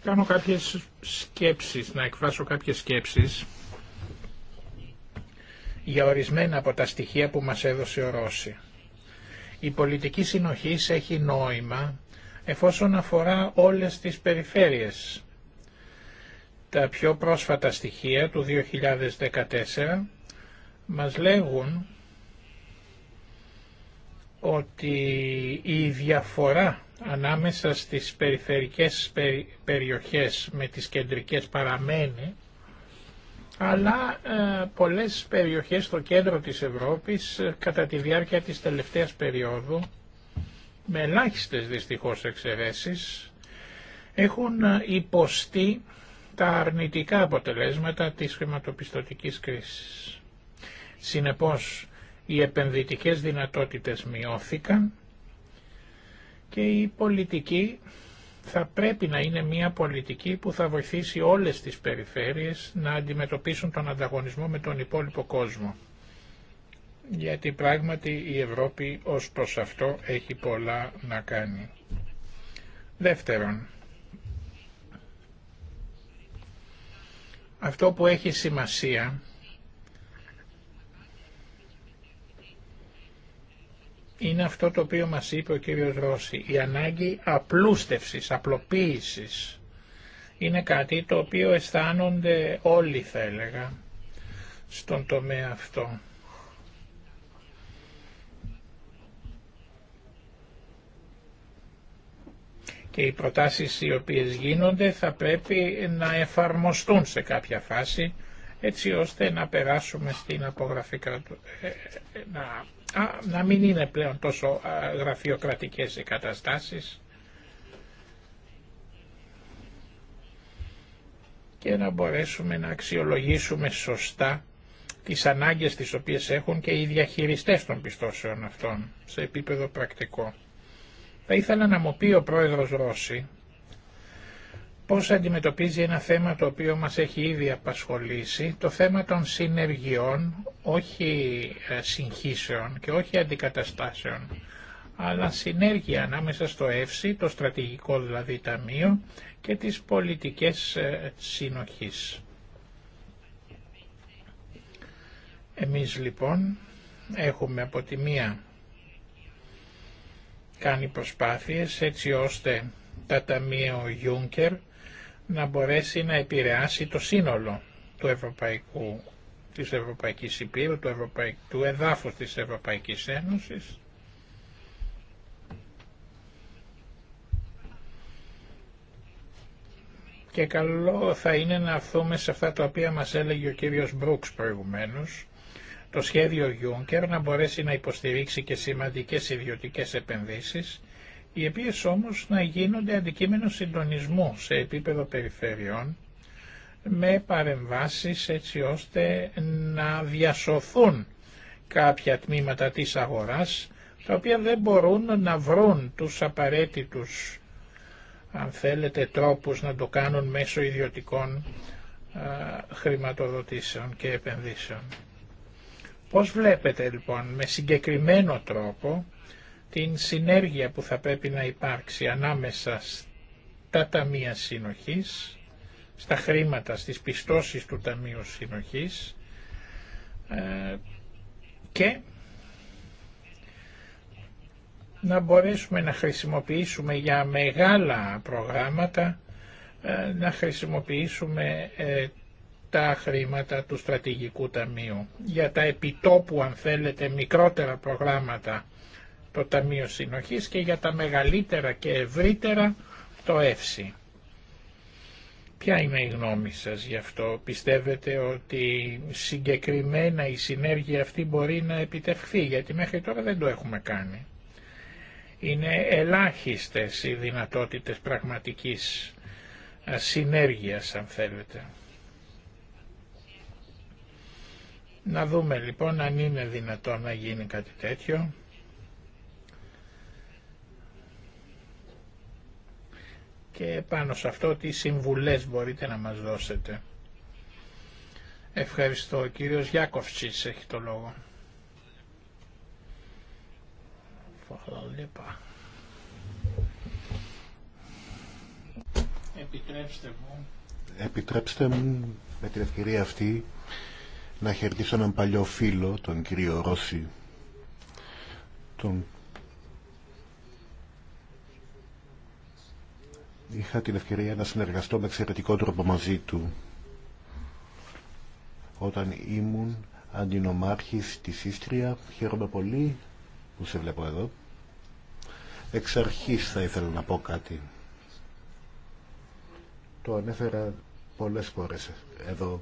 κάνω κάποιες σκέψεις, να εκφράσω κάποιες σκέψεις για ορισμένα από τα στοιχεία που μας έδωσε ο Ρώση. Η πολιτική συνοχής έχει νόημα εφόσον αφορά όλες τις περιφέρειες. Τα πιο πρόσφατα στοιχεία του 2014 μας λέγουν ότι η διαφορά ανάμεσα στις περιφερικές περιοχές με τις κεντρικές παραμένει αλλά ε, πολλές περιοχές στο κέντρο της Ευρώπης ε, κατά τη διάρκεια της τελευταίας περίοδου, με ελάχιστες δυστυχώς εξαιρέσεις, έχουν ε, υποστεί τα αρνητικά αποτελέσματα της χρηματοπιστωτικής κρίσης. Συνεπώς, οι επενδυτικές δυνατότητες μειώθηκαν και η πολιτική θα πρέπει να είναι μια πολιτική που θα βοηθήσει όλες τις περιφέρειες να αντιμετωπίσουν τον ανταγωνισμό με τον υπόλοιπο κόσμο. Γιατί πράγματι η Ευρώπη ως προς αυτό έχει πολλά να κάνει. Δεύτερον, αυτό που έχει σημασία είναι αυτό το οποίο μας είπε ο κύριος Ρώση, η ανάγκη απλούστευσης, απλοποίησης. Είναι κάτι το οποίο αισθάνονται όλοι θα έλεγα στον τομέα αυτό. Και οι προτάσεις οι οποίες γίνονται θα πρέπει να εφαρμοστούν σε κάποια φάση έτσι ώστε να περάσουμε στην απογραφή ε, ε, ε, να να μην είναι πλέον τόσο γραφειοκρατικές οι καταστάσεις και να μπορέσουμε να αξιολογήσουμε σωστά τις ανάγκες τις οποίες έχουν και οι διαχειριστές των πιστώσεων αυτών σε επίπεδο πρακτικό. Θα ήθελα να μου πει ο πρόεδρος Ρώση πώς αντιμετωπίζει ένα θέμα το οποίο μας έχει ήδη απασχολήσει, το θέμα των συνεργειών, όχι ε, συγχύσεων και όχι αντικαταστάσεων, αλλά συνέργεια ανάμεσα στο ΕΦΣΙ, το στρατηγικό δηλαδή ταμείο, και τις πολιτικές ε, συνοχής. Εμείς λοιπόν έχουμε από τη μία κάνει προσπάθειες έτσι ώστε τα ταμείο Ιούνκερ να μπορέσει να επηρεάσει το σύνολο του Ευρωπαϊκού, της Ευρωπαϊκής Υπήρου, του, Ευρωπαϊκ, του εδάφους της Ευρωπαϊκής Ένωσης. Και καλό θα είναι να αρθούμε σε αυτά τα οποία μας έλεγε ο κύριος Μπρούξ προηγουμένως, το σχέδιο Juncker να μπορέσει να υποστηρίξει και σημαντικές ιδιωτικές επενδύσεις οι οποίες όμως να γίνονται αντικείμενο συντονισμού σε επίπεδο περιφερειών με παρεμβάσεις έτσι ώστε να διασωθούν κάποια τμήματα της αγοράς τα οποία δεν μπορούν να βρουν τους απαραίτητους αν θέλετε τρόπους να το κάνουν μέσω ιδιωτικών χρηματοδοτήσεων και επενδύσεων. Πώς βλέπετε λοιπόν με συγκεκριμένο τρόπο την συνέργεια που θα πρέπει να υπάρξει ανάμεσα στα ταμεία συνοχής, στα χρήματα, στις πιστώσεις του Ταμείου Συνοχής ε, και να μπορέσουμε να χρησιμοποιήσουμε για μεγάλα προγράμματα, ε, να χρησιμοποιήσουμε ε, τα χρήματα του Στρατηγικού Ταμείου. Για τα επιτόπου, αν θέλετε, μικρότερα προγράμματα το Ταμείο Συνοχής και για τα μεγαλύτερα και ευρύτερα το ΕΦΣΥ. Ποια είναι η γνώμη σας γι' αυτό. Πιστεύετε ότι συγκεκριμένα η συνέργεια αυτή μπορεί να επιτευχθεί, γιατί μέχρι τώρα δεν το έχουμε κάνει. Είναι ελάχιστες οι δυνατότητες πραγματικής συνέργειας, αν θέλετε. Να δούμε λοιπόν αν είναι δυνατόν να γίνει κάτι τέτοιο. και πάνω σε αυτό τι συμβουλές μπορείτε να μας δώσετε. Ευχαριστώ. Ο κύριος Γιάκοφτσης έχει το λόγο. Επιτρέψτε μου. Επιτρέψτε μου με την ευκαιρία αυτή να χαιρετήσω έναν παλιό φίλο, τον κύριο Ρώση, τον είχα την ευκαιρία να συνεργαστώ με εξαιρετικό τρόπο μαζί του όταν ήμουν αντινομάρχης της Ίστρια. Χαίρομαι πολύ που σε βλέπω εδώ. Εξ αρχής θα ήθελα να πω κάτι. Το ανέφερα πολλές φορές εδώ.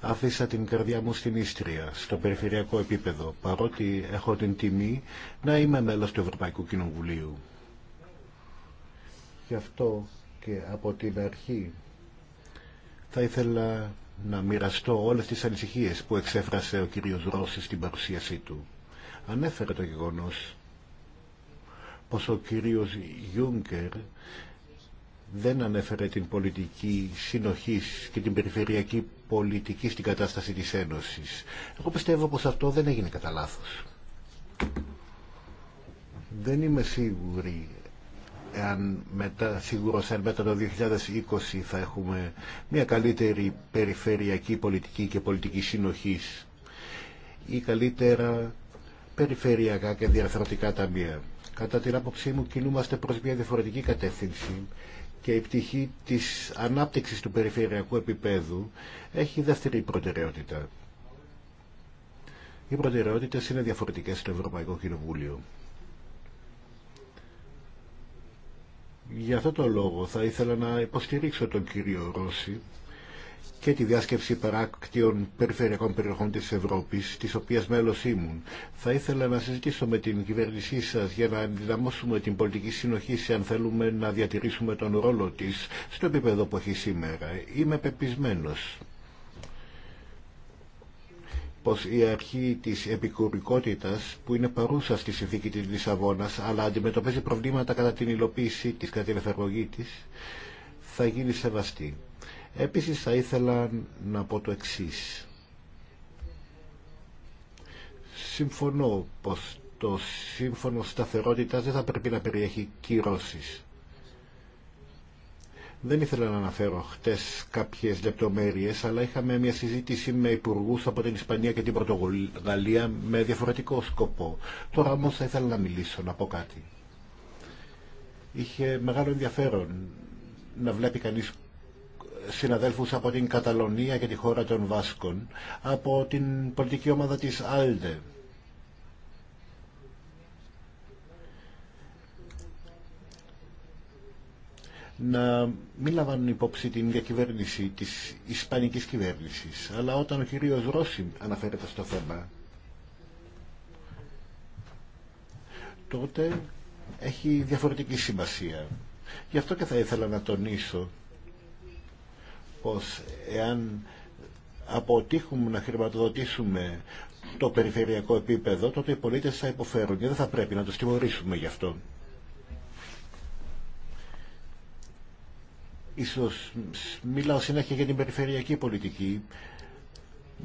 Άφησα την καρδιά μου στην Ίστρια, στο περιφερειακό επίπεδο, παρότι έχω την τιμή να είμαι μέλος του Ευρωπαϊκού Κοινοβουλίου. Γι' αυτό και από την αρχή θα ήθελα να μοιραστώ όλες τις ανησυχίες που εξέφρασε ο κύριος Ρώση στην παρουσίασή του. Ανέφερε το γεγονός πως ο κύριος Γιούγκερ δεν ανέφερε την πολιτική συνοχής και την περιφερειακή πολιτική στην κατάσταση της Ένωσης. Εγώ πιστεύω πως αυτό δεν έγινε κατά λάθο. Δεν είμαι σίγουρη εάν μετά, σίγουρο αν μετά το 2020 θα έχουμε μια καλύτερη περιφερειακή πολιτική και πολιτική συνοχής ή καλύτερα περιφερειακά και διαρθρωτικά ταμεία. Κατά την άποψή μου κινούμαστε προς μια διαφορετική κατεύθυνση και η πτυχή της ανάπτυξης του περιφερειακού επίπεδου έχει δεύτερη προτεραιότητα. Οι προτεραιότητες είναι διαφορετικές στο Ευρωπαϊκό Κοινοβούλιο. Για αυτό το λόγο θα ήθελα να υποστηρίξω τον κύριο Ρώση και τη διάσκεψη παράκτιων περιφερειακών περιοχών της Ευρώπης, της οποίας μέλος ήμουν. Θα ήθελα να συζητήσω με την κυβέρνησή σας για να ενδυναμώσουμε την πολιτική συνοχή αν θέλουμε να διατηρήσουμε τον ρόλο της στο επίπεδο που έχει σήμερα. Είμαι πεπισμένος πως η αρχή της επικουρικότητας που είναι παρούσα στη συνθήκη της Λισαβόνας αλλά αντιμετωπίζει προβλήματα κατά την υλοποίησή της, κατά την της, θα γίνει σεβαστή. Επίσης θα ήθελα να πω το εξής. Συμφωνώ πως το σύμφωνο σταθερότητας δεν θα πρέπει να περιέχει κυρώσεις. Δεν ήθελα να αναφέρω χτε κάποιε λεπτομέρειε, αλλά είχαμε μια συζήτηση με υπουργού από την Ισπανία και την Πορτογαλία με διαφορετικό σκοπό. Τώρα όμω θα ήθελα να μιλήσω, να πω κάτι. Είχε μεγάλο ενδιαφέρον να βλέπει κανεί συναδέλφου από την Καταλωνία και τη χώρα των Βάσκων, από την πολιτική ομάδα τη Άλντε να μην λαμβάνουν υπόψη την διακυβέρνηση της ισπανικής κυβέρνησης. Αλλά όταν ο κύριος Ρώση αναφέρεται στο θέμα, τότε έχει διαφορετική σημασία. Γι' αυτό και θα ήθελα να τονίσω πως εάν αποτύχουμε να χρηματοδοτήσουμε το περιφερειακό επίπεδο, τότε οι πολίτες θα υποφέρουν και δεν θα πρέπει να το τιμωρήσουμε γι' αυτό. Ίσως μιλάω συνέχεια για την περιφερειακή πολιτική.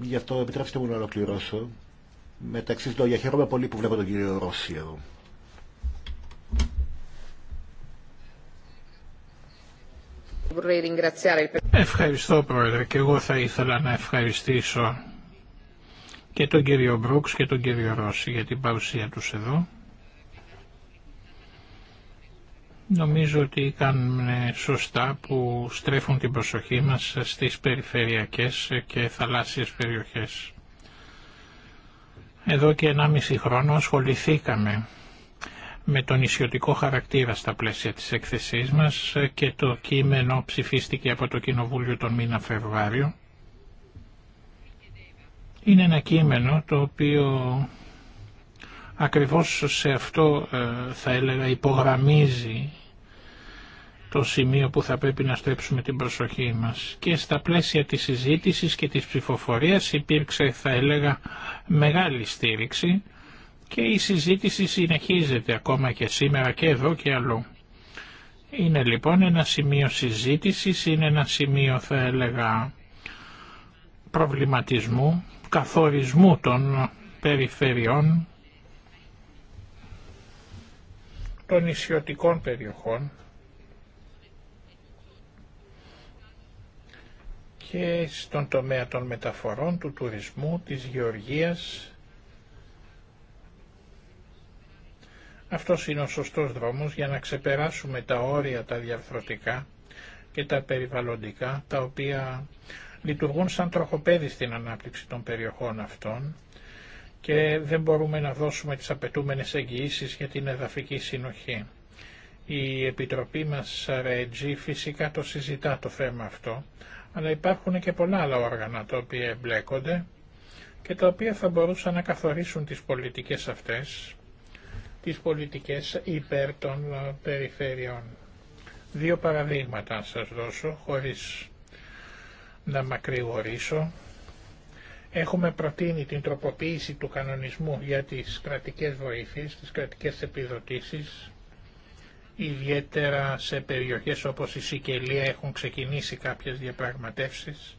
Γι' αυτό επιτρέψτε μου να ολοκληρώσω. Μεταξύ λόγια χαίρομαι πολύ που βλέπω τον κύριο Ρώση εδώ. Ευχαριστώ Πρόεδρε και εγώ θα ήθελα να ευχαριστήσω και τον κύριο Μπρούξ και τον κύριο Ρώση για την παρουσία τους εδώ. Νομίζω ότι ήταν σωστά που στρέφουν την προσοχή μας στις περιφερειακές και θαλάσσιες περιοχές. Εδώ και 1,5 χρόνο ασχοληθήκαμε με τον ισιωτικό χαρακτήρα στα πλαίσια της έκθεσής μας και το κείμενο ψηφίστηκε από το Κοινοβούλιο τον μήνα Φεβρουάριο. Είναι ένα κείμενο το οποίο Ακριβώς σε αυτό ε, θα έλεγα υπογραμμίζει το σημείο που θα πρέπει να στρέψουμε την προσοχή μας. Και στα πλαίσια της συζήτησης και της ψηφοφορίας υπήρξε θα έλεγα μεγάλη στήριξη και η συζήτηση συνεχίζεται ακόμα και σήμερα και εδώ και αλλού. Είναι λοιπόν ένα σημείο συζήτησης, είναι ένα σημείο θα έλεγα προβληματισμού, καθορισμού των περιφερειών των νησιωτικών περιοχών και στον τομέα των μεταφορών, του τουρισμού, της γεωργίας. Αυτός είναι ο σωστός δρόμος για να ξεπεράσουμε τα όρια τα διαρθρωτικά και τα περιβαλλοντικά, τα οποία λειτουργούν σαν τροχοπέδι στην ανάπτυξη των περιοχών αυτών και δεν μπορούμε να δώσουμε τις απαιτούμενες εγγυήσεις για την εδαφική συνοχή. Η Επιτροπή μας ΡΕΤΖΙ φυσικά το συζητά το θέμα αυτό, αλλά υπάρχουν και πολλά άλλα όργανα τα οποία εμπλέκονται και τα οποία θα μπορούσαν να καθορίσουν τις πολιτικές αυτές, τις πολιτικές υπέρ των ε, περιφερειών. Δύο παραδείγματα σας δώσω, χωρίς να μακρηγορήσω. Έχουμε προτείνει την τροποποίηση του κανονισμού για τις κρατικές βοήθειες, τις κρατικές επιδοτήσεις, ιδιαίτερα σε περιοχές όπως η Σικελία έχουν ξεκινήσει κάποιες διαπραγματεύσεις.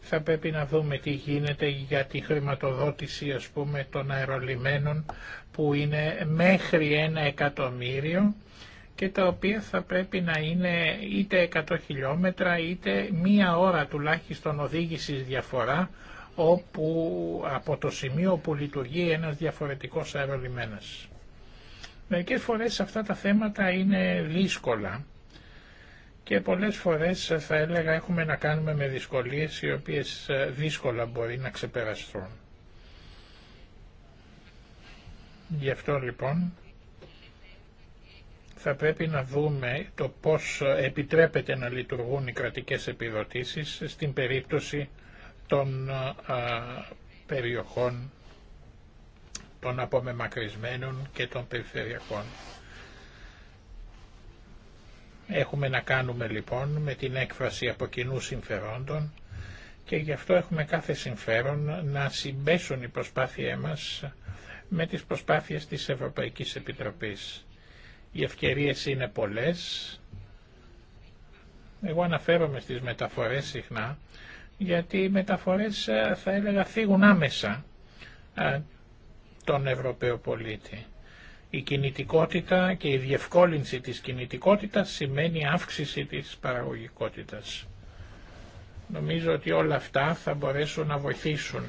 Θα πρέπει να δούμε τι γίνεται για τη χρηματοδότηση ας πούμε των αερολιμένων που είναι μέχρι ένα εκατομμύριο και τα οποία θα πρέπει να είναι είτε 100 χιλιόμετρα είτε μία ώρα τουλάχιστον οδήγησης διαφορά όπου από το σημείο που λειτουργεί ένας διαφορετικός αερολιμένας. Μερικές φορές αυτά τα θέματα είναι δύσκολα και πολλές φορές θα έλεγα έχουμε να κάνουμε με δυσκολίες οι οποίες ε, δύσκολα μπορεί να ξεπεραστούν. Γι' αυτό λοιπόν θα πρέπει να δούμε το πώς επιτρέπεται να λειτουργούν οι κρατικές επιδοτήσεις στην περίπτωση των περιοχών των απομεμακρυσμένων και των περιφερειακών. Έχουμε να κάνουμε λοιπόν με την έκφραση από κοινού συμφερόντων και γι' αυτό έχουμε κάθε συμφέρον να συμπέσουν η προσπάθειά μας με τις προσπάθειες της Ευρωπαϊκής Επιτροπής. Οι ευκαιρίες είναι πολλές. Εγώ αναφέρομαι στις μεταφορές συχνά γιατί οι μεταφορές ε, θα έλεγα φύγουν άμεσα ε, τον Ευρωπαίο πολίτη. Η κινητικότητα και η διευκόλυνση της κινητικότητας σημαίνει αύξηση της παραγωγικότητας. Νομίζω ότι όλα αυτά θα μπορέσουν να βοηθήσουν.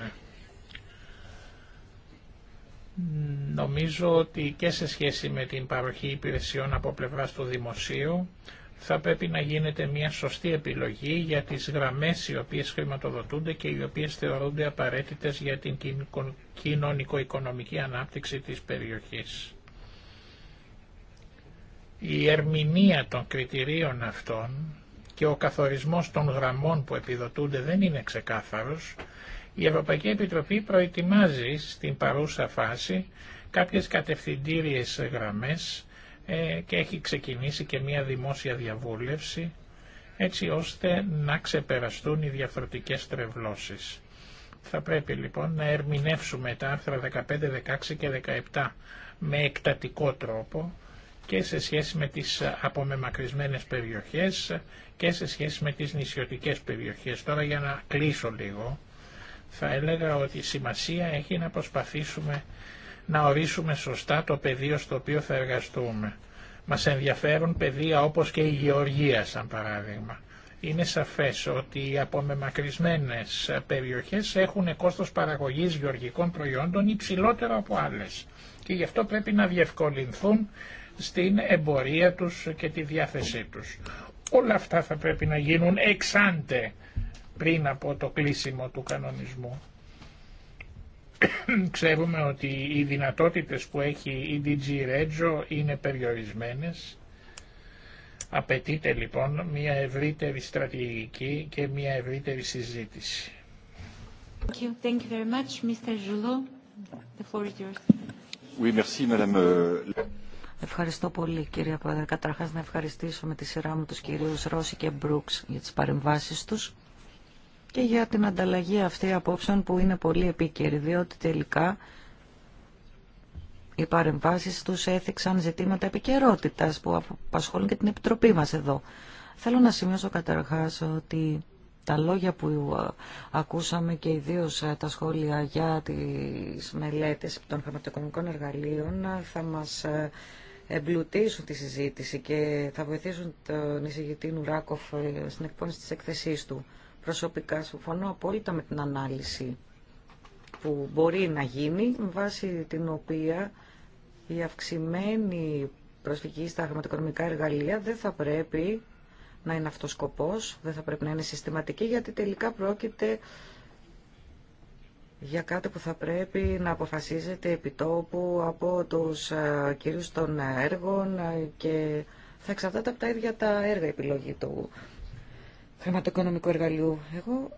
Νομίζω ότι και σε σχέση με την παροχή υπηρεσιών από πλευράς του Δημοσίου, θα πρέπει να γίνεται μια σωστή επιλογή για τις γραμμές οι οποίες χρηματοδοτούνται και οι οποίες θεωρούνται απαραίτητες για την κοινωνικο-οικονομική ανάπτυξη της περιοχής. Η ερμηνεία των κριτηρίων αυτών και ο καθορισμός των γραμμών που επιδοτούνται δεν είναι ξεκάθαρος. Η Ευρωπαϊκή Επιτροπή προετοιμάζει στην παρούσα φάση κάποιες κατευθυντήριες γραμμές ε, και έχει ξεκινήσει και μια δημόσια διαβούλευση έτσι ώστε να ξεπεραστούν οι διαφορετικές τρευλώσεις. Θα πρέπει λοιπόν να ερμηνεύσουμε τα άρθρα 15, 16 και 17 με εκτατικό τρόπο και σε σχέση με τις απομεμακρυσμένες περιοχές και σε σχέση με τις νησιωτικές περιοχές. Τώρα για να κλείσω λίγο, θα έλεγα ότι η σημασία έχει να προσπαθήσουμε να ορίσουμε σωστά το πεδίο στο οποίο θα εργαστούμε. Μας ενδιαφέρουν πεδία όπως και η γεωργία σαν παράδειγμα. Είναι σαφές ότι οι απομεμακρυσμένες περιοχές έχουν κόστος παραγωγής γεωργικών προϊόντων υψηλότερο από άλλες και γι' αυτό πρέπει να διευκολυνθούν στην εμπορία τους και τη διάθεσή τους. Όλα αυτά θα πρέπει να γίνουν εξάντε πριν από το κλείσιμο του κανονισμού. Ξέρουμε ότι οι δυνατότητες που έχει η DG Regio είναι περιορισμένες. Απαιτείται λοιπόν μια ευρύτερη στρατηγική και μια ευρύτερη συζήτηση. Thank you. Thank you very much, Mr. The floor is yours. Oui, merci, madame. Euh, Ευχαριστώ πολύ κύριε Πρόεδρε. Καταρχάς να ευχαριστήσω με τη σειρά μου τους κυρίους Ρώση και Μπρούξ για τις παρεμβάσεις τους και για την ανταλλαγή αυτή απόψεων που είναι πολύ επίκαιρη, διότι τελικά οι παρεμβάσεις τους έθιξαν ζητήματα επικαιρότητα που απασχολούν και την Επιτροπή μας εδώ. Θέλω να σημειώσω καταρχάς ότι τα λόγια που ε, ακούσαμε και ιδίω ε, τα σχόλια για τις μελέτες των χρηματοοικονομικών εργαλείων ε, θα μας εμπλουτίσουν τη συζήτηση και θα βοηθήσουν τον εισηγητή Νουράκοφ στην εκπόνηση της έκθεσής του. Προσωπικά συμφωνώ απόλυτα με την ανάλυση που μπορεί να γίνει, με βάση την οποία η αυξημένη προσφυγή στα χρηματοοικονομικά εργαλεία δεν θα πρέπει να είναι αυτός σκοπός, δεν θα πρέπει να είναι συστηματική, γιατί τελικά πρόκειται για κάτι που θα πρέπει να αποφασίζεται επιτόπου από τους ε, κυρίους των έργων ε, και θα εξαρτάται από τα ίδια τα έργα επιλογή του χρηματοοικονομικού εργαλείου. Εγώ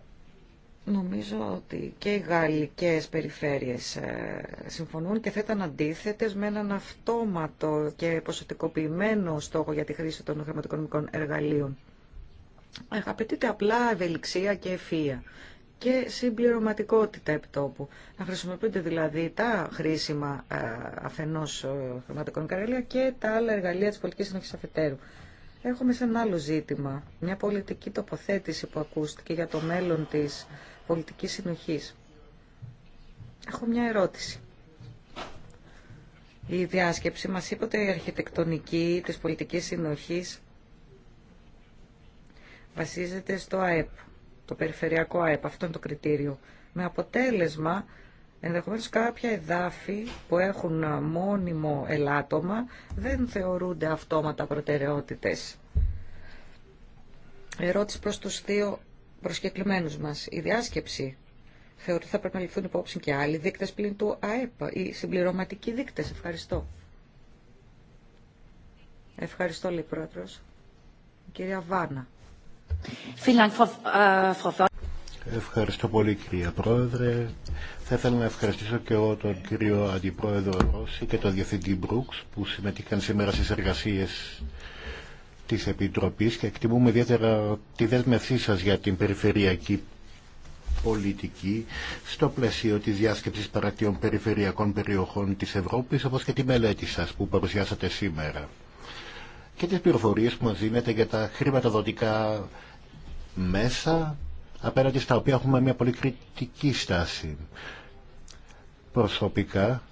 νομίζω ότι και οι γαλλικές περιφέρειες ε, συμφωνούν και θα ήταν αντίθετες με έναν αυτόματο και ποσοτικοποιημένο στόχο για τη χρήση των χρηματοοικονομικών εργαλείων. Ε, απαιτείται απλά ευελιξία και ευφία και συμπληρωματικότητα επιτόπου. Να χρησιμοποιούνται δηλαδή τα χρήσιμα ε, αφενός χρηματοοικονομικά εργαλεία και τα άλλα εργαλεία της πολιτικής συνοχής αφετέρου. Έχουμε σε ένα άλλο ζήτημα. Μια πολιτική τοποθέτηση που ακούστηκε για το μέλλον της πολιτικής συνοχής. Έχω μια ερώτηση. Η διάσκεψη μας είπε ότι η αρχιτεκτονική της πολιτικής συνοχής βασίζεται στο ΑΕΠ, το περιφερειακό ΑΕΠ, αυτό είναι το κριτήριο. Με αποτέλεσμα Ενδεχομένως κάποια εδάφη που έχουν μόνιμο ελάττωμα δεν θεωρούνται αυτόματα προτεραιότητες. Ερώτηση προς τους δύο προσκεκλημένους μας. Η διάσκεψη θεωρεί ότι θα πρέπει να ληφθούν υπόψη και άλλοι δείκτες πλην του ΑΕΠ ή συμπληρωματικοί δείκτες. Ευχαριστώ. Ευχαριστώ, λέει πρόεδρος. Κυρία Βάνα. Äh, Ευχαριστώ πολύ κυρία Πρόεδρε. Θα ήθελα να ευχαριστήσω και εγώ τον κύριο Αντιπρόεδρο Ρώση και τον Διευθυντή Μπρούξ που συμμετείχαν σήμερα στις εργασίες της Επιτροπής και εκτιμούμε ιδιαίτερα τη δέσμευσή σας για την περιφερειακή πολιτική στο πλαίσιο της διάσκεψης παρακτήων περιφερειακών περιοχών της Ευρώπης όπως και τη μελέτη σας που παρουσιάσατε σήμερα και τις πληροφορίες που μας δίνετε για τα χρηματοδοτικά μέσα απέναντι στα οποία έχουμε μια πολύ κριτική στάση. Προσωπικά,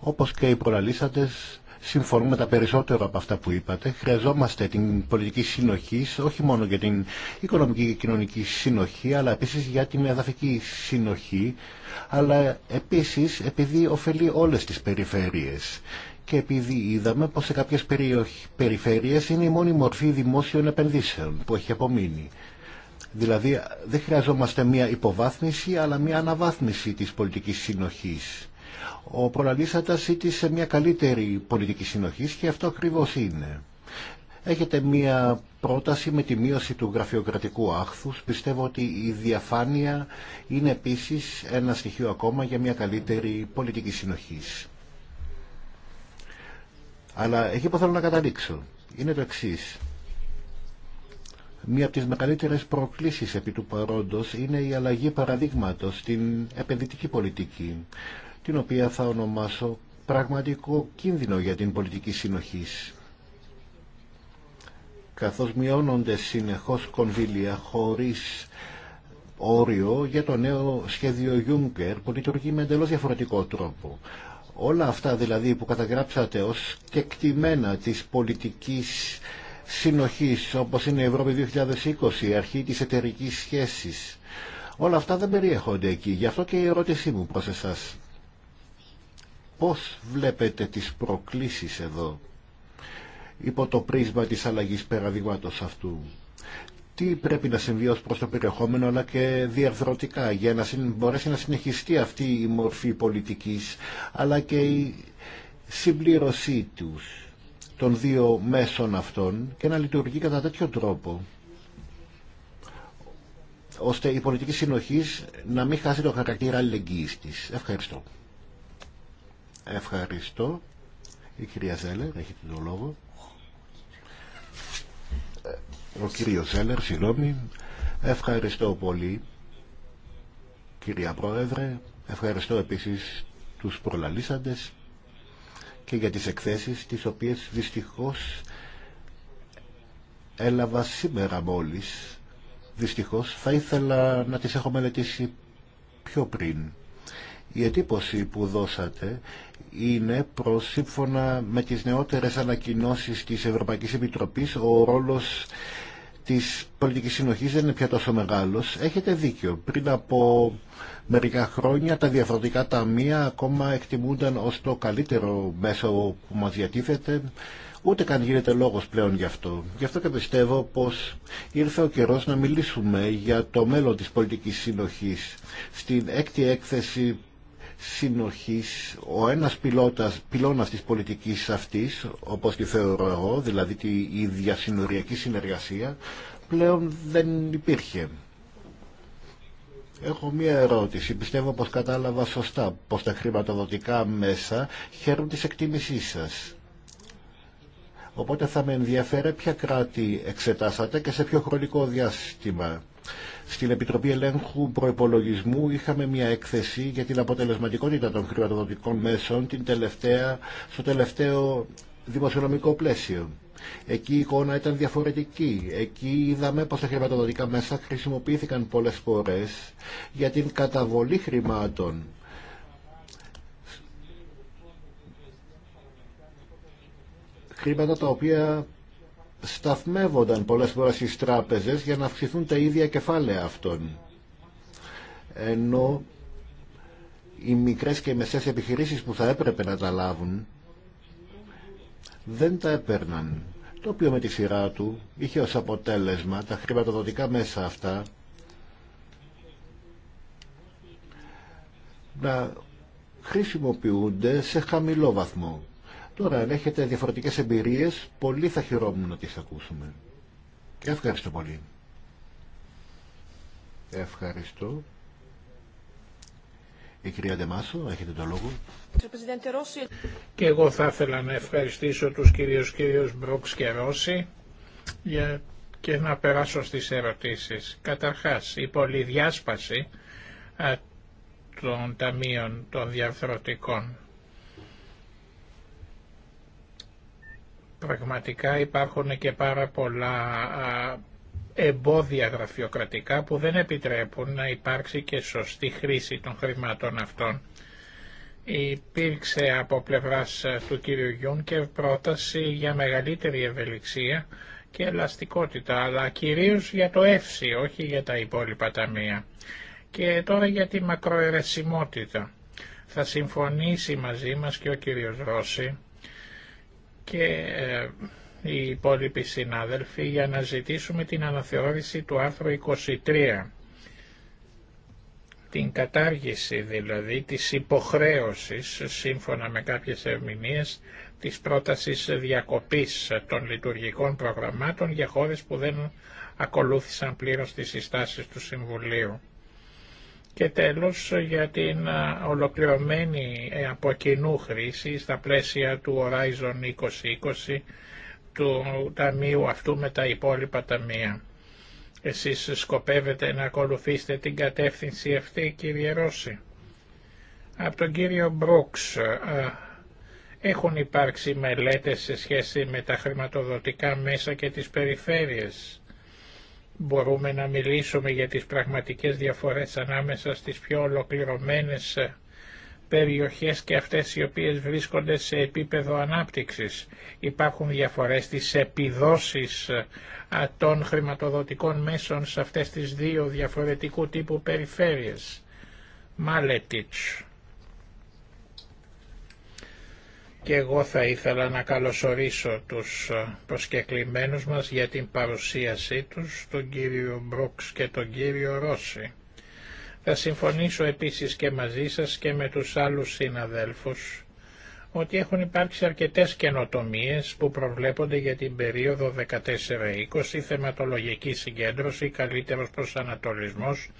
όπως και οι προλαλήσαντες, συμφωνούμε τα περισσότερα από αυτά που είπατε. Χρειαζόμαστε την πολιτική συνοχή, όχι μόνο για την οικονομική και κοινωνική συνοχή, αλλά επίσης για την εδαφική συνοχή, αλλά επίσης επειδή ωφελεί όλες τις περιφέρειες. Και επειδή είδαμε πως σε κάποιες περιοχ... περιφέρειες είναι η μόνη μορφή δημόσιων επενδύσεων που έχει απομείνει. Δηλαδή δεν χρειαζόμαστε μία υποβάθμιση αλλά μία αναβάθμιση της πολιτικής συνοχής. Ο Προλαλήσατας ζήτησε σε μια καλύτερη πολιτική συνοχή και αυτό ακριβώ είναι. Έχετε μία πρόταση με τη μείωση του γραφειοκρατικού άχθους. Πιστεύω ότι η διαφάνεια είναι επίσης ένα στοιχείο ακόμα για μια καλύτερη πολιτική συνοχής. Αλλά εκεί που θέλω να καταλήξω είναι το εξής. Μία από τις μεγαλύτερες προκλήσεις επί του παρόντος είναι η αλλαγή παραδείγματος στην επενδυτική πολιτική, την οποία θα ονομάσω πραγματικό κίνδυνο για την πολιτική συνοχής. Καθώς μειώνονται συνεχώς κονδύλια χωρίς όριο για το νέο σχέδιο Juncker που λειτουργεί με εντελώς διαφορετικό τρόπο. Όλα αυτά δηλαδή που καταγράψατε ως κεκτημένα της πολιτικής συνοχής όπως είναι η Ευρώπη 2020, η αρχή της εταιρικής σχέσης. Όλα αυτά δεν περιέχονται εκεί. Γι' αυτό και η ερώτησή μου προς εσάς. Πώς βλέπετε τις προκλήσεις εδώ υπό το πρίσμα της αλλαγής παραδείγματος αυτού. Τι πρέπει να συμβεί ως προς το περιεχόμενο αλλά και διαρθρωτικά για να μπορέσει να συνεχιστεί αυτή η μορφή πολιτικής αλλά και η συμπλήρωσή τους των δύο μέσων αυτών και να λειτουργεί κατά τέτοιο τρόπο ώστε η πολιτική συνοχής να μην χάσει το χαρακτήρα αλληλεγγύης της. Ευχαριστώ. Ευχαριστώ. Η κυρία Ζέλερ, έχει τον λόγο. Ο κύριος Ζέλερ, συγγνώμη. Ευχαριστώ πολύ, κυρία Πρόεδρε. Ευχαριστώ επίσης τους προλαλήσαντες και για τις εκθέσεις τις οποίες δυστυχώς έλαβα σήμερα μόλις. Δυστυχώς θα ήθελα να τις έχω μελετήσει πιο πριν. Η εντύπωση που δώσατε είναι προς σύμφωνα με τις νεότερες ανακοινώσεις της Ευρωπαϊκής Επιτροπής ο ρόλος της πολιτικής συνοχής δεν είναι πια τόσο μεγάλος. Έχετε δίκιο. Πριν από μερικά χρόνια τα διαφορετικά ταμεία ακόμα εκτιμούνταν ως το καλύτερο μέσο που μας διατίθεται. Ούτε καν γίνεται λόγος πλέον γι' αυτό. Γι' αυτό και πιστεύω πως ήρθε ο καιρός να μιλήσουμε για το μέλλον της πολιτικής συνοχής. Στην έκτη έκθεση συνοχής ο ένας πιλότας, πυλώνας της πολιτικής αυτής, όπως τη θεωρώ εγώ, δηλαδή η διασυνοριακή συνεργασία, πλέον δεν υπήρχε. Έχω μία ερώτηση. Πιστεύω πως κατάλαβα σωστά πως τα χρηματοδοτικά μέσα χαίρουν της εκτίμησής σας. Οπότε θα με ενδιαφέρε ποια κράτη εξετάσατε και σε ποιο χρονικό διάστημα. Στην Επιτροπή Ελέγχου Προπολογισμού είχαμε μια έκθεση για την αποτελεσματικότητα των χρηματοδοτικών μέσων την τελευταία, στο τελευταίο δημοσιονομικό πλαίσιο. Εκεί η εικόνα ήταν διαφορετική. Εκεί είδαμε πως τα χρηματοδοτικά μέσα χρησιμοποιήθηκαν πολλές φορές για την καταβολή χρημάτων. Χρήματα τα οποία σταθμεύονταν πολλές φορές στις τράπεζες για να αυξηθούν τα ίδια κεφάλαια αυτών. Ενώ οι μικρές και οι μεσές επιχειρήσεις που θα έπρεπε να τα λάβουν δεν τα έπαιρναν. Το οποίο με τη σειρά του είχε ως αποτέλεσμα τα χρηματοδοτικά μέσα αυτά να χρησιμοποιούνται σε χαμηλό βαθμό. Τώρα, αν έχετε διαφορετικές εμπειρίες, πολύ θα χειρόμουν να τις ακούσουμε. Και ευχαριστώ πολύ. Ευχαριστώ. Η κυρία Ντεμάσο, έχετε το λόγο. Και εγώ θα ήθελα να ευχαριστήσω τους κυρίους κύριους Μπρουξ και Ρώση για... και να περάσω στις ερωτήσεις. Καταρχάς, η πολυδιάσπαση των ταμείων των διαρθρωτικών Πραγματικά υπάρχουν και πάρα πολλά εμπόδια γραφειοκρατικά που δεν επιτρέπουν να υπάρξει και σωστή χρήση των χρημάτων αυτών. Υπήρξε από πλευράς του κύριου Γιούνκερ πρόταση για μεγαλύτερη ευελιξία και ελαστικότητα, αλλά κυρίως για το εύση, όχι για τα υπόλοιπα ταμεία. Και τώρα για τη μακροερεσιμότητα. Θα συμφωνήσει μαζί μας και ο κύριος Ρώση και ε, οι υπόλοιποι συνάδελφοι για να ζητήσουμε την αναθεώρηση του άρθρου 23 την κατάργηση δηλαδή της υποχρέωσης σύμφωνα με κάποιες ερμηνείες της πρότασης διακοπής των λειτουργικών προγραμμάτων για χώρες που δεν ακολούθησαν πλήρως τις συστάσεις του Συμβουλίου. Και τέλος για την ολοκληρωμένη ε, από κοινού χρήση στα πλαίσια του Horizon 2020 του ταμείου αυτού με τα υπόλοιπα ταμεία. Εσείς σκοπεύετε να ακολουθήσετε την κατεύθυνση αυτή κύριε Ρώση. Από τον κύριο Μπρουξ έχουν υπάρξει μελέτες σε σχέση με τα χρηματοδοτικά μέσα και τις περιφέρειες μπορούμε να μιλήσουμε για τις πραγματικές διαφορές ανάμεσα στις πιο ολοκληρωμένες ε, περιοχές και αυτές οι οποίες βρίσκονται σε επίπεδο ανάπτυξης. Υπάρχουν διαφορές στις επιδόσεις ε, των χρηματοδοτικών μέσων σε αυτές τις δύο διαφορετικού τύπου περιφέρειες. Μάλετιτς. Και εγώ θα ήθελα να καλωσορίσω τους ε, προσκεκλημένους μας για την παρουσίασή τους, τον κύριο Μπρουξ και τον κύριο Ρώση. Θα συμφωνήσω επίσης και μαζί σας και με τους άλλους συναδέλφους ότι έχουν υπάρξει αρκετές καινοτομίες που προβλέπονται για την περίοδο 14-20, θεματολογική συγκέντρωση, καλύτερος προσανατολισμός,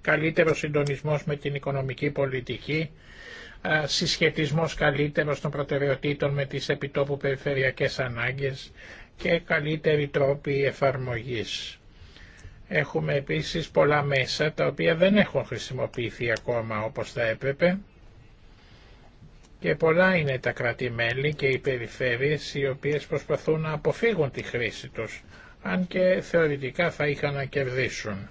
καλύτερος συντονισμός με την οικονομική πολιτική, ε, συσχετισμός καλύτερος των προτεραιοτήτων με τις επιτόπου περιφερειακές ανάγκες και καλύτεροι τρόποι εφαρμογής. Έχουμε επίσης πολλά μέσα τα οποία δεν έχουν χρησιμοποιηθεί ακόμα όπως θα έπρεπε και πολλά είναι τα κρατημέλη και οι περιφέρειες οι οποίες προσπαθούν να αποφύγουν τη χρήση τους, αν και θεωρητικά θα είχαν να κερδίσουν.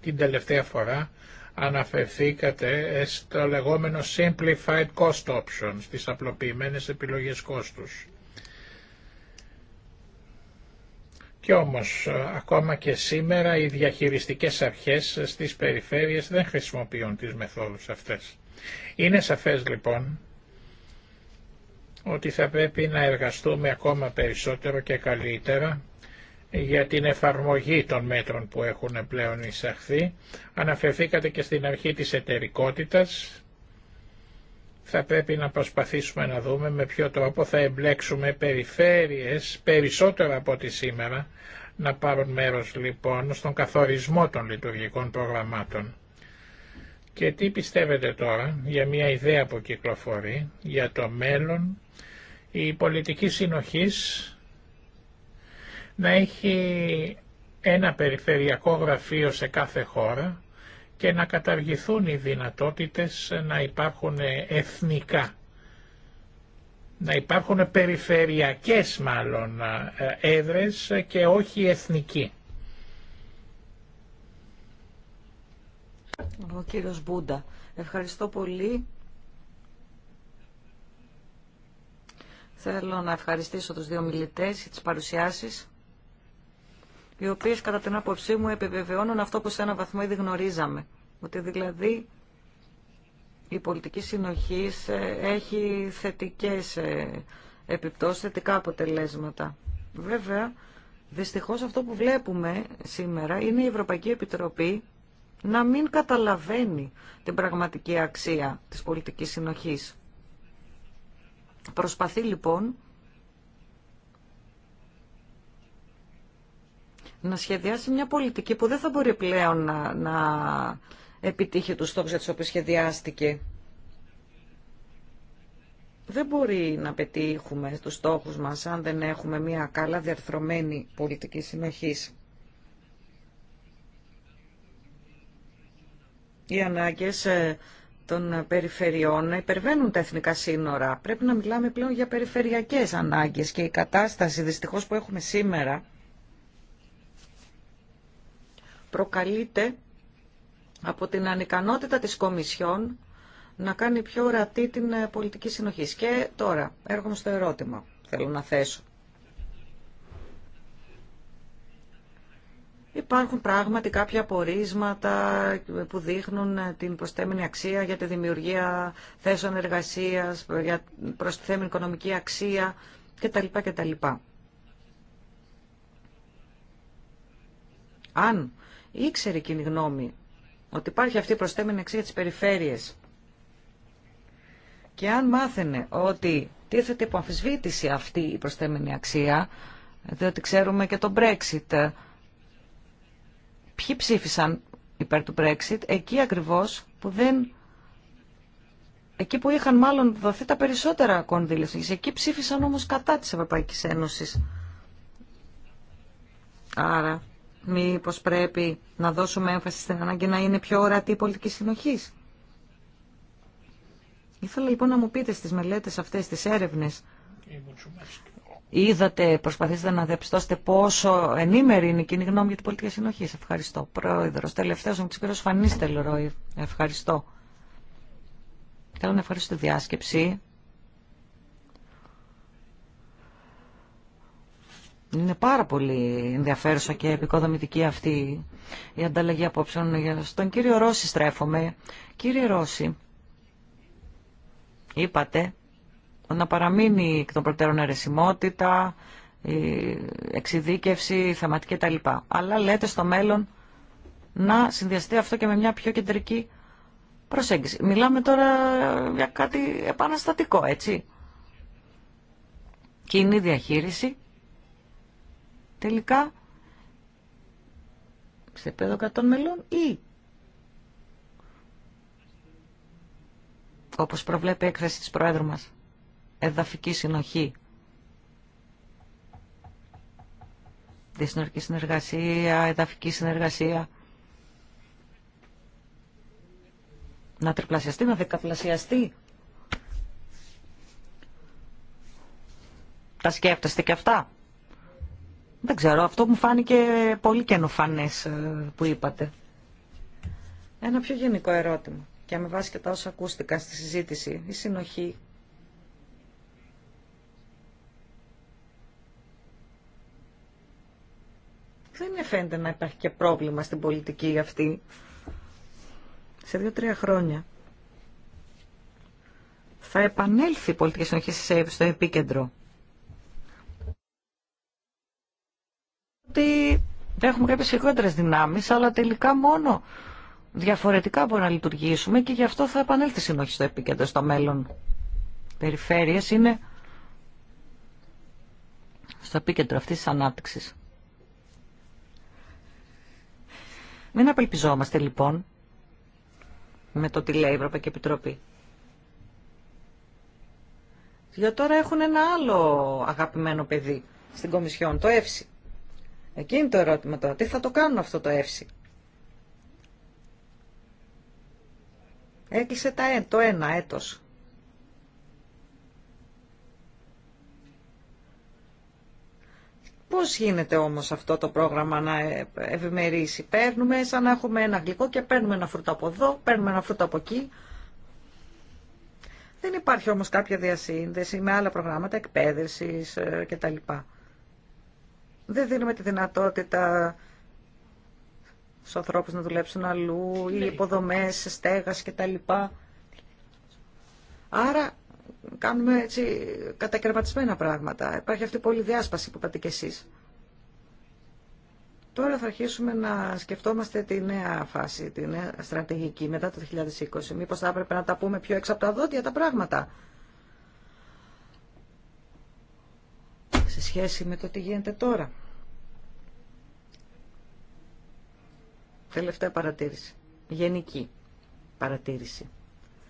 Την τελευταία φορά αναφερθήκατε ε, στο λεγόμενο Simplified Cost Options, στις απλοποιημένες επιλογές κόστους. Κι όμως, ε, ακόμα και σήμερα, οι διαχειριστικές αρχές στις περιφέρειες δεν χρησιμοποιούν τις μεθόδους αυτές. Είναι σαφές λοιπόν ότι θα πρέπει να εργαστούμε ακόμα περισσότερο και καλύτερα για την εφαρμογή των μέτρων που έχουν πλέον εισαχθεί. Αναφερθήκατε και στην αρχή της εταιρικότητας. Θα πρέπει να προσπαθήσουμε να δούμε με ποιο τρόπο θα εμπλέξουμε περιφέρειες περισσότερο από ό,τι σήμερα να πάρουν μέρος λοιπόν στον καθορισμό των λειτουργικών προγραμμάτων. Και τι πιστεύετε τώρα για μια ιδέα που κυκλοφορεί για το μέλλον η πολιτική συνοχής να έχει ένα περιφερειακό γραφείο σε κάθε χώρα και να καταργηθούν οι δυνατότητες να υπάρχουν εθνικά, να υπάρχουν περιφερειακές μάλλον έδρες και όχι εθνικοί. Ο κύριος Μπούντα, ευχαριστώ πολύ. Θέλω να ευχαριστήσω τους δύο μιλητές για τις παρουσιάσεις οι οποίες κατά την άποψή μου επιβεβαιώνουν αυτό που σε ένα βαθμό ήδη γνωρίζαμε. Ότι δηλαδή η πολιτική συνοχή έχει θετικές ε, επιπτώσεις, θετικά αποτελέσματα. Βέβαια, δυστυχώς αυτό που βλέπουμε σήμερα είναι η Ευρωπαϊκή Επιτροπή να μην καταλαβαίνει την πραγματική αξία της πολιτικής συνοχής. Προσπαθεί λοιπόν να σχεδιάσει μια πολιτική που δεν θα μπορεί πλέον να, επιτύχει τους στόχους για τους οποίους σχεδιάστηκε. Δεν μπορεί να πετύχουμε τους στόχους μας αν δεν έχουμε μια καλά διαρθρωμένη πολιτική συνοχής. Οι ανάγκες ε, των περιφερειών υπερβαίνουν τα εθνικά σύνορα. Πρέπει να μιλάμε πλέον για περιφερειακές ανάγκες και η κατάσταση δυστυχώς που έχουμε σήμερα προκαλείται από την ανικανότητα της Κομισιόν να κάνει πιο ορατή την ε, πολιτική συνοχή. Και τώρα έρχομαι στο ερώτημα θέλω να θέσω. Υπάρχουν πράγματι κάποια απορίσματα που δείχνουν ε, την προστέμενη αξία για τη δημιουργία θέσεων εργασίας, για οικονομική αξία κτλ. κτλ. Αν ήξερε η γνώμη ότι υπάρχει αυτή η προστέμενη αξία της περιφέρειες και αν μάθαινε ότι τίθεται υπό αμφισβήτηση αυτή η προστέμενη αξία, διότι ξέρουμε και το Brexit, ποιοι ψήφισαν υπέρ του Brexit, εκεί ακριβώς που δεν... Εκεί που είχαν μάλλον δοθεί τα περισσότερα κονδύλια, εκεί ψήφισαν όμως κατά της Ευρωπαϊκής Ένωσης. Άρα Μήπως πρέπει να δώσουμε έμφαση στην ανάγκη να είναι πιο ορατή η πολιτική συνοχή. Ήθελα λοιπόν να μου πείτε στις μελέτες αυτές, τις έρευνες, είδατε, προσπαθήσατε να διαπιστώσετε πόσο ενήμερη είναι η κοινή γνώμη για την πολιτική συνοχή. Ευχαριστώ. Πρόεδρο τελευταίο. μου της κ. Φανίστελ Ροϊ. Ευχαριστώ. Θέλω να ευχαριστήσω τη διάσκεψη Είναι πάρα πολύ ενδιαφέρουσα και επικοδομητική αυτή η ανταλλαγή απόψεων. Στον κύριο Ρώση στρέφομαι. Κύριε Ρώση, είπατε να παραμείνει εκ των προτέρων αιρεσιμότητα, εξειδίκευση, θεματική κτλ. Αλλά λέτε στο μέλλον να συνδυαστεί αυτό και με μια πιο κεντρική προσέγγιση. Μιλάμε τώρα για κάτι επαναστατικό, έτσι. Κοινή διαχείριση τελικά σε επίπεδο κρατών μελών ή όπως προβλέπει η έκθεση της Προέδρου μας, εδαφική συνοχή, δυσνορική συνεργασία, εδαφική συνεργασία, να τριπλασιαστεί, να δεκαπλασιαστεί. Τα σκέφτεστε και αυτά. Δεν ξέρω, αυτό μου φάνηκε πολύ καινοφανέ ε, που είπατε. Ένα πιο γενικό ερώτημα και με βάση και τα όσα ακούστηκα στη συζήτηση, η συνοχή. Δεν φαίνεται να υπάρχει και πρόβλημα στην πολιτική αυτή. Σε δύο-τρία χρόνια θα επανέλθει η πολιτική συνοχή στο επίκεντρο ότι έχουμε κάποιες χειρότερες δυνάμεις, αλλά τελικά μόνο διαφορετικά μπορούμε να λειτουργήσουμε και γι' αυτό θα επανέλθει η συνοχή στο επίκεντρο στο μέλλον. Περιφέρειες είναι στο επίκεντρο αυτής της ανάπτυξης. Μην απελπιζόμαστε λοιπόν με το τι λέει η Ευρωπαϊκή Επιτροπή. Για τώρα έχουν ένα άλλο αγαπημένο παιδί στην Κομισιόν, το ΕΦΣΙ. Εκείνη το ερώτημα τώρα. Τι θα το κάνουν αυτό το εύση. Έκλεισε τα, το ένα έτος. Πώς γίνεται όμως αυτό το πρόγραμμα να ε, ευημερίσει. Παίρνουμε σαν να έχουμε ένα γλυκό και παίρνουμε ένα φρούτο από εδώ, παίρνουμε ένα φρούτο από εκεί. Δεν υπάρχει όμως κάποια διασύνδεση με άλλα προγράμματα εκπαίδευσης ε, κτλ δεν δίνουμε τη δυνατότητα στους ανθρώπους να δουλέψουν αλλού, ναι. η υποδομές, στέγας κτλ. Άρα κάνουμε έτσι κατακαιρματισμένα πράγματα. Υπάρχει αυτή η πολυδιάσπαση που είπατε και εσείς. Τώρα θα αρχίσουμε να σκεφτόμαστε τη νέα φάση, τη νέα στρατηγική μετά το 2020. Μήπως θα έπρεπε να τα πούμε πιο έξω από τα δόντια τα πράγματα. σε σχέση με το τι γίνεται τώρα. Τελευταία παρατήρηση. Γενική παρατήρηση.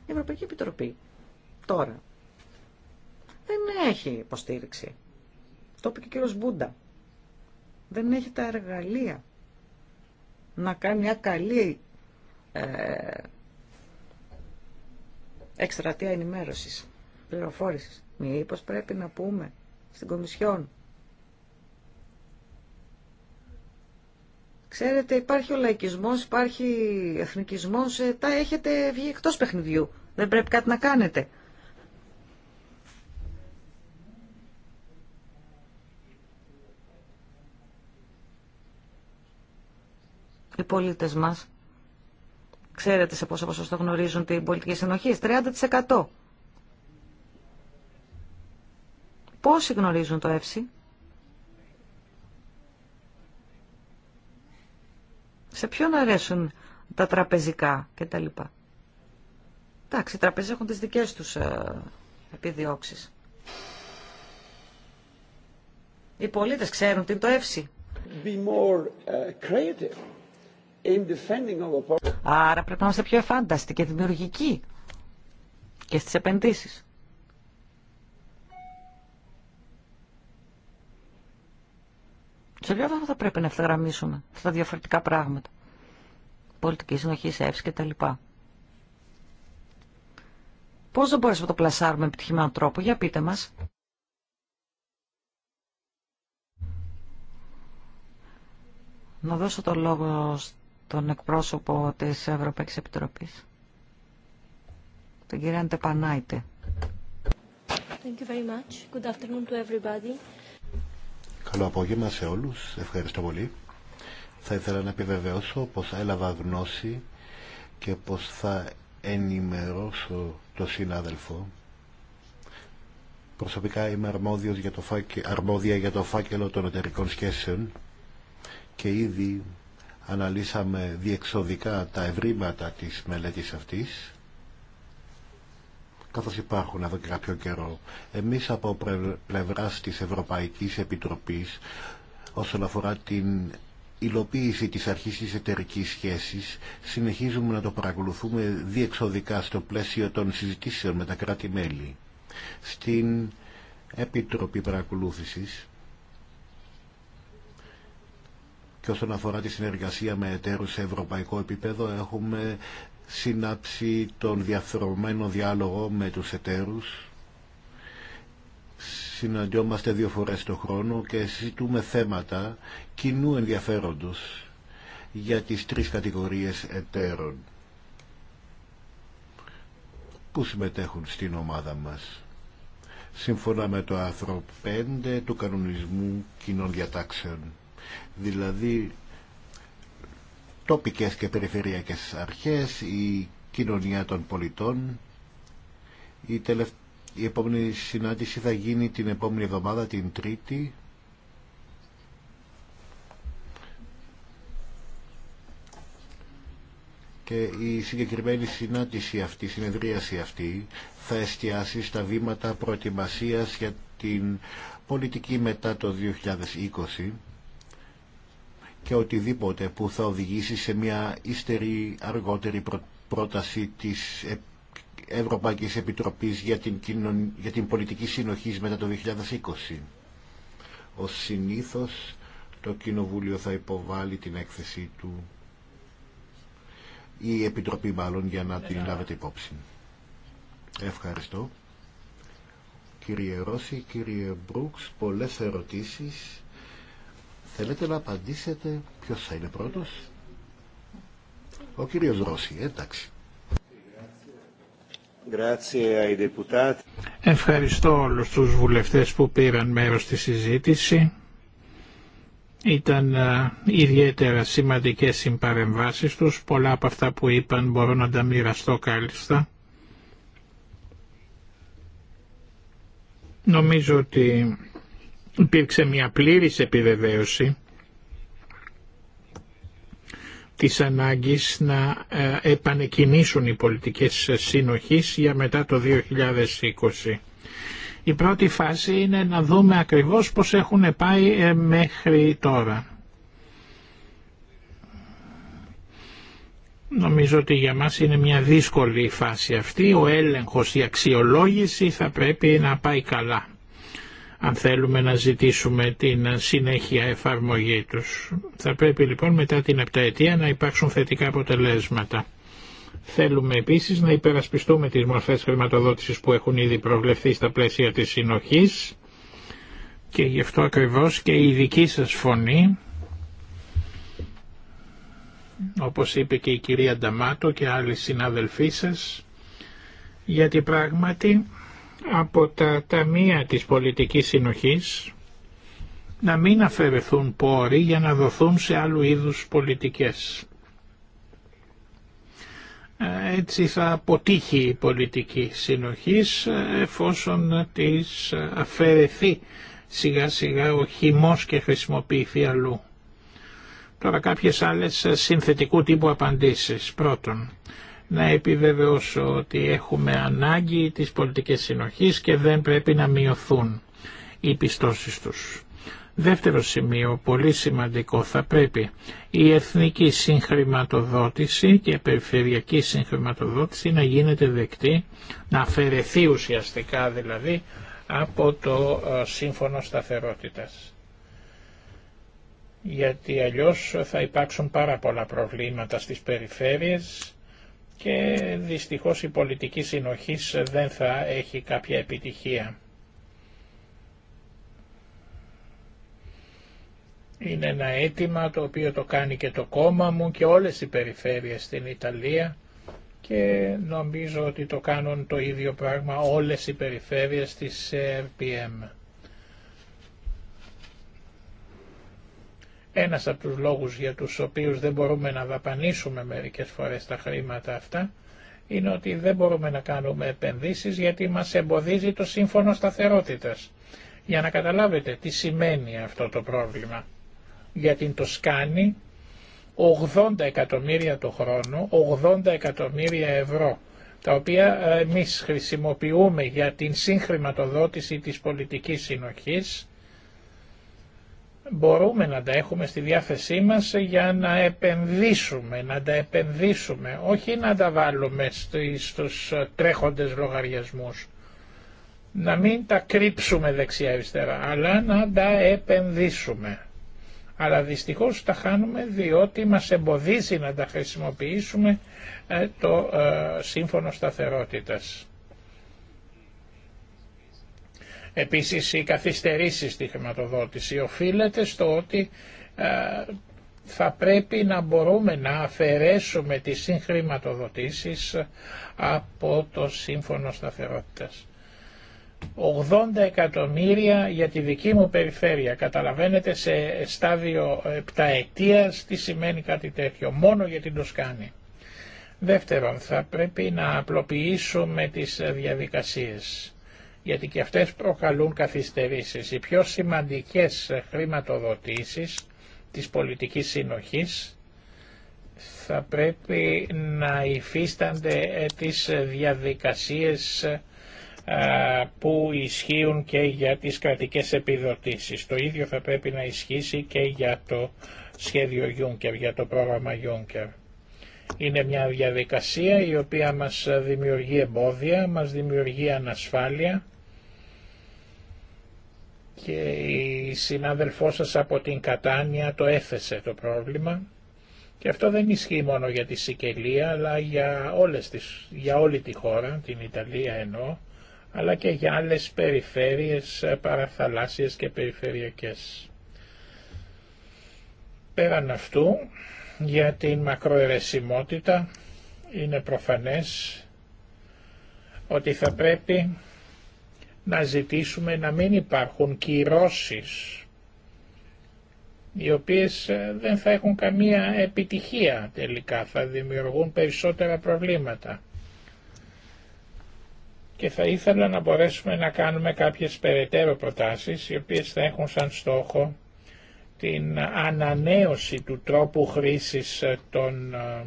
Η Ευρωπαϊκή Επιτροπή τώρα δεν έχει υποστήριξη. Το είπε και ο κύριος Μπούντα. Δεν έχει τα εργαλεία να κάνει μια καλή ε, εκστρατεία ενημέρωσης, πληροφόρησης. Μήπως πρέπει να πούμε στην Κομισιόν. Ξέρετε, υπάρχει ο λαϊκισμός, υπάρχει εθνικισμός, ε, τα έχετε βγει εκτός παιχνιδιού. Δεν πρέπει κάτι να κάνετε. Οι πολίτες μας, ξέρετε σε πόσο ποσοστό γνωρίζουν την πολιτική συνοχή, 30%. Πόσοι γνωρίζουν το έύση. Σε ποιον αρέσουν τα τραπεζικά κτλ. Εντάξει, οι τραπέζες έχουν τις δικές τους ε, επιδιώξεις. Οι πολίτες ξέρουν τι είναι το εύση. Άρα πρέπει να είμαστε πιο εφάνταστοι και δημιουργικοί και στις επενδύσεις. Σε ποιο θα πρέπει να ευθυγραμμίσουμε στα διαφορετικά πράγματα. Πολιτική συνοχή, ΕΦΣ και τα λοιπά. Πώς δεν μπορέσουμε να το πλασάρουμε με επιτυχημένο τρόπο, για πείτε μας. Να δώσω το λόγο στον εκπρόσωπο της Ευρωπαϊκής Επιτροπής, τον κυρία Αντεπανάιτε. Thank you very much. Good Καλό απόγευμα σε όλους. Ευχαριστώ πολύ. Θα ήθελα να επιβεβαιώσω πως έλαβα γνώση και πως θα ενημερώσω το συνάδελφο. Προσωπικά είμαι αρμόδιος για το αρμόδια για το φάκελο των εταιρικών σχέσεων και ήδη αναλύσαμε διεξοδικά τα ευρήματα της μελέτης αυτής καθώς υπάρχουν εδώ και κάποιο καιρό. Εμείς από πλευράς της Ευρωπαϊκής Επιτροπής όσον αφορά την υλοποίηση της αρχής της εταιρικής σχέσης συνεχίζουμε να το παρακολουθούμε διεξοδικά στο πλαίσιο των συζητήσεων με τα κράτη-μέλη. Στην Επιτροπή Παρακολούθησης και όσον αφορά τη συνεργασία με εταίρους σε ευρωπαϊκό επίπεδο έχουμε σύναψη τον διαφορεμένο διάλογο με τους εταίρους. Συναντιόμαστε δύο φορές το χρόνο και συζητούμε θέματα κοινού ενδιαφέροντος για τις τρεις κατηγορίες εταίρων που συμμετέχουν στην ομάδα μας. Σύμφωνα με το άρθρο 5 του κανονισμού κοινών διατάξεων. Δηλαδή τοπικές και περιφερειακές αρχές, η κοινωνία των πολιτών. Η, η επόμενη συνάντηση θα γίνει την επόμενη εβδομάδα, την Τρίτη. Και η συγκεκριμένη συνάντηση αυτή, η συνεδρίαση αυτή, θα εστιάσει στα βήματα προετοιμασίας για την πολιτική μετά το 2020 και οτιδήποτε που θα οδηγήσει σε μια ύστερη αργότερη πρόταση της Ευρωπαϊκής Επιτροπής για την, για την πολιτική συνοχή μετά το 2020. Ο συνήθως το Κοινοβούλιο θα υποβάλει την έκθεσή του η Επιτροπή μάλλον για να την λάβετε υπόψη. Ευχαριστώ. Κύριε Ρώση, κύριε Μπρούξ, πολλές ερωτήσεις Θέλετε να απαντήσετε ποιος θα είναι πρώτος. Ο κύριος Ρώση, εντάξει. Ευχαριστώ όλους τους βουλευτές που πήραν μέρος στη συζήτηση. Ήταν ιδιαίτερα σημαντικές οι παρεμβάσεις τους. Πολλά από αυτά που είπαν μπορώ να τα μοιραστώ κάλλιστα. Νομίζω ότι υπήρξε μια πλήρης επιβεβαίωση της ανάγκης να ε, επανεκκινήσουν οι πολιτικές συνοχής για μετά το 2020. Η πρώτη φάση είναι να δούμε ακριβώς πώς έχουν πάει ε, μέχρι τώρα. Νομίζω ότι για μας είναι μια δύσκολη φάση αυτή. Ο έλεγχος, η αξιολόγηση θα πρέπει να πάει καλά αν θέλουμε να ζητήσουμε την συνέχεια εφαρμογή τους. Θα πρέπει λοιπόν μετά την επταετία να υπάρξουν θετικά αποτελέσματα. Θέλουμε επίσης να υπερασπιστούμε τις μορφές χρηματοδότησης που έχουν ήδη προβλεφθεί στα πλαίσια της συνοχής και γι' αυτό ακριβώς και η δική σας φωνή όπως είπε και η κυρία Νταμάτο και άλλοι συναδελφοί σας γιατί πράγματι από τα ταμεία της πολιτικής συνοχής να μην αφαιρεθούν πόροι για να δοθούν σε άλλου είδους πολιτικές. Ε, έτσι θα αποτύχει η πολιτική συνοχής ε, εφόσον της αφαιρεθεί σιγά σιγά ο χυμός και χρησιμοποιηθεί αλλού. Τώρα κάποιες άλλες συνθετικού τύπου απαντήσεις. Πρώτον, να επιβεβαιώσω ότι έχουμε ανάγκη της πολιτικής συνοχής και δεν πρέπει να μειωθούν οι πιστώσεις τους. Δεύτερο σημείο, πολύ σημαντικό, θα πρέπει η εθνική συγχρηματοδότηση και περιφερειακή συγχρηματοδότηση να γίνεται δεκτή, να αφαιρεθεί ουσιαστικά δηλαδή από το ε, σύμφωνο σταθερότητας. Γιατί αλλιώς θα υπάρξουν πάρα πολλά προβλήματα στις περιφέρειες και δυστυχώς η πολιτική συνοχής δεν θα έχει κάποια επιτυχία. Είναι ένα αίτημα το οποίο το κάνει και το κόμμα μου και όλες οι περιφέρειες στην Ιταλία και νομίζω ότι το κάνουν το ίδιο πράγμα όλες οι περιφέρειες της RPM. Ένας από τους λόγους για τους οποίους δεν μπορούμε να δαπανίσουμε μερικές φορές τα χρήματα αυτά είναι ότι δεν μπορούμε να κάνουμε επενδύσεις γιατί μας εμποδίζει το σύμφωνο σταθερότητας. Για να καταλάβετε τι σημαίνει αυτό το πρόβλημα. Για την το σκάνει 80 εκατομμύρια το χρόνο, 80 εκατομμύρια ευρώ, τα οποία ε, εμείς χρησιμοποιούμε για την συγχρηματοδότηση της πολιτικής συνοχής μπορούμε να τα έχουμε στη διάθεσή μας για να επενδύσουμε, να τα επενδύσουμε, όχι να τα βάλουμε στους τρέχοντες λογαριασμούς. Να μην τα κρύψουμε δεξιά-αριστερά, αλλά να τα επενδύσουμε. Αλλά δυστυχώς τα χάνουμε διότι μας εμποδίζει να τα χρησιμοποιήσουμε ε, το ε, Σύμφωνο Σταθερότητας. Επίσης οι καθυστερήσει στη χρηματοδότηση οφείλεται στο ότι θα πρέπει να μπορούμε να αφαιρέσουμε τις συγχρηματοδοτήσεις από το Σύμφωνο Σταθερότητας. 80 εκατομμύρια για τη δική μου περιφέρεια. Καταλαβαίνετε σε στάδιο επταετίας τι σημαίνει κάτι τέτοιο, μόνο για την Τοσκάνη. Δεύτερον, θα πρέπει να απλοποιήσουμε τις διαδικασίες γιατί και αυτές προκαλούν καθυστερήσεις. Οι πιο σημαντικές χρηματοδοτήσεις της πολιτικής συνοχής θα πρέπει να υφίστανται τις διαδικασίες που ισχύουν και για τις κρατικές επιδοτήσεις. Το ίδιο θα πρέπει να ισχύσει και για το σχέδιο Juncker, για το πρόγραμμα Juncker. Είναι μια διαδικασία η οποία μας δημιουργεί εμπόδια, μας δημιουργεί ανασφάλεια και η συνάδελφός σας από την Κατάνια το έθεσε το πρόβλημα και αυτό δεν ισχύει μόνο για τη Σικελία αλλά για, όλες τις, για όλη τη χώρα, την Ιταλία εννοώ, αλλά και για άλλες περιφέρειες παραθαλάσσιες και περιφερειακές. Πέραν αυτού, για την μακροαιρεσιμότητα είναι προφανές ότι θα πρέπει να ζητήσουμε να μην υπάρχουν κυρώσεις οι οποίες ε, δεν θα έχουν καμία επιτυχία τελικά, θα δημιουργούν περισσότερα προβλήματα. Και θα ήθελα να μπορέσουμε να κάνουμε κάποιες περαιτέρω προτάσεις, οι οποίες θα έχουν σαν στόχο την ανανέωση του τρόπου χρήσης ε, των ε,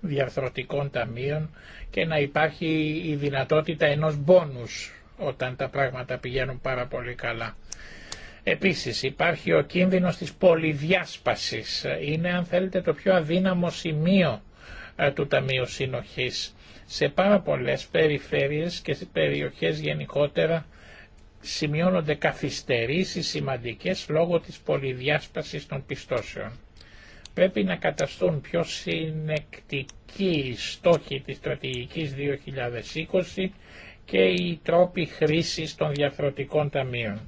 διαρθρωτικών ταμείων και να υπάρχει η δυνατότητα ενός μπόνους όταν τα πράγματα πηγαίνουν πάρα πολύ καλά. Επίσης υπάρχει ο κίνδυνος της πολυδιάσπασης. Είναι αν θέλετε το πιο αδύναμο σημείο ε, του Ταμείου Συνοχής. Σε πάρα πολλές περιφέρειες και σε περιοχές γενικότερα σημειώνονται καθυστερήσεις σημαντικές λόγω της πολυδιάσπασης των πιστώσεων. Πρέπει να καταστούν πιο συνεκτικοί οι στόχοι της στρατηγικής 2020 και οι τρόποι χρήσης των διαφορετικών ταμείων.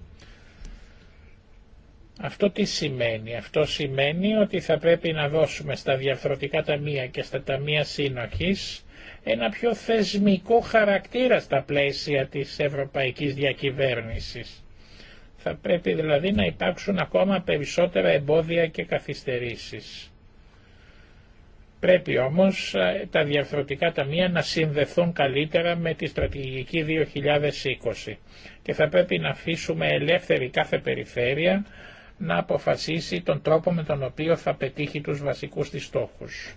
Αυτό τι σημαίνει. Αυτό σημαίνει ότι θα πρέπει να δώσουμε στα διαφορετικά ταμεία και στα ταμεία σύνοχης ένα πιο θεσμικό χαρακτήρα στα πλαίσια της ευρωπαϊκής διακυβέρνησης. Θα πρέπει δηλαδή να υπάρξουν ακόμα περισσότερα εμπόδια και καθυστερήσεις. Πρέπει όμως ε, τα διαφορετικά ταμεία να συνδεθούν καλύτερα με τη στρατηγική 2020 και θα πρέπει να αφήσουμε ελεύθερη κάθε περιφέρεια να αποφασίσει τον τρόπο με τον οποίο θα πετύχει τους βασικούς της στόχους.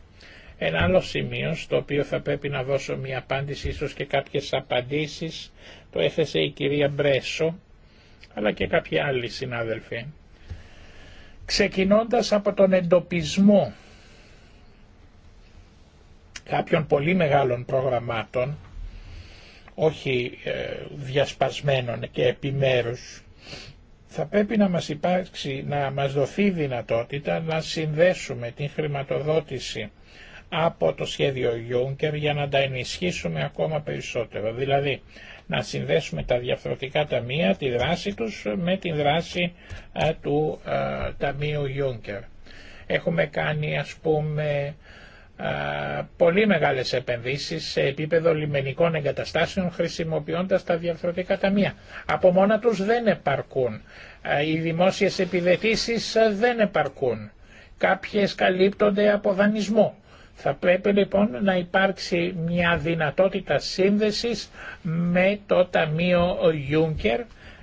Ένα άλλο σημείο στο οποίο θα πρέπει να δώσω μια απάντηση, ίσως και κάποιες απαντήσεις, το έθεσε η κυρία Μπρέσο, αλλά και κάποιοι άλλοι συνάδελφοι, ξεκινώντας από τον εντοπισμό κάποιων πολύ μεγάλων προγραμμάτων, όχι ε, διασπασμένων και επιμέρους, θα πρέπει να μας υπάρξει, να μας δοθεί δυνατότητα να συνδέσουμε την χρηματοδότηση από το σχέδιο Juncker για να τα ενισχύσουμε ακόμα περισσότερο. Δηλαδή, να συνδέσουμε τα διαφορετικά ταμεία, τη δράση τους με τη δράση του Ταμείου Juncker. Έχουμε κάνει ας πούμε πολύ μεγάλες επενδύσεις σε επίπεδο λιμενικών εγκαταστάσεων χρησιμοποιώντας τα διαφορετικά ταμεία. Από μόνα τους δεν επαρκούν. Οι δημόσιες επιδετήσεις δεν επαρκούν. Κάποιες καλύπτονται από δανεισμό. Θα πρέπει λοιπόν να υπάρξει μια δυνατότητα σύνδεσης με το Ταμείο Juncker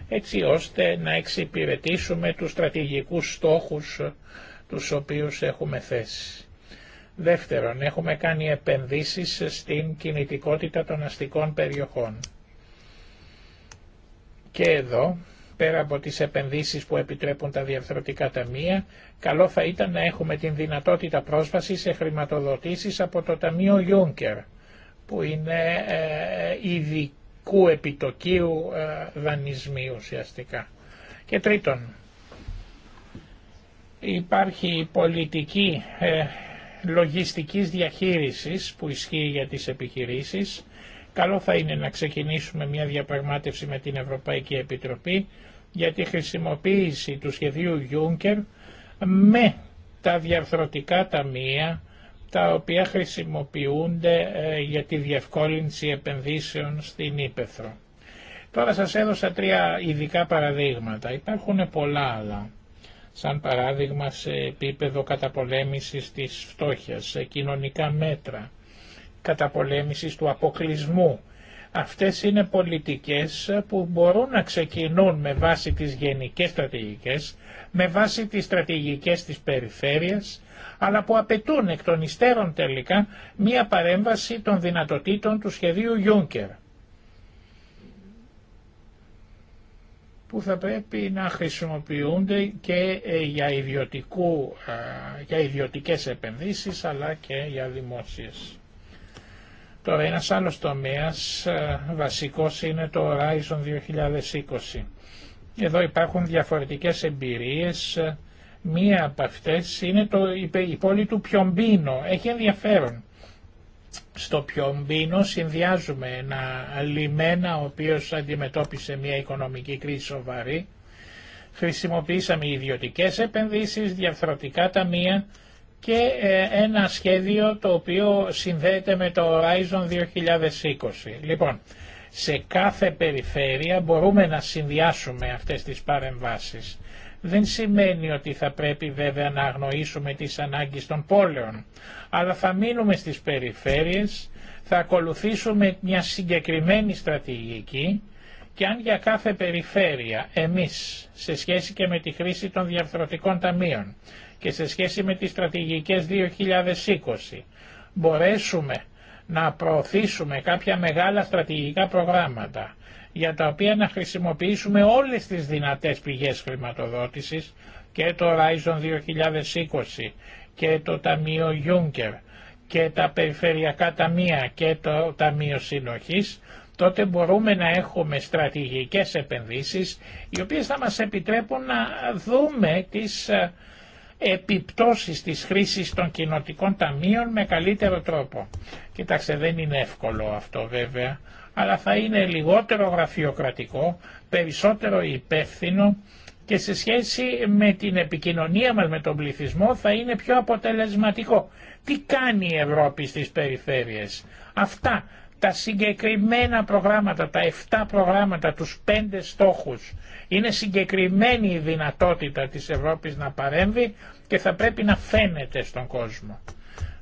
έτσι ώστε να εξυπηρετήσουμε τους στρατηγικούς στόχους τους οποίους έχουμε θέσει. Δεύτερον, έχουμε κάνει επενδύσεις στην κινητικότητα των αστικών περιοχών. Και εδώ πέρα από τις επενδύσεις που επιτρέπουν τα διαρθρωτικά ταμεία, καλό θα ήταν να έχουμε την δυνατότητα πρόσβασης σε χρηματοδοτήσεις από το Ταμείο Juncker, που είναι ε, ε, ειδικού επιτοκίου ε, δανεισμοί ουσιαστικά. Και τρίτον, υπάρχει πολιτική λογιστικής διαχείρισης που ισχύει για τις επιχειρήσεις. Καλό θα είναι να ξεκινήσουμε μια διαπραγμάτευση με την Ευρωπαϊκή Επιτροπή για τη χρησιμοποίηση του σχεδίου Juncker με τα διαρθρωτικά ταμεία τα οποία χρησιμοποιούνται ε, για τη διευκόλυνση επενδύσεων στην Ήπεθρο. Τώρα σας έδωσα τρία ειδικά παραδείγματα. Υπάρχουν πολλά άλλα. Σαν παράδειγμα σε επίπεδο καταπολέμησης της φτώχειας, σε κοινωνικά μέτρα, καταπολέμησης του αποκλεισμού, Αυτές είναι πολιτικές που μπορούν να ξεκινούν με βάση τις γενικές στρατηγικές, με βάση τις στρατηγικές της περιφέρειας, αλλά που απαιτούν εκ των υστέρων τελικά μία παρέμβαση των δυνατοτήτων του σχεδίου Juncker. που θα πρέπει να χρησιμοποιούνται και ε, για, ιδιωτικού, ε, για ιδιωτικές επενδύσεις αλλά και για δημόσιες. Τώρα ένας άλλος τομέας ε, βασικός είναι το Horizon 2020. Εδώ υπάρχουν διαφορετικές εμπειρίες. Μία από αυτές είναι το, η πόλη του Πιομπίνο. Έχει ενδιαφέρον. Στο Πιομπίνο συνδυάζουμε ένα λιμένα ο οποίος αντιμετώπισε μια οικονομική κρίση σοβαρή. Χρησιμοποιήσαμε ιδιωτικές επενδύσεις, διαφθορτικά ταμεία και ε, ένα σχέδιο το οποίο συνδέεται με το Horizon 2020. Λοιπόν, σε κάθε περιφέρεια μπορούμε να συνδυάσουμε αυτές τις παρεμβάσεις. Δεν σημαίνει ότι θα πρέπει βέβαια να αγνοήσουμε τις ανάγκες των πόλεων, αλλά θα μείνουμε στις περιφέρειες, θα ακολουθήσουμε μια συγκεκριμένη στρατηγική και αν για κάθε περιφέρεια εμείς σε σχέση και με τη χρήση των διαρθρωτικών ταμείων και σε σχέση με τις στρατηγικές 2020 μπορέσουμε να προωθήσουμε κάποια μεγάλα στρατηγικά προγράμματα για τα οποία να χρησιμοποιήσουμε όλες τις δυνατές πηγές χρηματοδότησης και το Horizon 2020 και το Ταμείο Juncker και τα Περιφερειακά Ταμεία και το Ταμείο Συνοχής, τότε μπορούμε να έχουμε στρατηγικές επενδύσεις οι οποίες θα μας επιτρέπουν να δούμε τις ε, επιπτώσεις της χρήσης των κοινοτικών ταμείων με καλύτερο τρόπο. Κοιτάξτε δεν είναι εύκολο αυτό βέβαια, αλλά θα είναι λιγότερο γραφειοκρατικό, περισσότερο υπεύθυνο και σε σχέση με την επικοινωνία μας με τον πληθυσμό θα είναι πιο αποτελεσματικό. Τι κάνει η Ευρώπη στις περιφέρειες. Αυτά τα συγκεκριμένα προγράμματα, τα 7 προγράμματα, τους 5 στόχους. Είναι συγκεκριμένη η δυνατότητα της Ευρώπης να παρέμβει και θα πρέπει να φαίνεται στον κόσμο.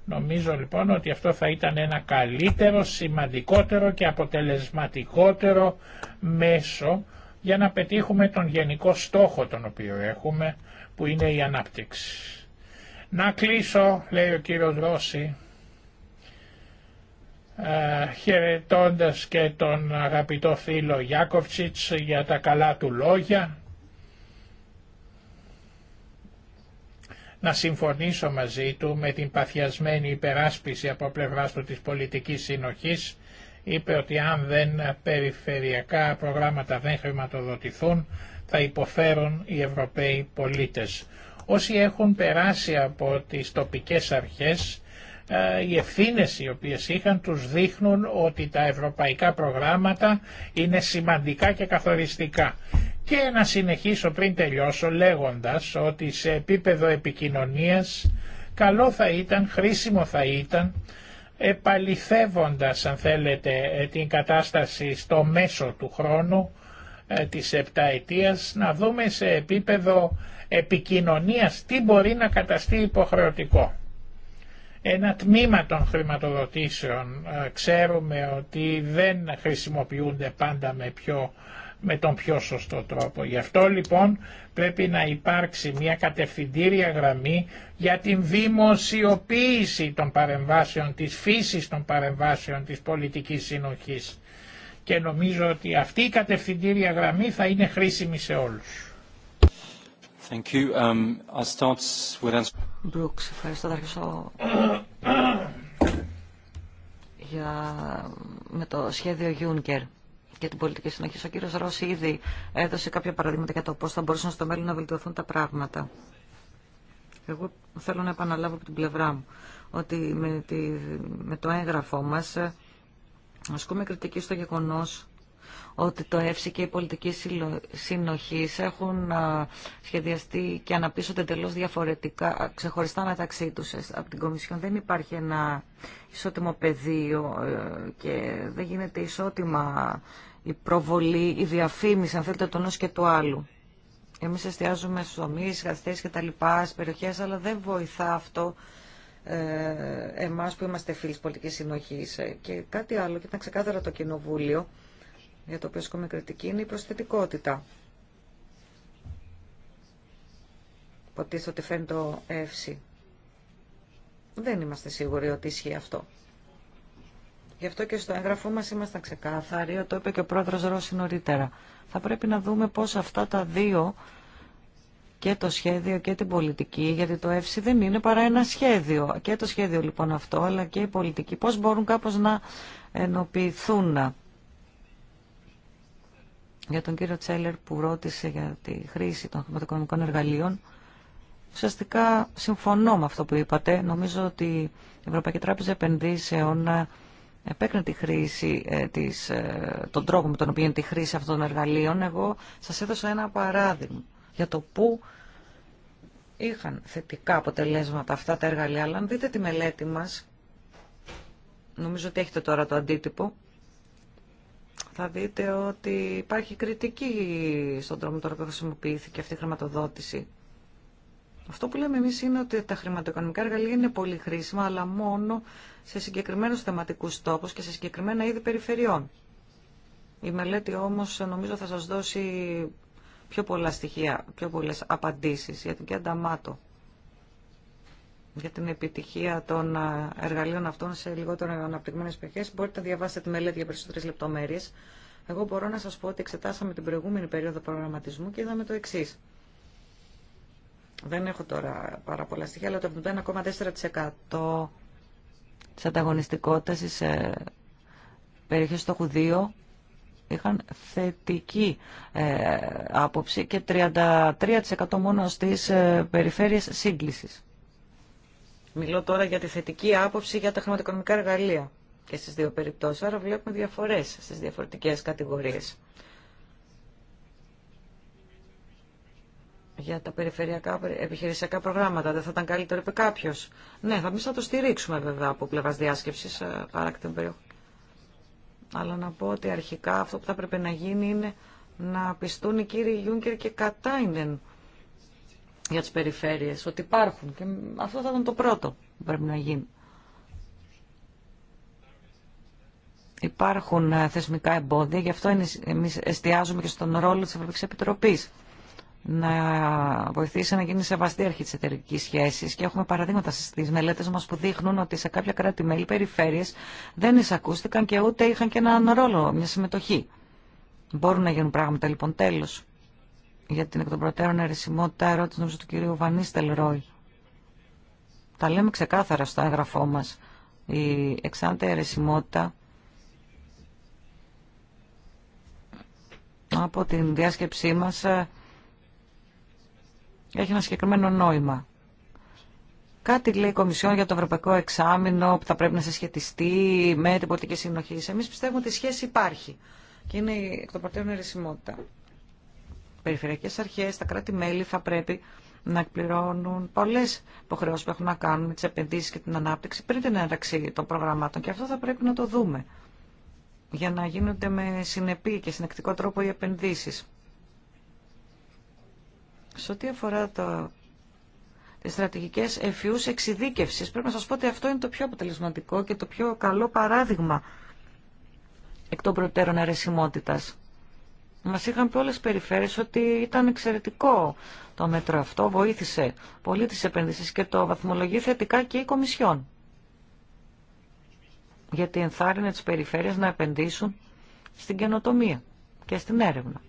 Νομίζω λοιπόν ότι αυτό θα ήταν ένα καλύτερο, σημαντικότερο και αποτελεσματικότερο μέσο για να πετύχουμε τον γενικό στόχο τον οποίο έχουμε που είναι η ανάπτυξη. Να κλείσω, λέει ο κύριος Ρώση, ε, χαιρετώντα και τον αγαπητό φίλο Γιάκοφτσιτς για τα καλά του λόγια. Να συμφωνήσω μαζί του με την παθιασμένη υπεράσπιση από πλευράς του της πολιτικής συνοχής. Είπε ότι αν δεν περιφερειακά προγράμματα δεν χρηματοδοτηθούν θα υποφέρουν οι Ευρωπαίοι πολίτες. Όσοι έχουν περάσει από τις τοπικές αρχές ε, οι ευθύνε οι οποίες είχαν τους δείχνουν ότι τα ευρωπαϊκά προγράμματα είναι σημαντικά και καθοριστικά. Και να συνεχίσω πριν τελειώσω λέγοντας ότι σε επίπεδο επικοινωνίας καλό θα ήταν, χρήσιμο θα ήταν, επαληθεύοντας αν θέλετε ε, την κατάσταση στο μέσο του χρόνου ε, της επταετίας να δούμε σε επίπεδο επικοινωνίας τι μπορεί να καταστεί υποχρεωτικό ένα τμήμα των χρηματοδοτήσεων ε, ξέρουμε ότι δεν χρησιμοποιούνται πάντα με, πιο, με τον πιο σωστό τρόπο. Γι' αυτό λοιπόν πρέπει να υπάρξει μια κατευθυντήρια γραμμή για την δημοσιοποίηση των παρεμβάσεων, της φύσης των παρεμβάσεων της πολιτικής συνοχής. Και νομίζω ότι αυτή η κατευθυντήρια γραμμή θα είναι χρήσιμη σε όλους. Thank you. Um, ευχαριστώ. Θα αρχίσω για... με το σχέδιο Juncker και την πολιτική συνοχή. Ο κύριος Ρώση ήδη έδωσε κάποια παραδείγματα για το πώς θα μπορούσαν στο μέλλον να βελτιωθούν τα πράγματα. Εγώ θέλω να επαναλάβω από την πλευρά μου ότι με, με το έγγραφό μας ασκούμε κριτική στο γεγονός ότι το ΕΦΣΙ και η πολιτική συνοχή έχουν σχεδιαστεί και αναπτύσσονται εντελώ διαφορετικά, ξεχωριστά μεταξύ του. Ε, από την Κομισιόν δεν υπάρχει ένα ισότιμο πεδίο ε, και δεν γίνεται ισότιμα η προβολή, η διαφήμιση, αν θέλετε, του ενό και του άλλου. Εμείς εστιάζουμε στους ομείς, και τα λοιπά, στις περιοχές, αλλά δεν βοηθά αυτό ε, εμάς που είμαστε φίλοι πολιτικής συνοχής. Και κάτι άλλο, και ήταν ξεκάθαρα το Κοινοβούλιο, για το οποίο σκόμε κριτική είναι η προσθετικότητα. Ποτίθεται ότι φέρνει το εύση. Δεν είμαστε σίγουροι ότι ισχύει αυτό. Γι' αυτό και στο έγγραφό μας ήμασταν ξεκάθαροι, το είπε και ο πρόεδρος Ρώση νωρίτερα. Θα πρέπει να δούμε πώς αυτά τα δύο, και το σχέδιο και την πολιτική, γιατί το ΕΦΣΙ δεν είναι παρά ένα σχέδιο. Και το σχέδιο λοιπόν αυτό, αλλά και η πολιτική, πώς μπορούν κάπως να ενοποιηθούν για τον κύριο Τσέλερ που ρώτησε για τη χρήση των χρηματοοικονομικών εργαλείων, ουσιαστικά συμφωνώ με αυτό που είπατε. Νομίζω ότι η Ευρωπαϊκή Τράπεζα Επενδύσεων ε, επέκρινε τη χρήση, ε, της, ε, τον τρόπο με τον οποίο είναι τη χρήση αυτών των εργαλείων. Εγώ σας έδωσα ένα παράδειγμα για το πού είχαν θετικά αποτελέσματα αυτά τα εργαλεία. Αλλά αν δείτε τη μελέτη μας, νομίζω ότι έχετε τώρα το αντίτυπο, θα δείτε ότι υπάρχει κριτική στον τρόπο τώρα που χρησιμοποιήθηκε αυτή η χρηματοδότηση. Αυτό που λέμε εμείς είναι ότι τα χρηματοοικονομικά εργαλεία είναι πολύ χρήσιμα, αλλά μόνο σε συγκεκριμένους θεματικούς τόπους και σε συγκεκριμένα είδη περιφερειών. Η μελέτη όμως νομίζω θα σας δώσει πιο πολλά στοιχεία, πιο πολλές απαντήσεις για την Κέντα για την επιτυχία των ε, εργαλείων αυτών σε λιγότερο αναπτυγμένες περιοχέ. Μπορείτε να διαβάσετε τη μελέτη για περισσότερες λεπτομέρειες. Εγώ μπορώ να σας πω ότι εξετάσαμε την προηγούμενη περίοδο προγραμματισμού και είδαμε το εξή. Δεν έχω τώρα πάρα πολλά στοιχεία, αλλά το 71,4% της ανταγωνιστικότητας στις ε, περιοχές στόχου 2 είχαν θετική ε, άποψη και 33% μόνο στις περιφέρειες σύγκλησης. Μιλώ τώρα για τη θετική άποψη για τα χρηματοοικονομικά εργαλεία και στις δύο περιπτώσεις. Άρα βλέπουμε διαφορές στις διαφορετικές κατηγορίες. Για τα περιφερειακά επιχειρησιακά προγράμματα δεν θα ήταν καλύτερο, είπε κάποιο. Ναι, θα μην θα το στηρίξουμε βέβαια από πλευρά διάσκεψη ε, Αλλά να πω ότι αρχικά αυτό που θα πρέπει να γίνει είναι να πιστούν οι κύριοι Γιούγκερ και Κατάινεν για τις περιφέρειες, ότι υπάρχουν και αυτό θα ήταν το πρώτο που πρέπει να γίνει. Υπάρχουν ε, θεσμικά εμπόδια, γι' αυτό εμείς εστιάζουμε και στον ρόλο της Ευρωπαϊκής Επιτροπής να βοηθήσει να γίνει σεβαστή αρχή τη εταιρική σχέση. Και έχουμε παραδείγματα στι μελέτε μα που δείχνουν ότι σε κάποια κράτη-μέλη περιφέρειε δεν εισακούστηκαν και ούτε είχαν και έναν ρόλο, μια συμμετοχή. Μπορούν να γίνουν πράγματα λοιπόν τέλος για την εκ των προτέρων αρισιμότητα ερώτηση νομίζω του κυρίου Βανίστελ Ρόι. Τα λέμε ξεκάθαρα στο έγγραφό μας. Η εξάντα αρισιμότητα από την διάσκεψή μας ε, έχει ένα συγκεκριμένο νόημα. Κάτι λέει η Κομισιόν για το Ευρωπαϊκό Εξάμεινο που θα πρέπει να σε σχετιστεί με την πολιτική συνοχή. Εμεί πιστεύουμε ότι η σχέση υπάρχει και είναι εκ των προτέρων περιφερειακές αρχές, τα κράτη-μέλη θα πρέπει να εκπληρώνουν πολλέ υποχρεώσει που έχουν να κάνουν με τι επενδύσει και την ανάπτυξη πριν την έναρξη των προγραμμάτων. Και αυτό θα πρέπει να το δούμε για να γίνονται με συνεπή και συνεκτικό τρόπο οι επενδύσει. Σε ό,τι αφορά το... τις στρατηγικές εφιούς εξειδίκευσης, πρέπει να σα πω ότι αυτό είναι το πιο αποτελεσματικό και το πιο καλό παράδειγμα εκ των προτέρων αρεσιμότητας. Μας είχαν πει όλες τις ότι ήταν εξαιρετικό το μέτρο αυτό, βοήθησε πολύ τις επενδύσεις και το βαθμολογεί θετικά και η Κομισιόν. Γιατί ενθάρρυνε τις περιφέρειες να επενδύσουν στην καινοτομία και στην έρευνα.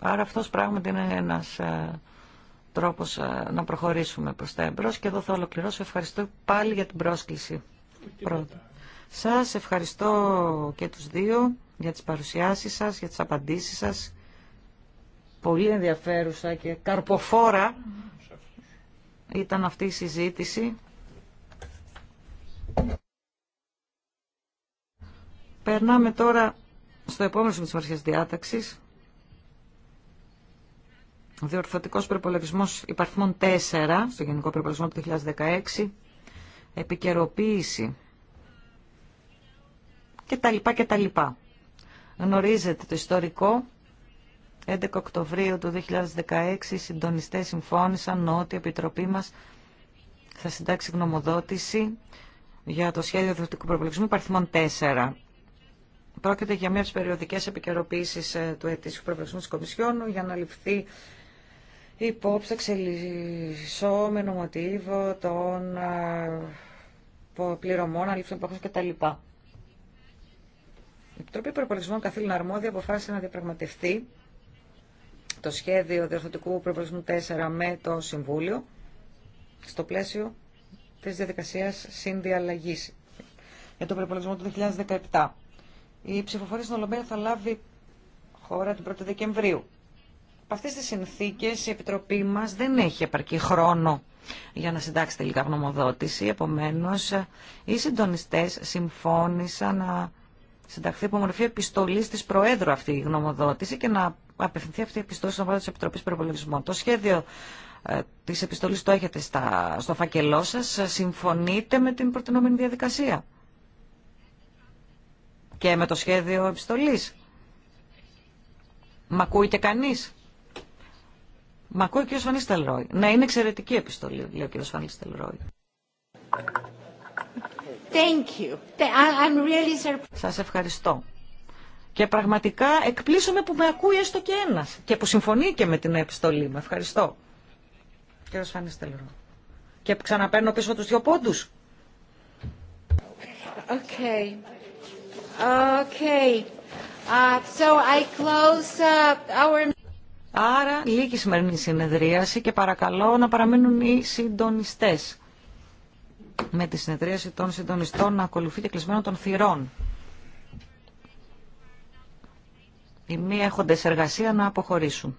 Άρα αυτός πράγματι είναι ένας ε, τρόπος ε, να προχωρήσουμε προς τα εμπρός και εδώ θα ολοκληρώσω. Ευχαριστώ πάλι για την πρόσκληση. Σας ευχαριστώ και τους δύο για τις παρουσιάσεις σας, για τις απαντήσεις σας. Πολύ ενδιαφέρουσα και καρποφόρα ήταν αυτή η συζήτηση. Περνάμε τώρα στο επόμενο σημείο της Μαρχίας Διάταξης. Διορθωτικός προϋπολογισμός υπαρθμών 4 στο Γενικό Προϋπολογισμό του 2016. Επικαιροποίηση και τα λοιπά και τα λοιπά. Γνωρίζετε το ιστορικό. 11 Οκτωβρίου του 2016 οι συντονιστές συμφώνησαν ότι η Επιτροπή μας θα συντάξει γνωμοδότηση για το σχέδιο διευθυντικού προπολογισμού παρθυμών 4. Πρόκειται για μια από τι περιοδικέ επικαιροποίησει ε, του ετήσιου προπολογισμού τη Κομισιόν για να ληφθεί υπόψη εξελισσόμενο μοτίβο των ε, πληρωμών, αλήψεων υποχρεώσεων κτλ. Η Επιτροπή Προπολισμών Καθήλων Αρμόδια αποφάσισε να διαπραγματευτεί το σχέδιο διορθωτικού προπολισμού 4 με το Συμβούλιο στο πλαίσιο της διαδικασίας συνδιαλλαγής για τον προπολισμό του 2017. Η ψηφοφορία στην Ολομέλεια θα λάβει χώρα την 1η Δεκεμβρίου. Από αυτές τις συνθήκες η Επιτροπή μας δεν έχει επαρκή χρόνο για να συντάξει τελικά γνωμοδότηση. Επομένως, οι συντονιστές συμφώνησαν να συνταχθεί από μορφή επιστολή τη Προέδρου αυτή η γνωμοδότηση και να απευθυνθεί αυτή η επιστολή στον πρόεδρο τη Επιτροπή Προπολογισμών. Το σχέδιο ε, τη επιστολή το έχετε στα, στο φακελό σα. Συμφωνείτε με την προτινόμενη διαδικασία και με το σχέδιο επιστολή. Μ' ακούει και κανεί. Μ' ακούει ο κ. Να Ρόι. Ναι, είναι εξαιρετική επιστολή, λέει ο κ. Φανίστελ Ρόι. Thank you. really... Σας ευχαριστώ. Και πραγματικά εκπλήσωμαι που με ακούει έστω και ένας και που συμφωνεί και με την επιστολή μου. Ευχαριστώ. Κύριος Φανής Και ξαναπαίρνω πίσω τους δύο πόντους. Okay. Okay. Uh, so I close our... Άρα λίγη σημερινή συνεδρίαση και παρακαλώ να παραμείνουν οι συντονιστές με τη συνεδρίαση των συντονιστών να ακολουθείται κλεισμένο των θυρών. Οι μη έχοντες εργασία να αποχωρήσουν.